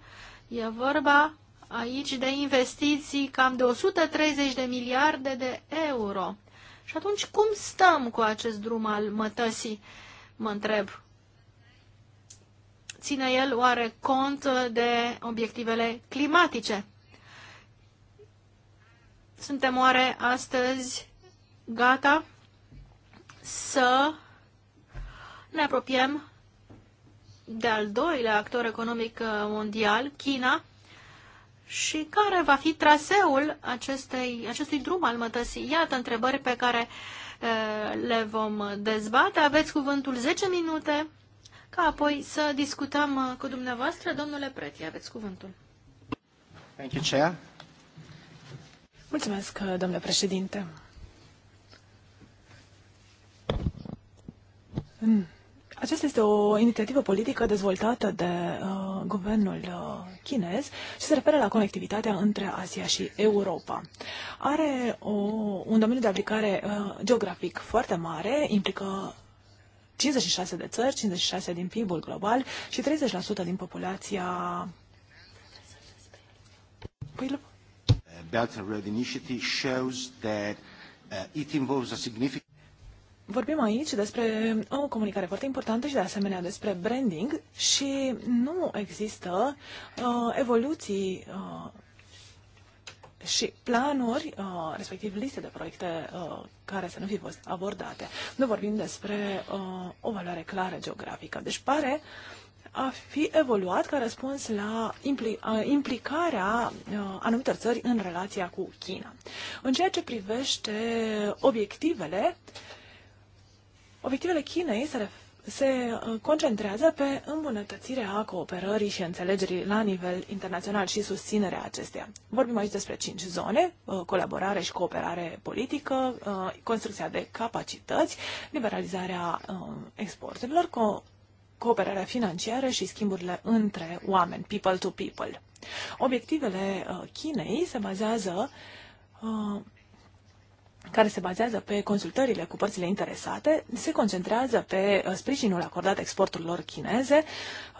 E vorba aici de investiții cam de 130 de miliarde de euro. Și atunci cum stăm cu acest drum al mătăsii? Mă întreb. Ține el oare cont de obiectivele climatice? Suntem oare astăzi gata să ne apropiem de-al doilea actor economic uh, mondial, China, și care va fi traseul acestei, acestui drum al mătăsii? Iată întrebări pe care uh, le vom dezbate. Aveți cuvântul 10 minute, ca apoi să discutăm uh, cu dumneavoastră. Domnule Preti, aveți cuvântul. Thank
you, Chair.
Mulțumesc, domnule președinte. Mm. Aceasta este o inițiativă politică dezvoltată de uh, guvernul uh, chinez și se referă la conectivitatea între Asia și Europa. Are o, un domeniu de aplicare uh, geografic foarte mare, implică 56 de țări, 56 din PIB-ul global și 30% din populația.
Belt and Road Initiative shows that uh, it involves a significant
vorbim aici despre o comunicare foarte importantă și de asemenea despre branding și nu există uh, evoluții uh, și planuri, uh, respectiv liste de proiecte uh, care să nu fi fost abordate. Nu vorbim despre uh, o valoare clară geografică. Deci pare a fi evoluat ca răspuns la impli- uh, implicarea uh, anumitor țări în relația cu China. În ceea ce privește obiectivele, uh, Obiectivele Chinei se, se uh, concentrează pe îmbunătățirea cooperării și înțelegerii la nivel internațional și susținerea acesteia. Vorbim aici despre cinci zone, uh, colaborare și cooperare politică, uh, construcția de capacități, liberalizarea exporturilor, co cooperarea financiară și schimburile între oameni, people to people. Obiectivele Chinei se bazează care se bazează pe consultările cu părțile interesate, se concentrează pe uh, sprijinul acordat exporturilor chineze,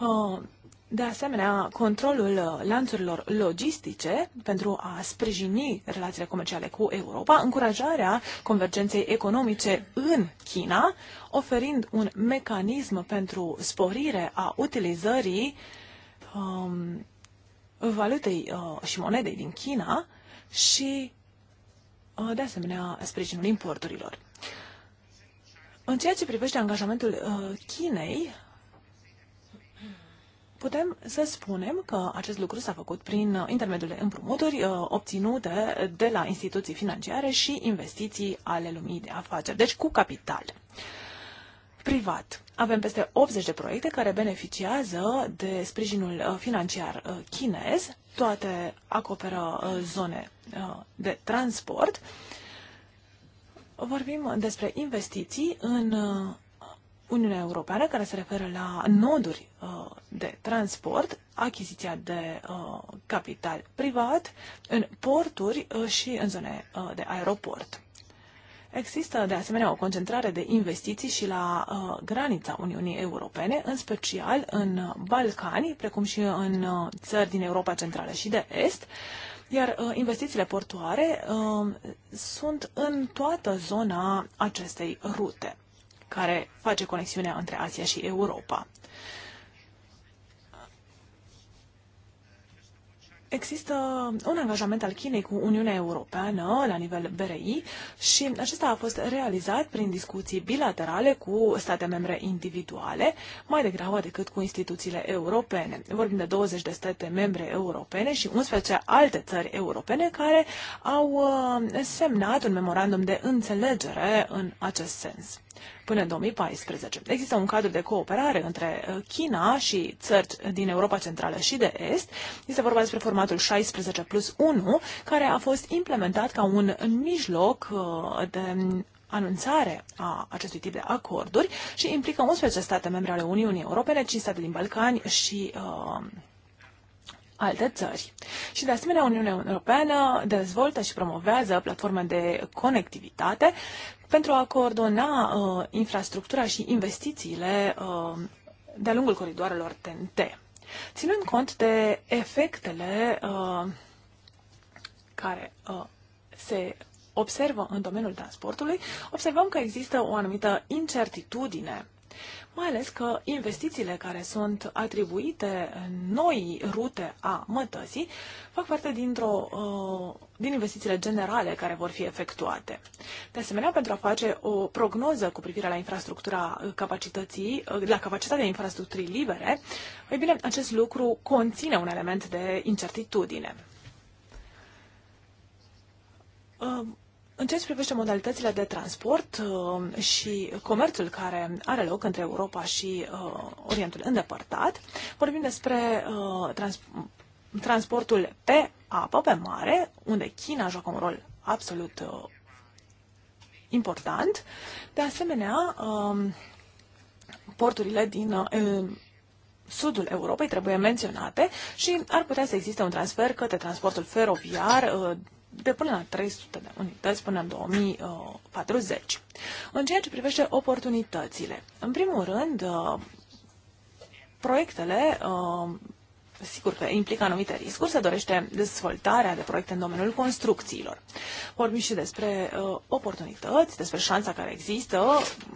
uh, de asemenea, controlul uh, lanțurilor logistice pentru a sprijini relațiile comerciale cu Europa, încurajarea convergenței economice în China, oferind un mecanism pentru sporire a utilizării um, valutei uh, și monedei din China și Uh, de asemenea sprijinul importurilor. În ceea ce privește angajamentul uh, Chinei, putem să spunem că acest lucru s-a făcut prin uh, intermediul împrumuturi obținute de la instituții financiare și investiții ale lumii de afaceri, deci cu capital privat. Avem peste 80 de proiecte care beneficiază de sprijinul uh, financiar uh, chinez. Toate acoperă uh, zone de transport. Vorbim despre investiții în Uniunea Europeană care se referă la noduri de transport, achiziția de capital privat în porturi și în zone de aeroport. Există de asemenea o concentrare de investiții și la uh, granița Uniunii Europene, în special în Balcani, precum și în uh, țări din Europa Centrală și de Est, iar uh, investițiile portoare uh, sunt în toată zona acestei rute care face conexiunea între Asia și Europa. Există un angajament al Chinei cu Uniunea Europeană la nivel BRI și acesta a fost realizat prin discuții bilaterale cu state membre individuale, mai degrabă decât cu instituțiile europene. Vorbim de 20 de state membre europene și 11 alte țări europene care au uh, semnat un memorandum de înțelegere în acest sens până în 2014. Există un cadru de cooperare între uh, China și țări din Europa Centrală și de Est. Este vorba despre formatul 16 plus 1, care a fost implementat ca un mijloc uh, de anunțare a acestui tip de acorduri și implică 11 state membre ale Uniunii Europene, 5 state din Balcani și uh, alte țări. Și de asemenea, Uniunea Europeană dezvoltă și promovează platforme de conectivitate pentru a coordona uh, infrastructura și investițiile uh, de-a lungul coridoarelor TNT. Ținând cont de efectele uh, care uh, se observă în domeniul transportului, observăm că există o anumită incertitudine mai ales că investițiile care sunt atribuite noi rute a mătăsii fac parte dintr-o, uh, din investițiile generale care vor fi efectuate. De asemenea, pentru a face o prognoză cu privire la infrastructura uh, capacității, uh, la capacitatea infrastructurii libere, ei bine, acest lucru conține un element de incertitudine în ceea ce privește modalitățile de transport uh, și comerțul care are loc între Europa și uh, Orientul îndepărtat, vorbim despre uh, trans transportul pe apă, pe mare, unde China joacă un rol absolut important. De asemenea, um, porturile din sudul Europei trebuie menționate și ar putea să existe un transfer către transportul feroviar de până la 300 de unități până în 2040. În ceea ce privește oportunitățile, în primul rând, uh, proiectele uh, sigur că implică anumite riscuri, se dorește dezvoltarea de proiecte în domeniul construcțiilor. Vorbim și despre uh, oportunități, despre șansa care există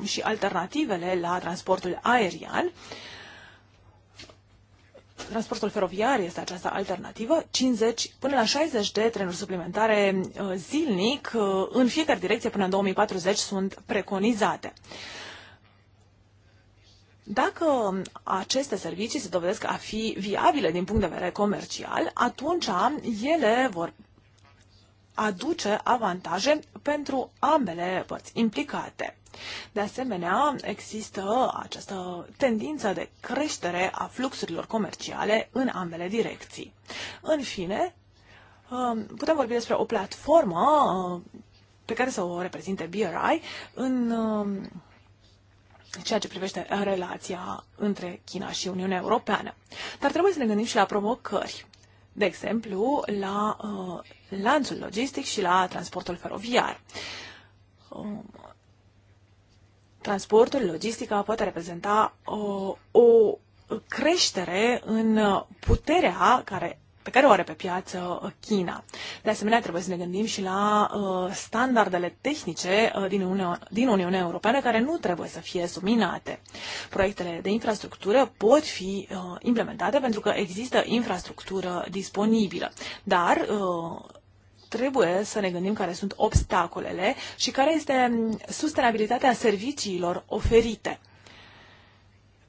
și alternativele la transportul aerian transportul feroviar este această alternativă, 50 până la 60 de trenuri suplimentare uh, zilnic uh, în fiecare direcție până în 2040 sunt preconizate. Dacă aceste servicii se dovedesc a fi viabile din punct de vedere comercial, atunci ele vor aduce avantaje pentru ambele părți implicate. De asemenea, există această tendință de creștere a fluxurilor comerciale în ambele direcții. În fine, um, putem vorbi despre o platformă uh, pe care să o reprezinte BRI în um, ceea ce privește relația între China și Uniunea Europeană. Dar trebuie să ne gândim și la provocări, de exemplu, la uh, lanțul logistic și la transportul feroviar. Uh, transportul, logistica poate reprezenta o, uh, o creștere în puterea care pe care o are pe piață uh, China. De asemenea, trebuie să ne gândim și la uh, standardele tehnice uh, din, Uniunea, din Uniunea Europeană care nu trebuie să fie subminate. Proiectele de infrastructură pot fi uh, implementate pentru că există infrastructură disponibilă, dar uh, trebuie să ne gândim care sunt obstacolele și care este mm, sustenabilitatea serviciilor oferite.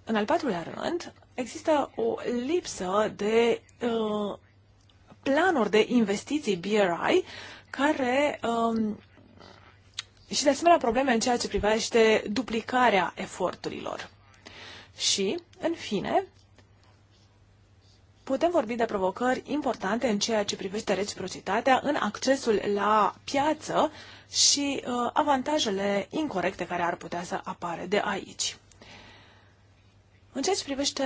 În al patrulea rând, există o lipsă de uh, planuri de investiții BRI care um, și de asemenea probleme în ceea ce privește duplicarea eforturilor. Și, în fine, putem vorbi de provocări importante în ceea ce privește reciprocitatea în accesul la piață și uh, avantajele incorrecte care ar putea să apare de aici. În ceea ce privește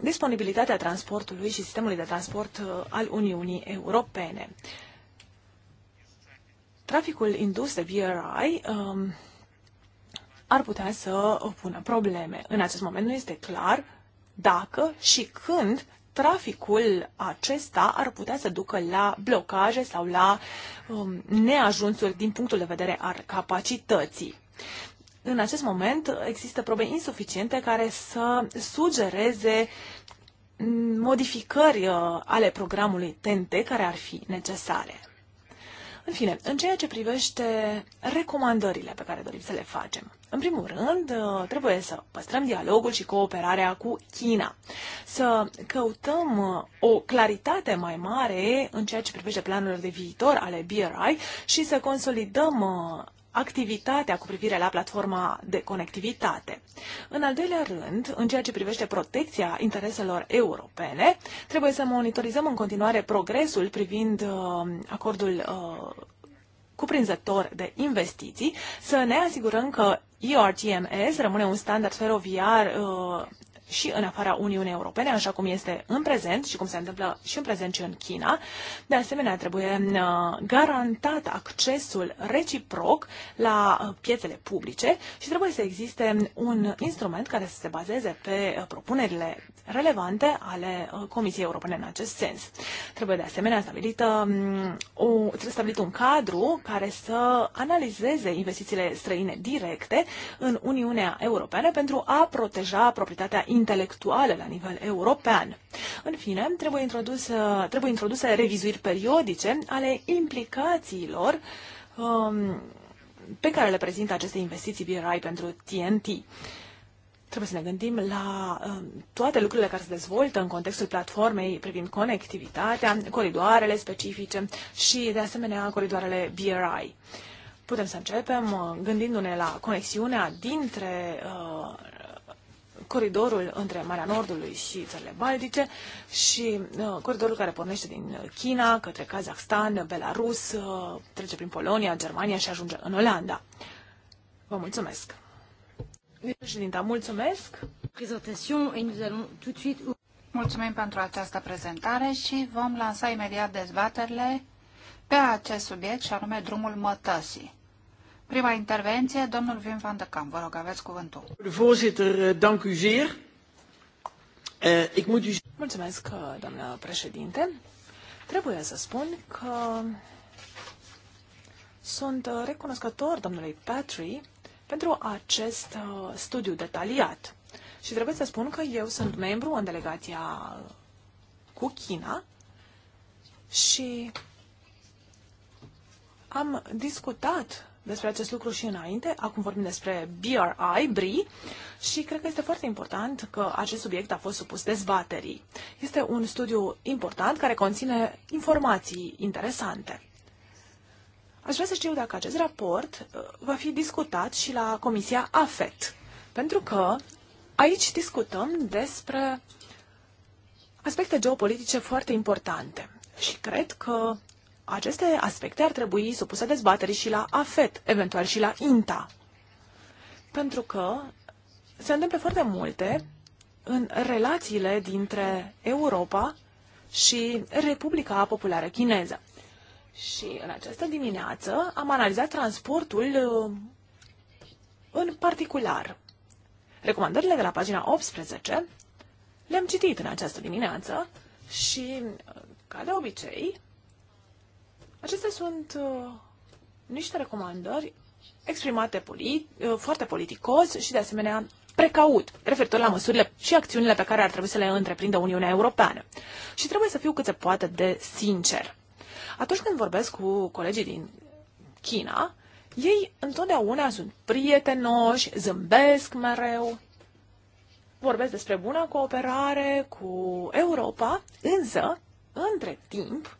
disponibilitatea transportului și sistemului de transport uh, al Uniunii Europene, traficul indus de VRI um, ar putea să uh, pună probleme. În acest moment nu este clar dacă și când traficul acesta ar putea să ducă la blocaje sau la um, neajunsuri din punctul de vedere al capacității. În acest moment există probe insuficiente care să sugereze modificări uh, ale programului TNT care ar fi necesare. În fine, în ceea ce privește recomandările pe care dorim să le facem, în primul rând, uh, trebuie să păstrăm dialogul și cooperarea cu China, să căutăm uh, o claritate mai mare în ceea ce privește planurile de viitor ale BRI și să consolidăm uh, activitatea cu privire la platforma de conectivitate. În al doilea rând, în ceea ce privește protecția intereselor europene, trebuie să monitorizăm în continuare progresul privind uh, acordul uh, cuprinzător de investiții, să ne asigurăm că ERTMS rămâne un standard feroviar uh, și în afara Uniunii Europene, așa cum este în prezent și cum se întâmplă și în prezent și în China. De asemenea, trebuie uh, garantat accesul reciproc la uh, piețele publice și trebuie să existe un instrument care să se bazeze pe uh, propunerile relevante ale Comisiei Europene în acest sens. Trebuie de asemenea stabilită um, o, trebuie stabilit un cadru care să analizeze investițiile străine directe în Uniunea Europeană pentru a proteja proprietatea intelectuale la nivel european. În fine, trebuie introduse, trebuie introduse revizuiri periodice ale implicațiilor um, pe care le prezintă aceste investiții BRI pentru TNT. Trebuie să ne gândim la um, toate lucrurile care se dezvoltă în contextul platformei privind conectivitatea, coridoarele specifice și, de asemenea, coridoarele BRI putem să începem uh, gândindu-ne la conexiunea dintre uh, coridorul între Marea Nordului și țările Baltice și uh, coridorul care pornește din China către Kazakhstan, Belarus, uh, trece prin Polonia, Germania și ajunge în Olanda. Vă mulțumesc! Președinta, mulțumesc!
Mulțumim pentru această prezentare și vom lansa imediat dezbaterile pe acest subiect și anume drumul mătăsii. Prima intervenție, domnul
Wim van de Kamp. Vă rog, aveți cuvântul. Voorzitter, eh, dank u zeer. Eh, Mulțumesc, eh, doamnă președinte. Trebuie să spun că sunt recunoscător domnului Patry pentru acest studiu detaliat. Și trebuie să spun că eu sunt membru în delegația cu China și am discutat despre acest lucru și înainte. Acum vorbim despre BRI, BRI, și cred că este foarte important că acest subiect a fost supus dezbaterii. Este un studiu important care conține informații interesante. Aș vrea să știu dacă acest raport uh, va fi discutat și la Comisia AFET, pentru că aici discutăm despre aspecte geopolitice foarte importante. Și cred că aceste aspecte ar trebui supuse dezbaterii și la AFET, eventual și la INTA. Pentru că se întâmplă foarte multe în relațiile dintre Europa și Republica Populară Chineză. Și în această dimineață am analizat transportul uh, în particular. Recomandările de la pagina 18 le-am citit în această dimineață și, uh, ca de obicei, Acestea sunt uh, niște recomandări exprimate polit, uh, foarte politicos și, de asemenea, precaut, referitor la măsurile și acțiunile pe care ar trebui să le întreprindă Uniunea Europeană. Și trebuie să fiu cât se poate de sincer. Atunci când vorbesc cu colegii din China, ei întotdeauna sunt prietenoși, zâmbesc mereu, vorbesc despre buna cooperare cu Europa, însă, între timp,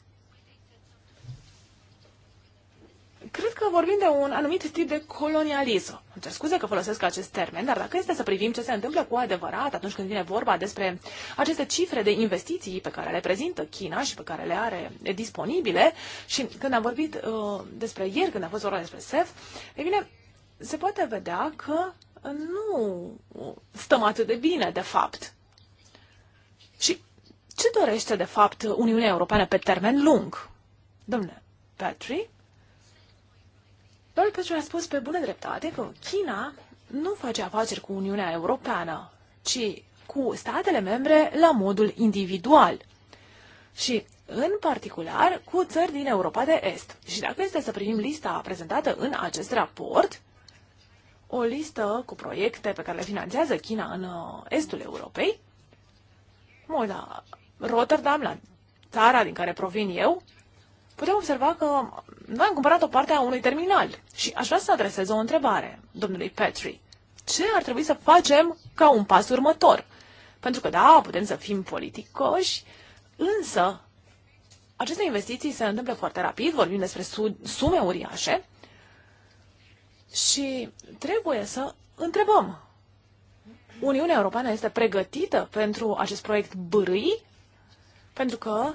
cred că vorbim de un anumit tip de colonialism. Îmi cer scuze că folosesc acest termen, dar dacă este să privim ce se întâmplă cu adevărat atunci când vine vorba despre aceste cifre de investiții pe care le prezintă China și pe care le are disponibile și când am vorbit uh, despre ieri, când a fost vorba despre SEF, e bine, se poate vedea că nu stăm atât de bine, de fapt. Și ce dorește, de fapt, Uniunea Europeană pe termen lung? Domnule Patrick? Domnul Petru a spus pe bună dreptate că China nu face afaceri cu Uniunea Europeană, ci cu statele membre la modul individual și, în particular, cu țări din Europa de Est. Și dacă este să primim lista prezentată în acest raport, o listă cu proiecte pe care le finanțează China în uh, estul Europei, Molda, Rotterdam, la țara din care provin eu, putem observa că noi am cumpărat o parte a unui terminal și aș vrea să adresez o întrebare domnului Petri. Ce ar trebui să facem ca un pas următor? Pentru că, da, putem să fim politicoși, însă aceste investiții se întâmplă foarte rapid, vorbim despre sume uriașe și trebuie să întrebăm. Uniunea Europeană este pregătită pentru acest proiect bârâi? Pentru că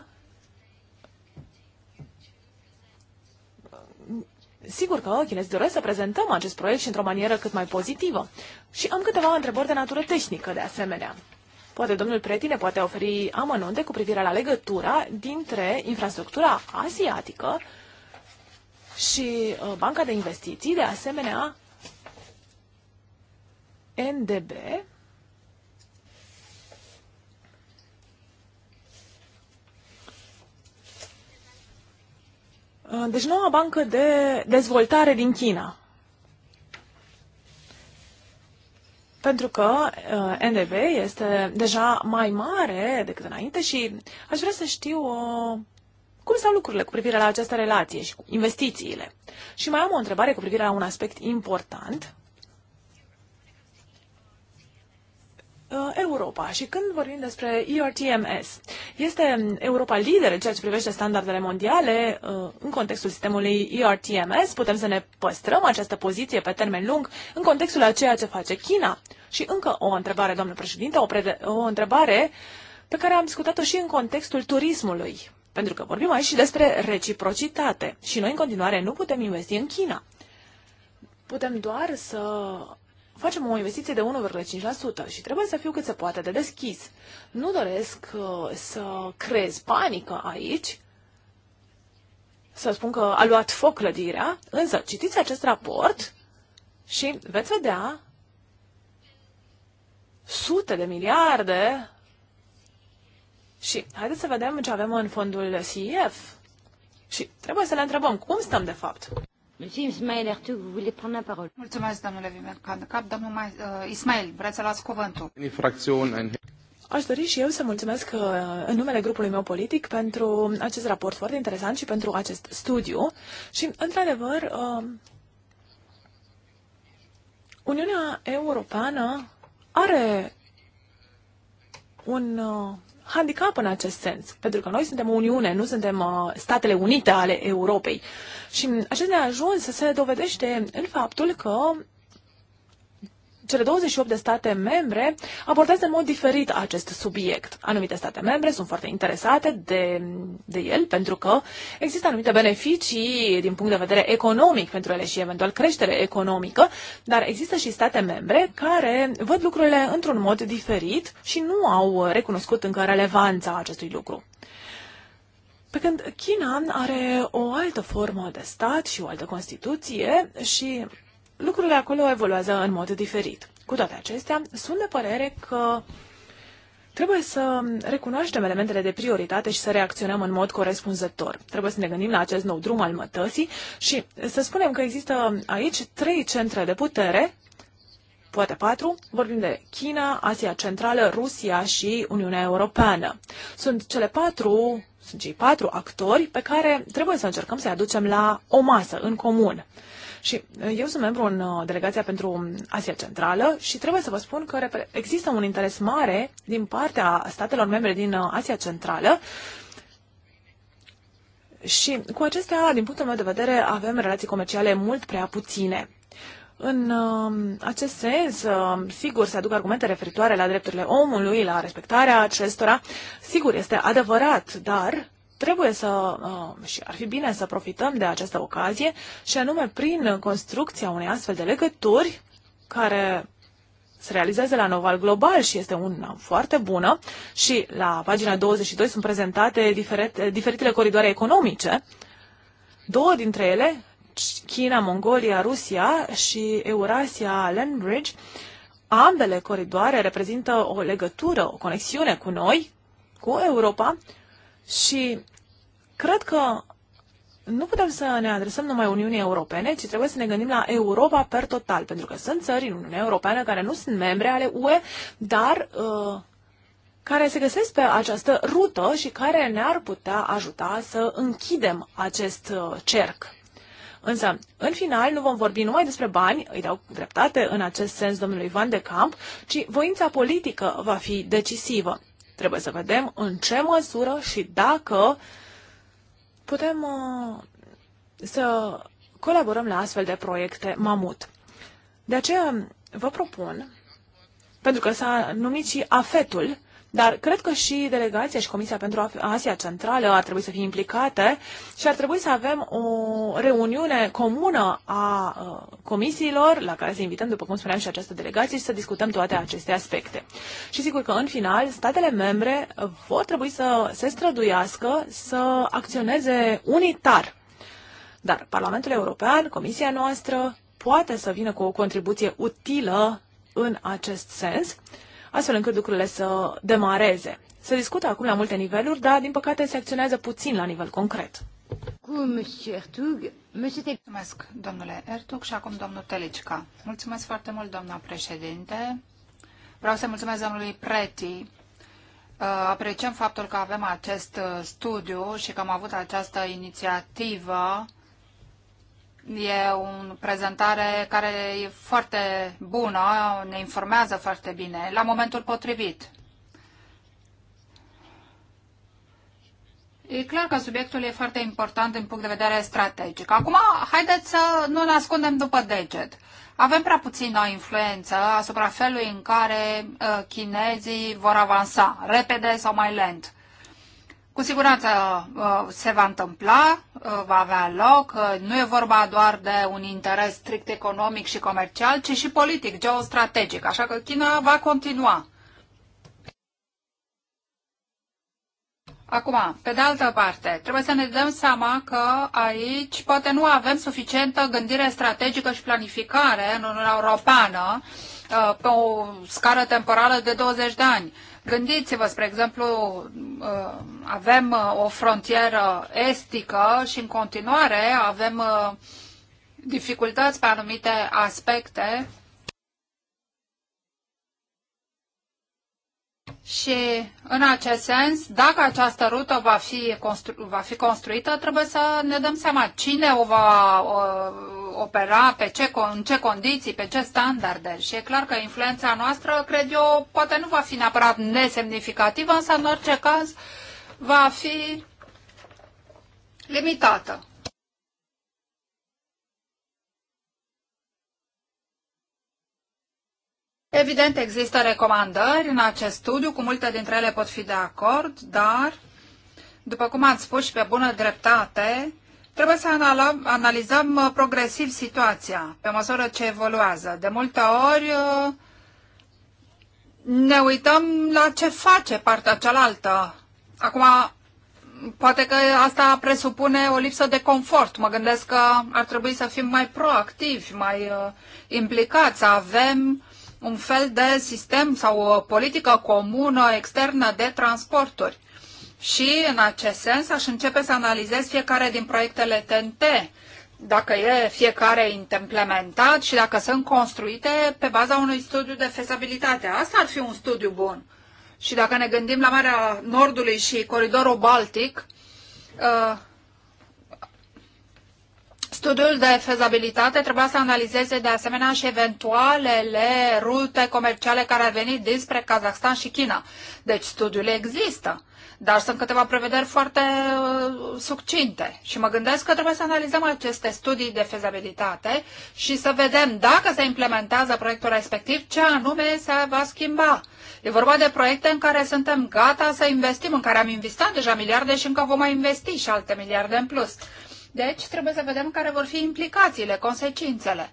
Sigur că chinezii doresc să prezentăm acest proiect și într-o manieră cât mai pozitivă. Și am câteva întrebări de natură tehnică, de asemenea. Poate domnul Pretine poate oferi amănunte cu privire la legătura dintre infrastructura asiatică și uh, Banca de Investiții, de asemenea NDB Uh, deci noua bancă de dezvoltare din China. Pentru că uh, NDB este deja mai mare decât înainte și aș vrea să știu uh, cum stau lucrurile cu privire la această relație și cu investițiile. Și mai am o întrebare cu privire la un aspect important. Uh, Europa. Și când vorbim despre ERTMS, este Europa lideră în ceea ce privește standardele mondiale uh, în contextul sistemului ERTMS? Putem să ne păstrăm această poziție pe termen lung în contextul a ceea ce face China? Și încă o întrebare, doamnă președinte, o, o întrebare pe care am discutat-o și în contextul turismului. Pentru că vorbim aici și despre reciprocitate. Și noi, în continuare, nu putem investi în China. Putem doar să facem o investiție de 1,5% și trebuie să fiu cât se poate de deschis. Nu doresc uh, să creez panică aici, să spun că a luat foc clădirea, însă citiți acest raport și veți vedea sute de miliarde și haideți să vedem ce avem în fondul CIF. Și trebuie să le întrebăm cum stăm de fapt. Mulțumesc, domnule Vimercandcap. Domnul uh, Ismail, vreți să luați cuvântul? Aș dori și eu să mulțumesc uh, în numele grupului meu politic pentru acest raport foarte interesant și pentru acest studiu. Și, într-adevăr, uh, Uniunea Europeană are un handicap în acest sens, pentru că noi suntem o Uniune, nu suntem uh, Statele Unite ale Europei. Și acest neajuns se dovedește în faptul că cele 28 de state membre abordează în mod diferit acest subiect. Anumite state membre sunt foarte interesate de, de el pentru că există anumite beneficii din punct de vedere economic pentru ele și eventual creștere economică, dar există și state membre care văd lucrurile într-un mod diferit și nu au recunoscut încă relevanța acestui lucru. Pe când China are o altă formă de stat și o altă constituție și lucrurile acolo evoluează în mod diferit. Cu toate acestea, sunt de părere că Trebuie să recunoaștem elementele de prioritate și să reacționăm în mod corespunzător. Trebuie să ne gândim la acest nou drum al mătăsii și să spunem că există aici trei centre de putere, poate patru, vorbim de China, Asia Centrală, Rusia și Uniunea Europeană. Sunt cele patru, sunt cei patru actori pe care trebuie să încercăm să-i aducem la o masă în comun. Și eu sunt membru în uh, delegația pentru Asia Centrală și trebuie să vă spun că există un interes mare din partea statelor membre din uh, Asia Centrală și cu acestea, din punctul meu de vedere, avem relații comerciale mult prea puține. În um, acest sens, um, sigur, se aduc argumente referitoare la drepturile omului, la respectarea acestora. Sigur, este adevărat, dar trebuie să, uh, și ar fi bine să profităm de această ocazie, și anume prin construcția unei astfel de legături care se realizează la Noval Global și este una foarte bună și la pagina 22 sunt prezentate diferite, diferitele coridoare economice. Două dintre ele, China, Mongolia, Rusia și Eurasia Land Bridge, ambele coridoare reprezintă o legătură, o conexiune cu noi, cu Europa și Cred că nu putem să ne adresăm numai Uniunii Europene, ci trebuie să ne gândim la Europa per total, pentru că sunt țări în Uniunea Europeană care nu sunt membre ale UE, dar uh, care se găsesc pe această rută și care ne-ar putea ajuta să închidem acest uh, cerc. Însă, în final, nu vom vorbi numai despre bani, îi dau dreptate în acest sens domnului Van de Camp, ci voința politică va fi decisivă. Trebuie să vedem în ce măsură și dacă uh, putem uh, să colaborăm la astfel de proiecte mamut. De aceea vă propun, pentru că s-a numit și afetul, dar cred că și delegația și Comisia pentru Asia Centrală ar trebui să fie implicate și ar trebui să avem o reuniune comună a uh, comisiilor la care să invităm, după cum spuneam, și această delegație și să discutăm toate aceste aspecte. Și sigur că, în final, statele membre vor trebui să se străduiască să acționeze unitar. Dar Parlamentul European, Comisia noastră, poate să vină cu o contribuție utilă în acest sens astfel încât lucrurile să demareze. Se discută acum la multe niveluri, dar din păcate se acționează puțin la nivel concret.
Mulțumesc, domnule Ertug, și acum domnul Telicica. Mulțumesc foarte mult, doamna președinte. Vreau să mulțumesc domnului Preti uh, Apreciem faptul că avem acest uh, studiu și că am avut această inițiativă E o prezentare care e foarte bună, ne informează foarte bine, la momentul potrivit. E clar că subiectul e foarte important din punct de vedere strategic. Acum, haideți să nu ne ascundem după deget. Avem prea puțină influență asupra felului în care uh, chinezii vor avansa, repede sau mai lent. Cu siguranță uh, se va întâmpla, uh, va avea loc. Uh, nu e vorba doar de un interes strict economic și comercial, ci și politic, geostrategic. Așa că China va continua. Acum, pe de altă parte, trebuie să ne dăm seama că aici poate nu avem suficientă gândire strategică și planificare în Uniunea Europeană pe o scară temporală de 20 de ani. Gândiți-vă, spre exemplu, uh, avem uh, o frontieră estică și în continuare avem uh, dificultăți pe anumite aspecte Și în acest sens, dacă această rută va fi, constru- va fi construită, trebuie să ne dăm seama cine o va opera, pe ce, în ce condiții, pe ce standarde. Și e clar că influența noastră, cred eu, poate nu va fi neapărat nesemnificativă, însă în orice caz va fi limitată. Evident, există recomandări în acest studiu, cu multe dintre ele pot fi de acord, dar, după cum ați spus și pe bună dreptate, Trebuie să analizăm uh, progresiv situația pe măsură ce evoluează. De multe ori uh, ne uităm la ce face partea cealaltă. Acum, poate că asta presupune o lipsă de confort. Mă gândesc că ar trebui să fim mai proactivi, mai uh, implicați, să avem un fel de sistem sau o politică comună externă de transporturi. Și, în acest sens, aș începe să analizez fiecare din proiectele TNT, dacă e fiecare implementat și dacă sunt construite pe baza unui studiu de fezabilitate. Asta ar fi un studiu bun. Și dacă ne gândim la Marea Nordului și Coridorul Baltic, uh, Studiul de fezabilitate trebuia să analizeze de asemenea și eventualele rute comerciale care ar veni dinspre Kazakhstan și China. Deci studiul există dar sunt câteva prevederi foarte uh, succinte și mă gândesc că trebuie să analizăm aceste studii de fezabilitate și să vedem dacă se implementează proiectul respectiv, ce anume se va schimba. E vorba de proiecte în care suntem gata să investim, în care am investit deja miliarde și încă vom mai investi și alte miliarde în plus. Deci trebuie să vedem care vor fi implicațiile, consecințele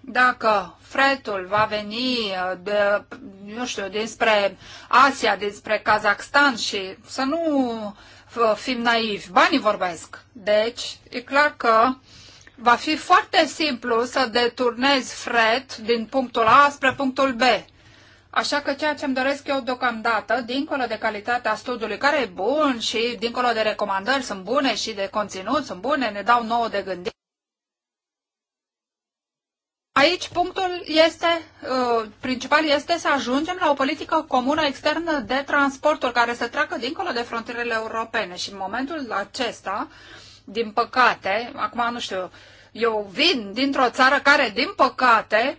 dacă fretul va veni, uh, de, nu știu, dinspre Asia, dinspre Kazakhstan și să nu uh, fim naivi, banii vorbesc. Deci, e clar că va fi foarte simplu să deturnezi fret din punctul A spre punctul B. Așa că ceea ce îmi doresc eu deocamdată, dincolo de calitatea studiului, care e bun și dincolo de recomandări, sunt bune și de conținut, sunt bune, ne dau nouă de gândit, Aici punctul este, uh, principal este să ajungem la o politică comună externă de transporturi care să treacă dincolo de frontierele europene și în momentul acesta, din păcate, acum nu știu, eu vin dintr-o țară care, din păcate,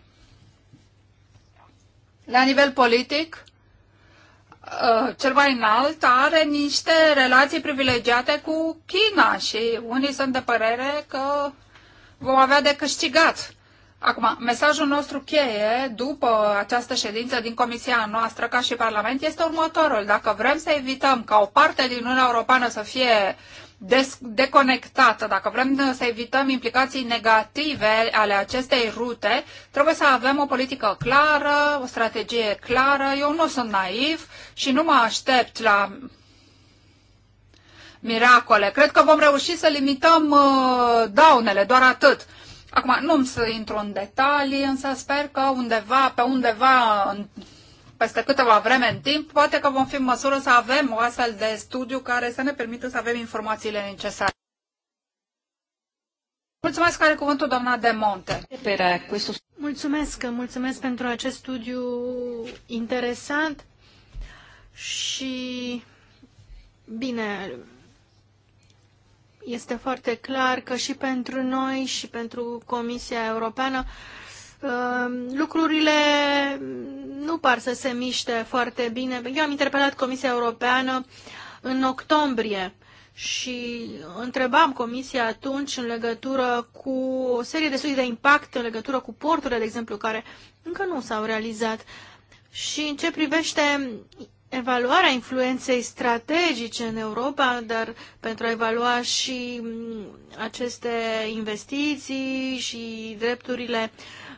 la nivel politic, uh, cel mai înalt are niște relații privilegiate cu China și unii sunt de părere că vom avea de câștigat Acum, mesajul nostru cheie după această ședință din comisia noastră ca și Parlament este următorul. Dacă vrem să evităm ca o parte din Uniunea Europeană să fie deconectată, dacă vrem să evităm implicații negative ale acestei rute, trebuie să avem o politică clară, o strategie clară. Eu nu sunt naiv și nu mă aștept la miracole. Cred că vom reuși să limităm uh, daunele, doar atât. Uh, Acum, nu am să intru în detalii, însă sper că undeva, pe undeva, în, peste câteva vreme în timp, poate că vom fi în măsură să avem o astfel de studiu care să ne permită să avem informațiile necesare.
Mulțumesc, care cuvântul, doamna De Monte. Mulțumesc, mulțumesc pentru acest studiu interesant și bine, este foarte clar că și pentru noi și pentru Comisia Europeană uh, lucrurile nu par să se miște foarte bine. Eu am interpelat Comisia Europeană în octombrie și întrebam Comisia atunci în legătură cu o serie de studii de impact în legătură cu porturile, de exemplu, care încă nu s-au realizat. Și în ce privește evaluarea influenței strategice în Europa, dar pentru a evalua și mm, aceste investiții și drepturile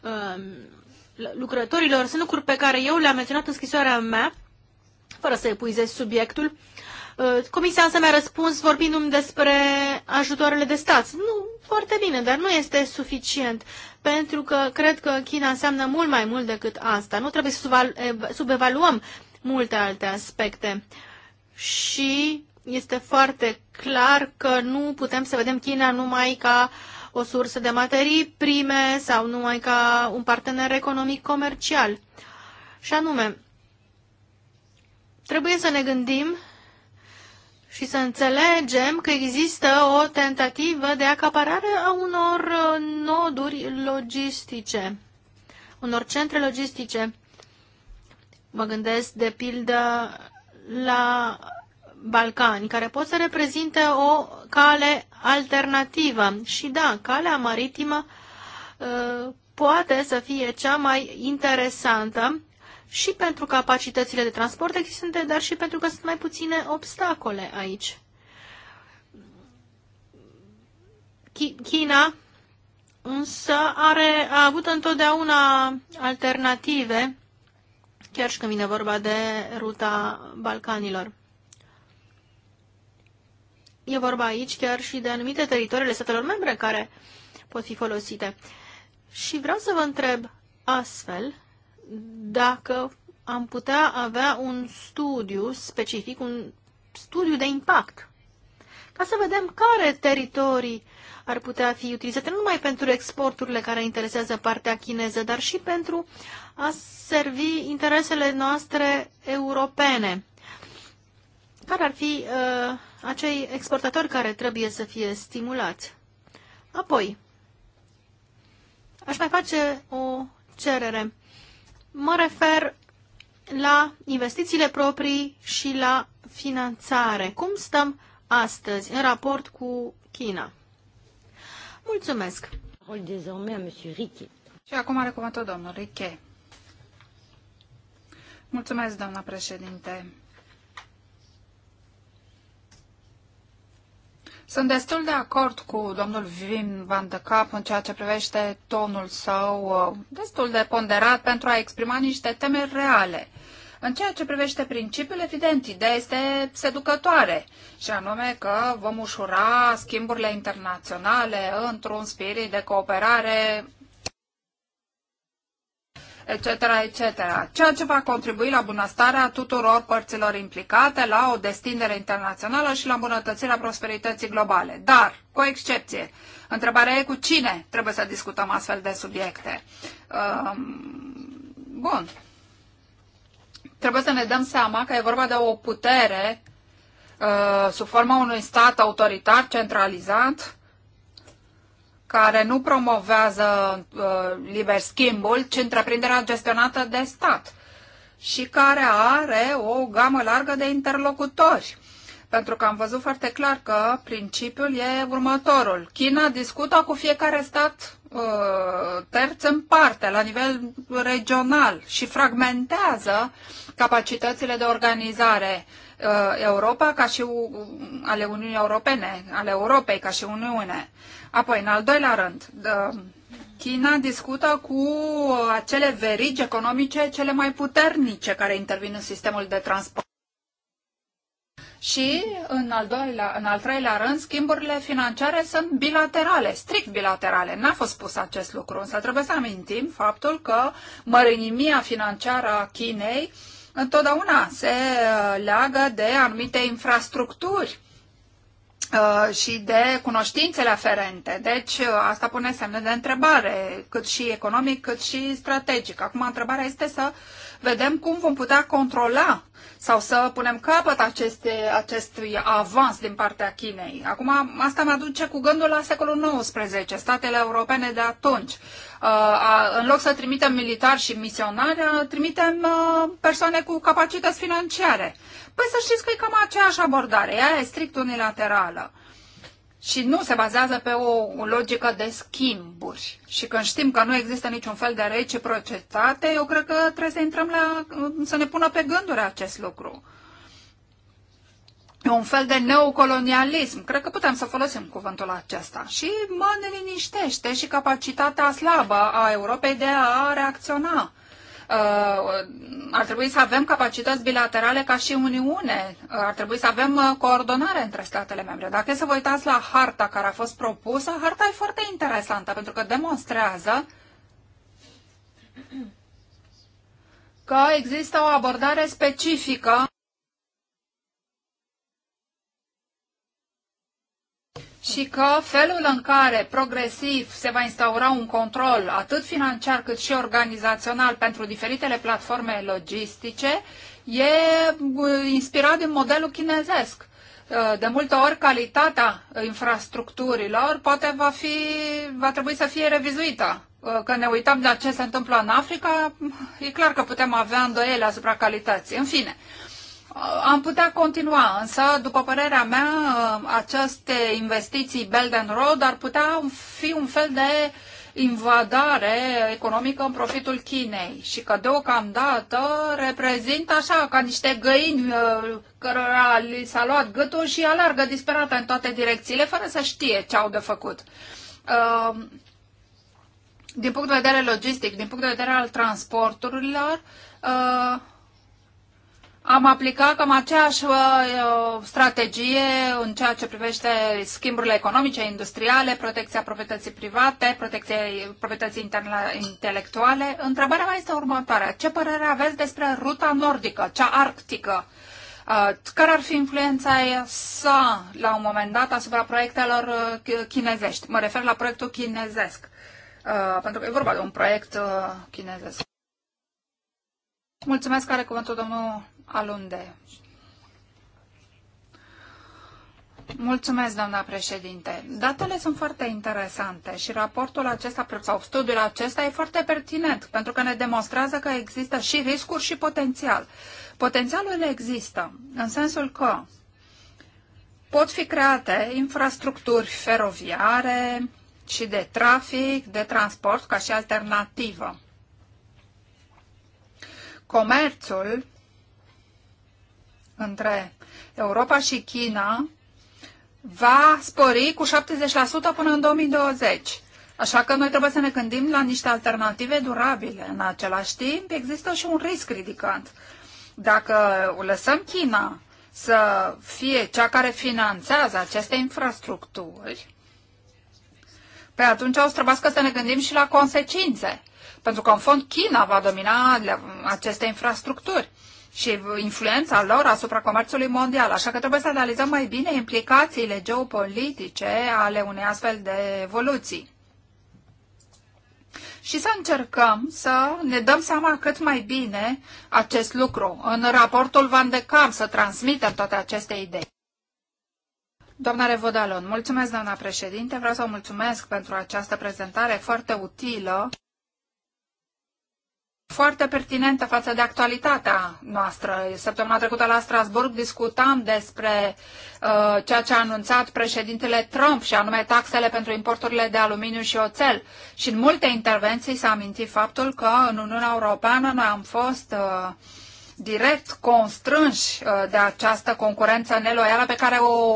uh, lucrătorilor. Sunt lucruri pe care eu le-am menționat în scrisoarea mea, fără să epuizez subiectul. Uh, comisia însă mi-a răspuns vorbindu-mi despre ajutoarele de stat. Nu, foarte bine, dar nu este suficient, pentru că cred că China înseamnă mult mai mult decât asta. Nu trebuie să subevaluăm multe alte aspecte. Și este foarte clar că nu putem să vedem China numai ca o sursă de materii prime sau numai ca un partener economic comercial. Și anume, trebuie să ne gândim și să înțelegem că există o tentativă de acaparare a unor uh, noduri logistice, unor centre logistice. Mă gândesc, de pildă, la Balcani, care pot să reprezinte o cale alternativă. Și da, calea maritimă uh, poate să fie cea mai interesantă și pentru capacitățile de transport existente, dar și pentru că sunt mai puține obstacole aici. China însă are, a avut întotdeauna alternative chiar și când vine vorba de ruta Balcanilor. E vorba aici chiar și de anumite teritoriile statelor membre care pot fi folosite. Și vreau să vă întreb astfel dacă am putea avea un studiu specific, un studiu de impact, ca să vedem care teritorii ar putea fi utilizate nu numai pentru exporturile care interesează partea chineză, dar și pentru a servi interesele noastre europene. Care ar fi uh, acei exportatori care trebuie să fie stimulați? Apoi, aș mai face o cerere. Mă refer la investițiile proprii și la finanțare. Cum stăm astăzi în raport cu China? Mulțumesc! Și acum are cuvântul domnul
Riquet. Mulțumesc, doamna președinte. Sunt destul de acord cu domnul Vim Van de Cap în ceea ce privește tonul său uh, destul de ponderat pentru a exprima niște temeri reale. În ceea ce privește principiul, evident, ideea este seducătoare, și anume că vom ușura schimburile internaționale într-un spirit de cooperare etc., etc., ceea ce va contribui la bunăstarea tuturor părților implicate, la o destindere internațională și la îmbunătățirea prosperității globale. Dar, cu o excepție, întrebarea e cu cine trebuie să discutăm astfel de subiecte. Um, bun. Trebuie să ne dăm seama că e vorba de o putere uh, sub forma unui stat autoritar, centralizat, care nu promovează uh, liber schimbul, ci întreprinderea gestionată de stat și care are o gamă largă de interlocutori. Pentru că am văzut foarte clar că principiul e următorul. China discută cu fiecare stat uh, terț în parte, la nivel regional, și fragmentează capacitățile de organizare uh, Uh, Europa ca și ale Uniunii Europene, ale Europei ca și Uniune. Apoi, în al doilea rând, uh, China discută cu uh, acele verigi economice cele mai puternice care intervin în sistemul de transport. Și, în al, doilea, în al treilea rând, schimburile financiare sunt bilaterale, strict bilaterale. N-a fost spus acest lucru, însă trebuie să amintim faptul că mărinimia financiară a Chinei uh, întotdeauna se uh, leagă de anumite infrastructuri uh, și de cunoștințele aferente. Deci uh, asta pune semne de întrebare, cât și economic, cât și strategic. Acum întrebarea este să vedem cum vom putea controla sau să punem capăt aceste, acestui avans din partea Chinei. Acum, asta mă aduce cu gândul la secolul XIX, statele europene de atunci în loc să trimitem militari și misionari, trimitem persoane cu capacități financiare. Păi să știți că e cam aceeași abordare, ea e strict unilaterală. Și nu se bazează pe o logică de schimburi. Și când știm că nu există niciun fel de reciprocitate, eu cred că trebuie să intrăm la, să ne pună pe gânduri acest lucru. E un fel de neocolonialism. Cred că putem să folosim cuvântul acesta. Și mă neliniștește și capacitatea slabă a Europei de a reacționa. Uh, ar trebui să avem capacități bilaterale ca și Uniune. Uh, ar trebui să avem uh, coordonare între statele membre. Dacă e să vă uitați la harta care a fost propusă, harta e foarte interesantă pentru că demonstrează că există o abordare specifică și că felul în care progresiv se va instaura un control atât financiar cât și organizațional pentru diferitele platforme logistice e uh, inspirat din modelul chinezesc. Uh, de multe ori calitatea infrastructurilor poate va, fi, va trebui să fie revizuită. Uh, când ne uităm la ce se întâmplă în Africa, e clar că putem avea îndoiele asupra calității. În fine, uh, am putea continua, însă, după părerea mea, aceste investiții Belt and Road ar putea fi un fel de invadare economică în profitul Chinei și că deocamdată reprezintă așa ca niște găini uh, cărora li s-a luat gâtul și alargă disperată în toate direcțiile fără să știe ce au de făcut. Uh, din punct de vedere logistic, din punct de vedere al transporturilor, uh, am aplicat cam aceeași uh, uh, strategie în ceea ce privește schimburile economice, industriale, protecția proprietății private, protecția proprietății intelectuale. Întrebarea mea este următoarea. Ce părere aveți despre ruta nordică, cea arctică? Uh, care ar fi influența sa la un moment dat asupra proiectelor chinezești? Mă refer la proiectul chinezesc, pentru că e vorba de un proiect chinezesc. Mulțumesc, are cuvântul domnul Alunde. Mulțumesc, doamna președinte. Datele sunt foarte interesante și raportul acesta sau studiul acesta e foarte pertinent pentru că ne demonstrează că există și riscuri și potențial. Potențialul există în sensul că pot fi create infrastructuri feroviare și de trafic, de transport ca și alternativă. Comerțul între Europa și China va spori cu 70% până în 2020. Așa că noi trebuie să ne gândim la niște alternative durabile. În același timp, există și un risc ridicant. Dacă lăsăm China să fie cea care finanțează aceste infrastructuri, pe atunci o să trebuiască să ne gândim și la consecințe. Pentru că, în fond, China va domina aceste infrastructuri și influența lor asupra comerțului mondial. Așa că trebuie să analizăm mai bine implicațiile geopolitice ale unei astfel de evoluții. Și să încercăm să ne dăm seama cât mai bine acest lucru în raportul Van de Cam, să transmitem toate aceste idei. Doamna Revodalon, mulțumesc, doamna președinte. Vreau să o mulțumesc pentru această prezentare foarte utilă foarte pertinentă față de actualitatea noastră. Săptămâna trecută la Strasburg discutam despre uh, ceea ce a anunțat președintele Trump și anume taxele pentru importurile de aluminiu și oțel. Și în multe intervenții s-a amintit faptul că în Uniunea Europeană noi am fost uh, direct constrânși uh, de această concurență neloială pe care o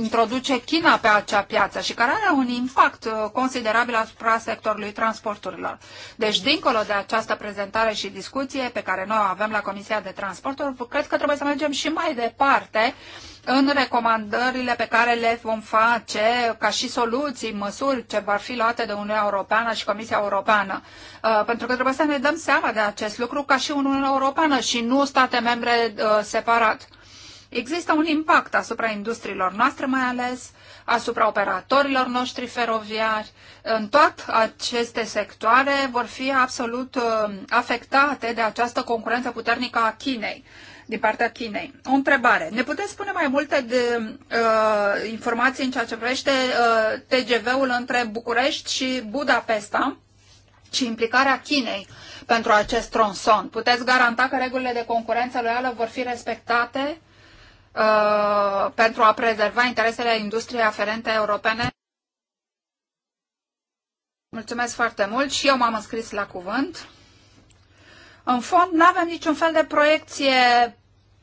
introduce China pe acea piață și care are un impact uh, considerabil asupra sectorului transporturilor. Deci, dincolo de această prezentare și discuție pe care noi o avem la Comisia de Transporturi, cred că trebuie să mergem și mai departe în recomandările pe care le vom face ca și soluții, măsuri ce vor fi luate de Uniunea Europeană și Comisia Europeană. Uh, pentru că trebuie să ne dăm seama de acest lucru ca și Uniunea Europeană și nu state membre uh, separat. Există un impact asupra industriilor noastre, mai ales asupra operatorilor noștri feroviari. În toate aceste sectoare vor fi absolut uh, afectate de această concurență puternică a Chinei din partea Chinei. O întrebare. Ne puteți spune mai multe de uh, informații în ceea ce privește uh, TGV-ul între București și Budapesta și implicarea Chinei pentru acest tronson? Puteți garanta că regulile de concurență loială vor fi respectate uh, pentru a prezerva interesele industriei aferente europene? Mulțumesc foarte mult și eu m-am înscris la cuvânt. În fond, nu avem niciun fel de proiecție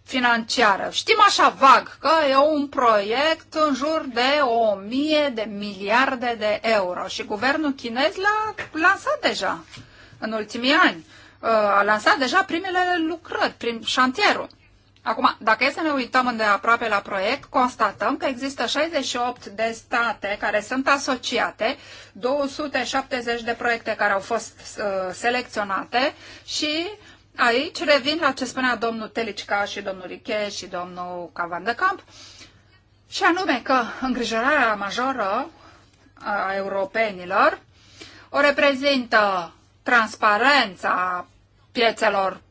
financiară. Știm așa vag că e un proiect în jur de o mie de miliarde de euro și guvernul chinez l-a lansat deja în ultimii ani. Uh, a lansat deja primele lucrări, prim șantierul. Acum, dacă e să ne uităm îndeaproape la proiect, constatăm că există 68 de state care sunt asociate, 270 de proiecte care au fost uh, selecționate și Aici revin la ce spunea domnul Telicica și domnul Riche și domnul Cavan de Camp, și anume că îngrijorarea majoră a europenilor o reprezintă transparența piețelor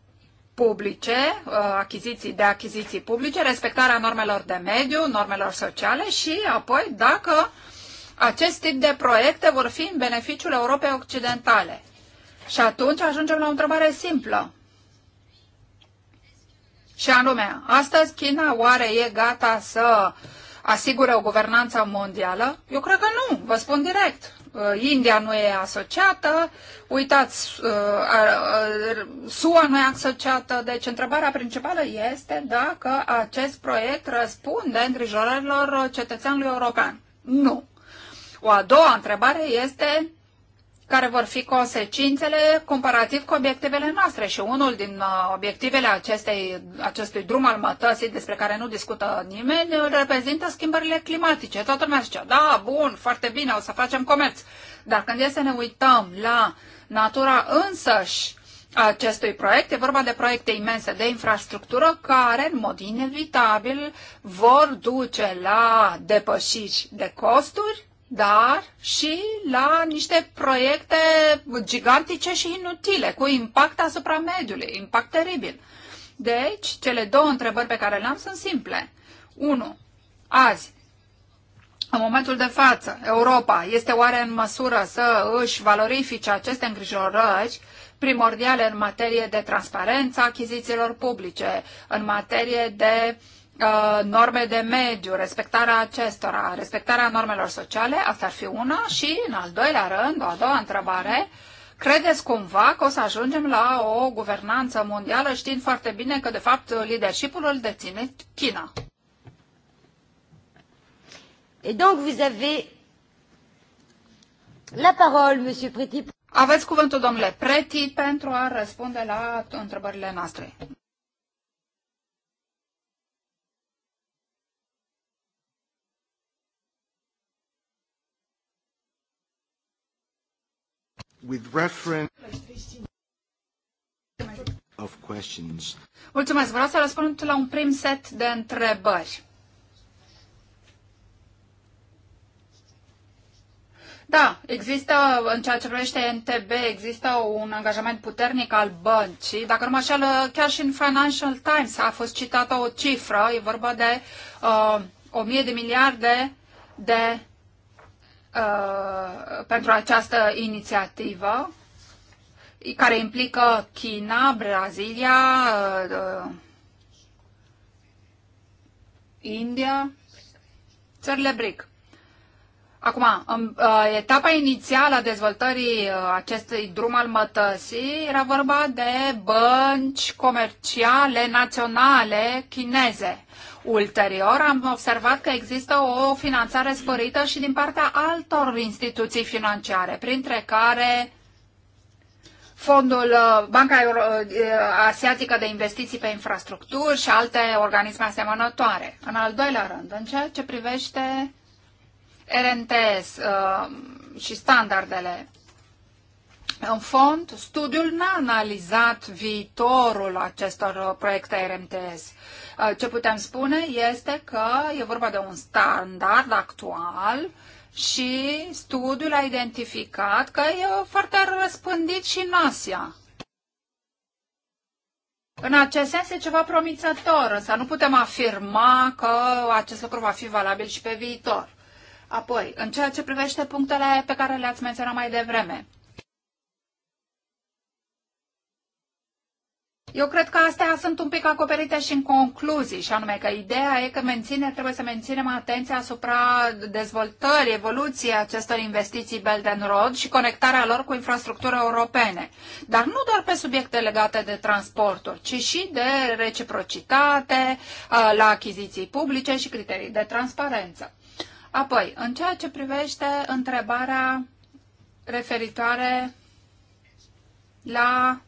publice, uh, achiziții de achiziții publice, respectarea normelor de mediu, normelor sociale și apoi dacă acest tip de proiecte vor fi în beneficiul Europei Occidentale. Și atunci ajungem la o întrebare simplă. Și anume, astăzi China oare e gata să asigure o guvernanță mondială? Eu cred că nu, vă spun direct. Uh, India nu e asociată, uitați, SUA uh, uh, nu e asociată, deci întrebarea principală este dacă acest proiect răspunde îngrijorărilor cetățeanului european. Nu. O a doua întrebare este care vor fi consecințele comparativ cu obiectivele noastre. Și unul din uh, obiectivele acestei, acestui drum al mătăsii, despre care nu discută nimeni, reprezintă schimbările climatice. Toată lumea zice, da, bun, foarte bine, o să facem comerț. Dar când e să ne uităm la natura însăși acestui proiect, e vorba de proiecte imense de infrastructură care, în mod inevitabil, vor duce la depășiri de costuri dar și la niște proiecte gigantice și inutile, cu impact asupra mediului, impact teribil. Deci, cele două întrebări pe care le-am sunt simple. 1. Azi, în momentul de față, Europa este oare în măsură să își valorifice aceste îngrijorări primordiale în materie de transparență achizițiilor publice, în materie de uh, Uh, norme de mediu, respectarea acestora, respectarea normelor sociale, asta ar fi una. Și, în al doilea rând, o a doua întrebare, credeți cumva că o să ajungem la o guvernanță mondială știind foarte bine că, de fapt, leadership-ul îl deține China? Et donc, vous avez la parole, monsieur Preti. Aveți cuvântul, domnule Preti, pentru a răspunde la întrebările noastre.
with reference of questions.
Mulțumesc. Vreau să răspund la un prim set de întrebări. Da, există, în ceea ce privește NTB, există un angajament puternic al băncii. Dacă nu mă așa, chiar și în Financial Times a fost citată o cifră, e vorba de uh, 1000 de miliarde de Uh, pentru această inițiativă care implică China, Brazilia, uh, uh India, țările BRIC. Acum, în uh, etapa inițială a dezvoltării uh, acestui drum al mătăsii era vorba de bănci comerciale naționale chineze. Ulterior, am observat că există o finanțare sporită și din partea altor instituții financiare, printre care Fondul uh, Banca Euro uh, Asiatică de Investiții pe Infrastructuri și alte organisme asemănătoare. În al doilea rând, în ceea ce privește RNTS uh, și standardele, în fond, studiul n-a analizat viitorul acestor uh, proiecte RMTS Uh, ce putem spune este că e vorba de un standard actual și studiul a identificat că e foarte răspândit și în Asia. În acest sens e ceva promițător, însă nu putem afirma că acest lucru va fi valabil și pe viitor. Apoi, în ceea ce privește punctele pe care le-ați menționat mai devreme, Eu cred că astea sunt un pic acoperite și în concluzii, și anume că ideea e că menține, trebuie să menținem atenția asupra dezvoltării, evoluției acestor investiții Belt and Road și conectarea lor cu infrastructura europene. Dar nu doar pe subiecte legate de transporturi, ci și de reciprocitate, la achiziții publice și criterii de transparență. Apoi, în ceea ce privește întrebarea referitoare la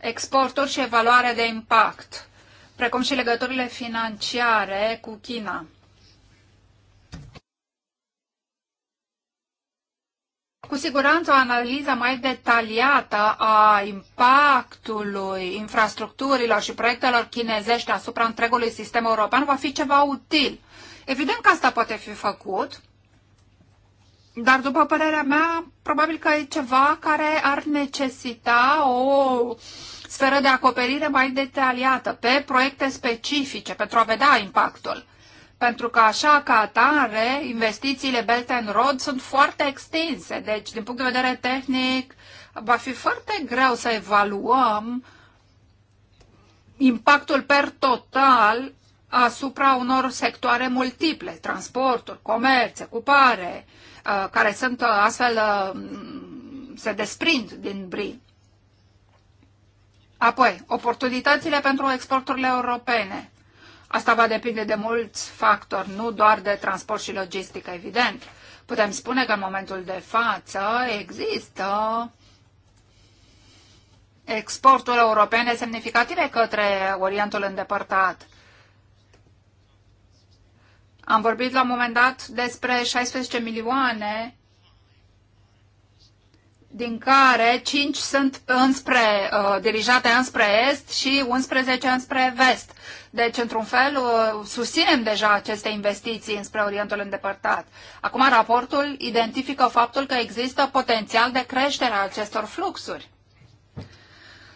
exporturi și evaluare de impact, precum și legăturile financiare cu China. Cu siguranță o analiză mai detaliată a impactului infrastructurilor și proiectelor chinezești asupra întregului sistem european va fi ceva util. Evident că asta poate fi făcut dar după părerea mea, probabil că e ceva care ar necesita o sferă de acoperire mai detaliată, pe proiecte specifice, pentru a vedea impactul. Pentru că așa ca atare, investițiile Belt and Road sunt foarte extinse, deci din punct de vedere tehnic va fi foarte greu să evaluăm impactul per total asupra unor sectoare multiple, transporturi, comerț, ocupare, Uh, care sunt uh, astfel uh, se desprind din BRI. Apoi, oportunitățile pentru exporturile europene. Asta va depinde de mulți factori, nu doar de transport și logistică, evident. Putem spune că în momentul de față există exporturi europene semnificative către Orientul îndepărtat. Am vorbit la un moment dat despre 16 milioane, din care 5 sunt înspre, uh, dirijate înspre est și 11 înspre vest. Deci, într-un fel, uh, susținem deja aceste investiții înspre Orientul îndepărtat. Acum, raportul identifică faptul că există potențial de creștere a acestor fluxuri.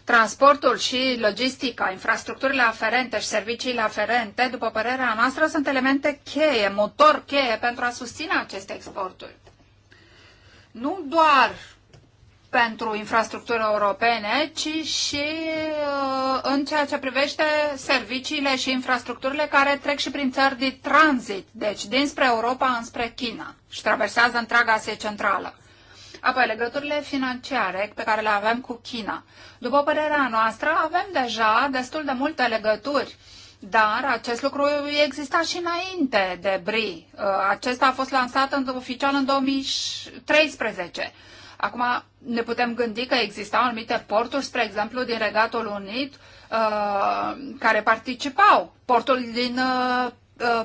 Transportul și logistica, infrastructurile aferente și serviciile aferente, după părerea noastră, sunt elemente cheie, motor cheie pentru a susține aceste exporturi. Nu doar pentru infrastructurile europene, ci și uh, în ceea ce privește serviciile și infrastructurile care trec și prin țări de tranzit, deci dinspre Europa înspre China și traversează întreaga Asie Centrală. Apoi, legăturile financiare pe care le avem cu China. După părerea noastră, avem deja destul de multe legături dar acest lucru exista și înainte de BRI. Uh, acesta a fost lansat în, oficial în 2013. Acum ne putem gândi că existau anumite porturi, spre exemplu, din Regatul Unit, uh, care participau. Portul din uh,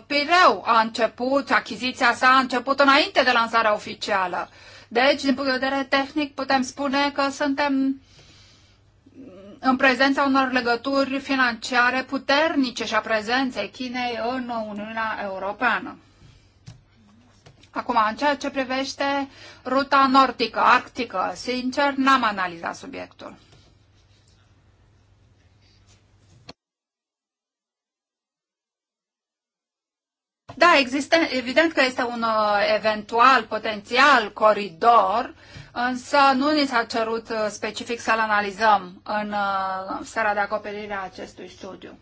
Pireu a început, achiziția sa a început înainte de lansarea oficială. Deci, din punct de vedere tehnic, putem spune că suntem în prezența unor legături financiare puternice și a prezenței Chinei în Uniunea Europeană. Acum, în ceea ce privește ruta nordică, arctică, sincer, n-am analizat subiectul. Da, există, evident că este un uh, eventual, potențial coridor, însă nu ni s-a cerut uh, specific să-l analizăm în uh, seara de acoperire a acestui studiu.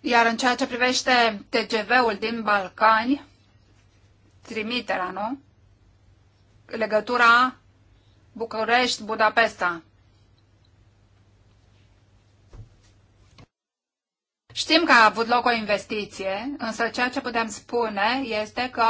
Iar în ceea ce privește TGV-ul din Balcani, trimiterea, nu? Legătura București-Budapesta. Știm că a avut loc o investiție, însă ceea ce putem spune este că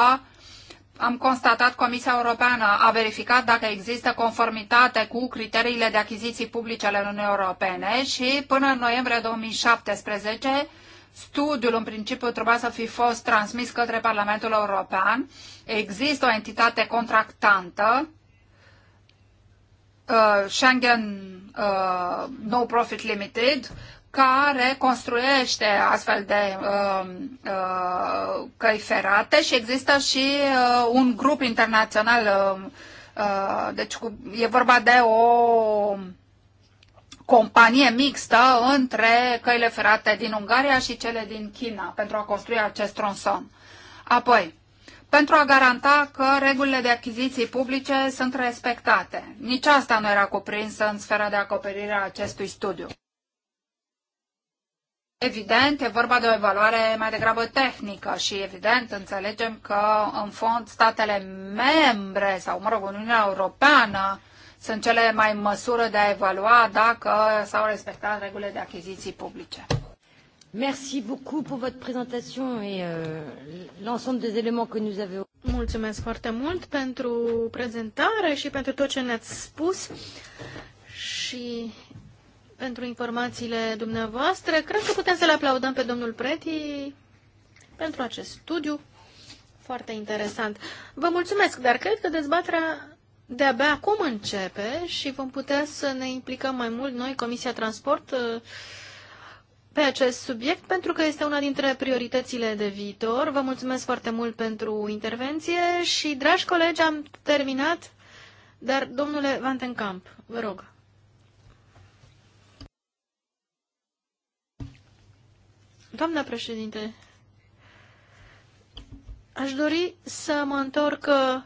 am constatat, Comisia Europeană a verificat dacă există conformitate cu criteriile de achiziții publice ale Uniunii Europene și până în noiembrie 2017 studiul în principiu trebuia să fi fost transmis către Parlamentul European. Există o entitate contractantă, uh, Schengen uh, No Profit Limited, care construiește astfel de uh, uh, căi ferate și există și uh, un grup internațional, uh, uh, deci cu, e vorba de o companie mixtă între căile ferate din Ungaria și cele din China pentru a construi acest tronson. Apoi, pentru a garanta că regulile de achiziții publice sunt respectate. Nici asta nu era cuprinsă în sfera de acoperire a acestui studiu. Evident, e vorba de o evaluare mai degrabă tehnică și evident înțelegem că în fond statele membre sau, mă rog, Uniunea Europeană sunt cele mai în măsură de a evalua dacă s-au respectat regulile de achiziții publice.
Merci beaucoup pour votre présentation et euh, l'ensemble des éléments que nous avez. Mulțumesc foarte mult pentru prezentare și pentru tot ce ne-ați spus și pentru informațiile dumneavoastră. Cred că putem să le aplaudăm pe domnul Preti pentru acest studiu. Foarte interesant. Vă mulțumesc, dar cred că dezbaterea de-abia acum începe și vom putea să ne implicăm mai mult noi, Comisia Transport, uh, pe acest subiect, pentru că este una dintre prioritățile de viitor. Vă mulțumesc foarte mult pentru intervenție și, dragi colegi, am terminat, dar, domnule Vantencamp, vă rog. Doamna președinte, aș dori să mă întorc uh,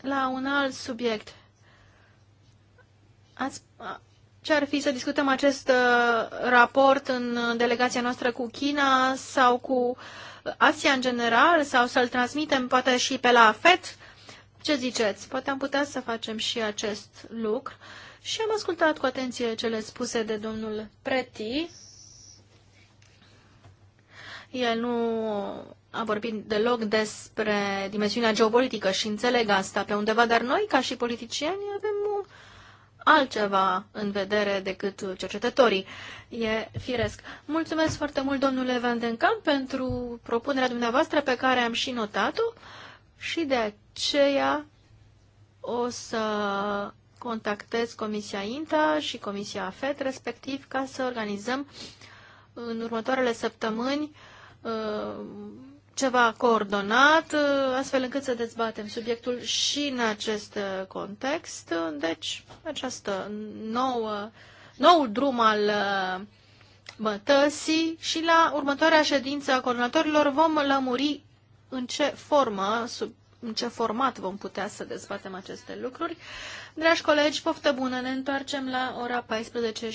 la un alt subiect. Ați, ce ar fi să discutăm acest uh, raport în uh, delegația noastră cu China sau cu Asia în general sau să-l transmitem poate și pe la FET? Ce ziceți? Poate am putea să facem și acest lucru. Și am ascultat cu atenție cele spuse de domnul Preti el nu a vorbit deloc despre dimensiunea geopolitică și înțeleg asta pe undeva, dar noi, ca și politicieni, avem altceva în vedere decât cercetătorii. E firesc. Mulțumesc foarte mult, domnule Van den Kamp, pentru propunerea dumneavoastră pe care am și notat-o și de aceea o să contactez Comisia INTA și Comisia FED, respectiv, ca să organizăm în următoarele săptămâni Uh, ceva coordonat, uh, astfel încât să dezbatem subiectul și în acest uh, context. Deci, această nouă, noul drum al mătăsii și la următoarea ședință a coordonatorilor vom lămuri în ce formă, sub, în ce format vom putea să dezbatem aceste lucruri. Dragi colegi, poftă bună, ne întoarcem la ora 14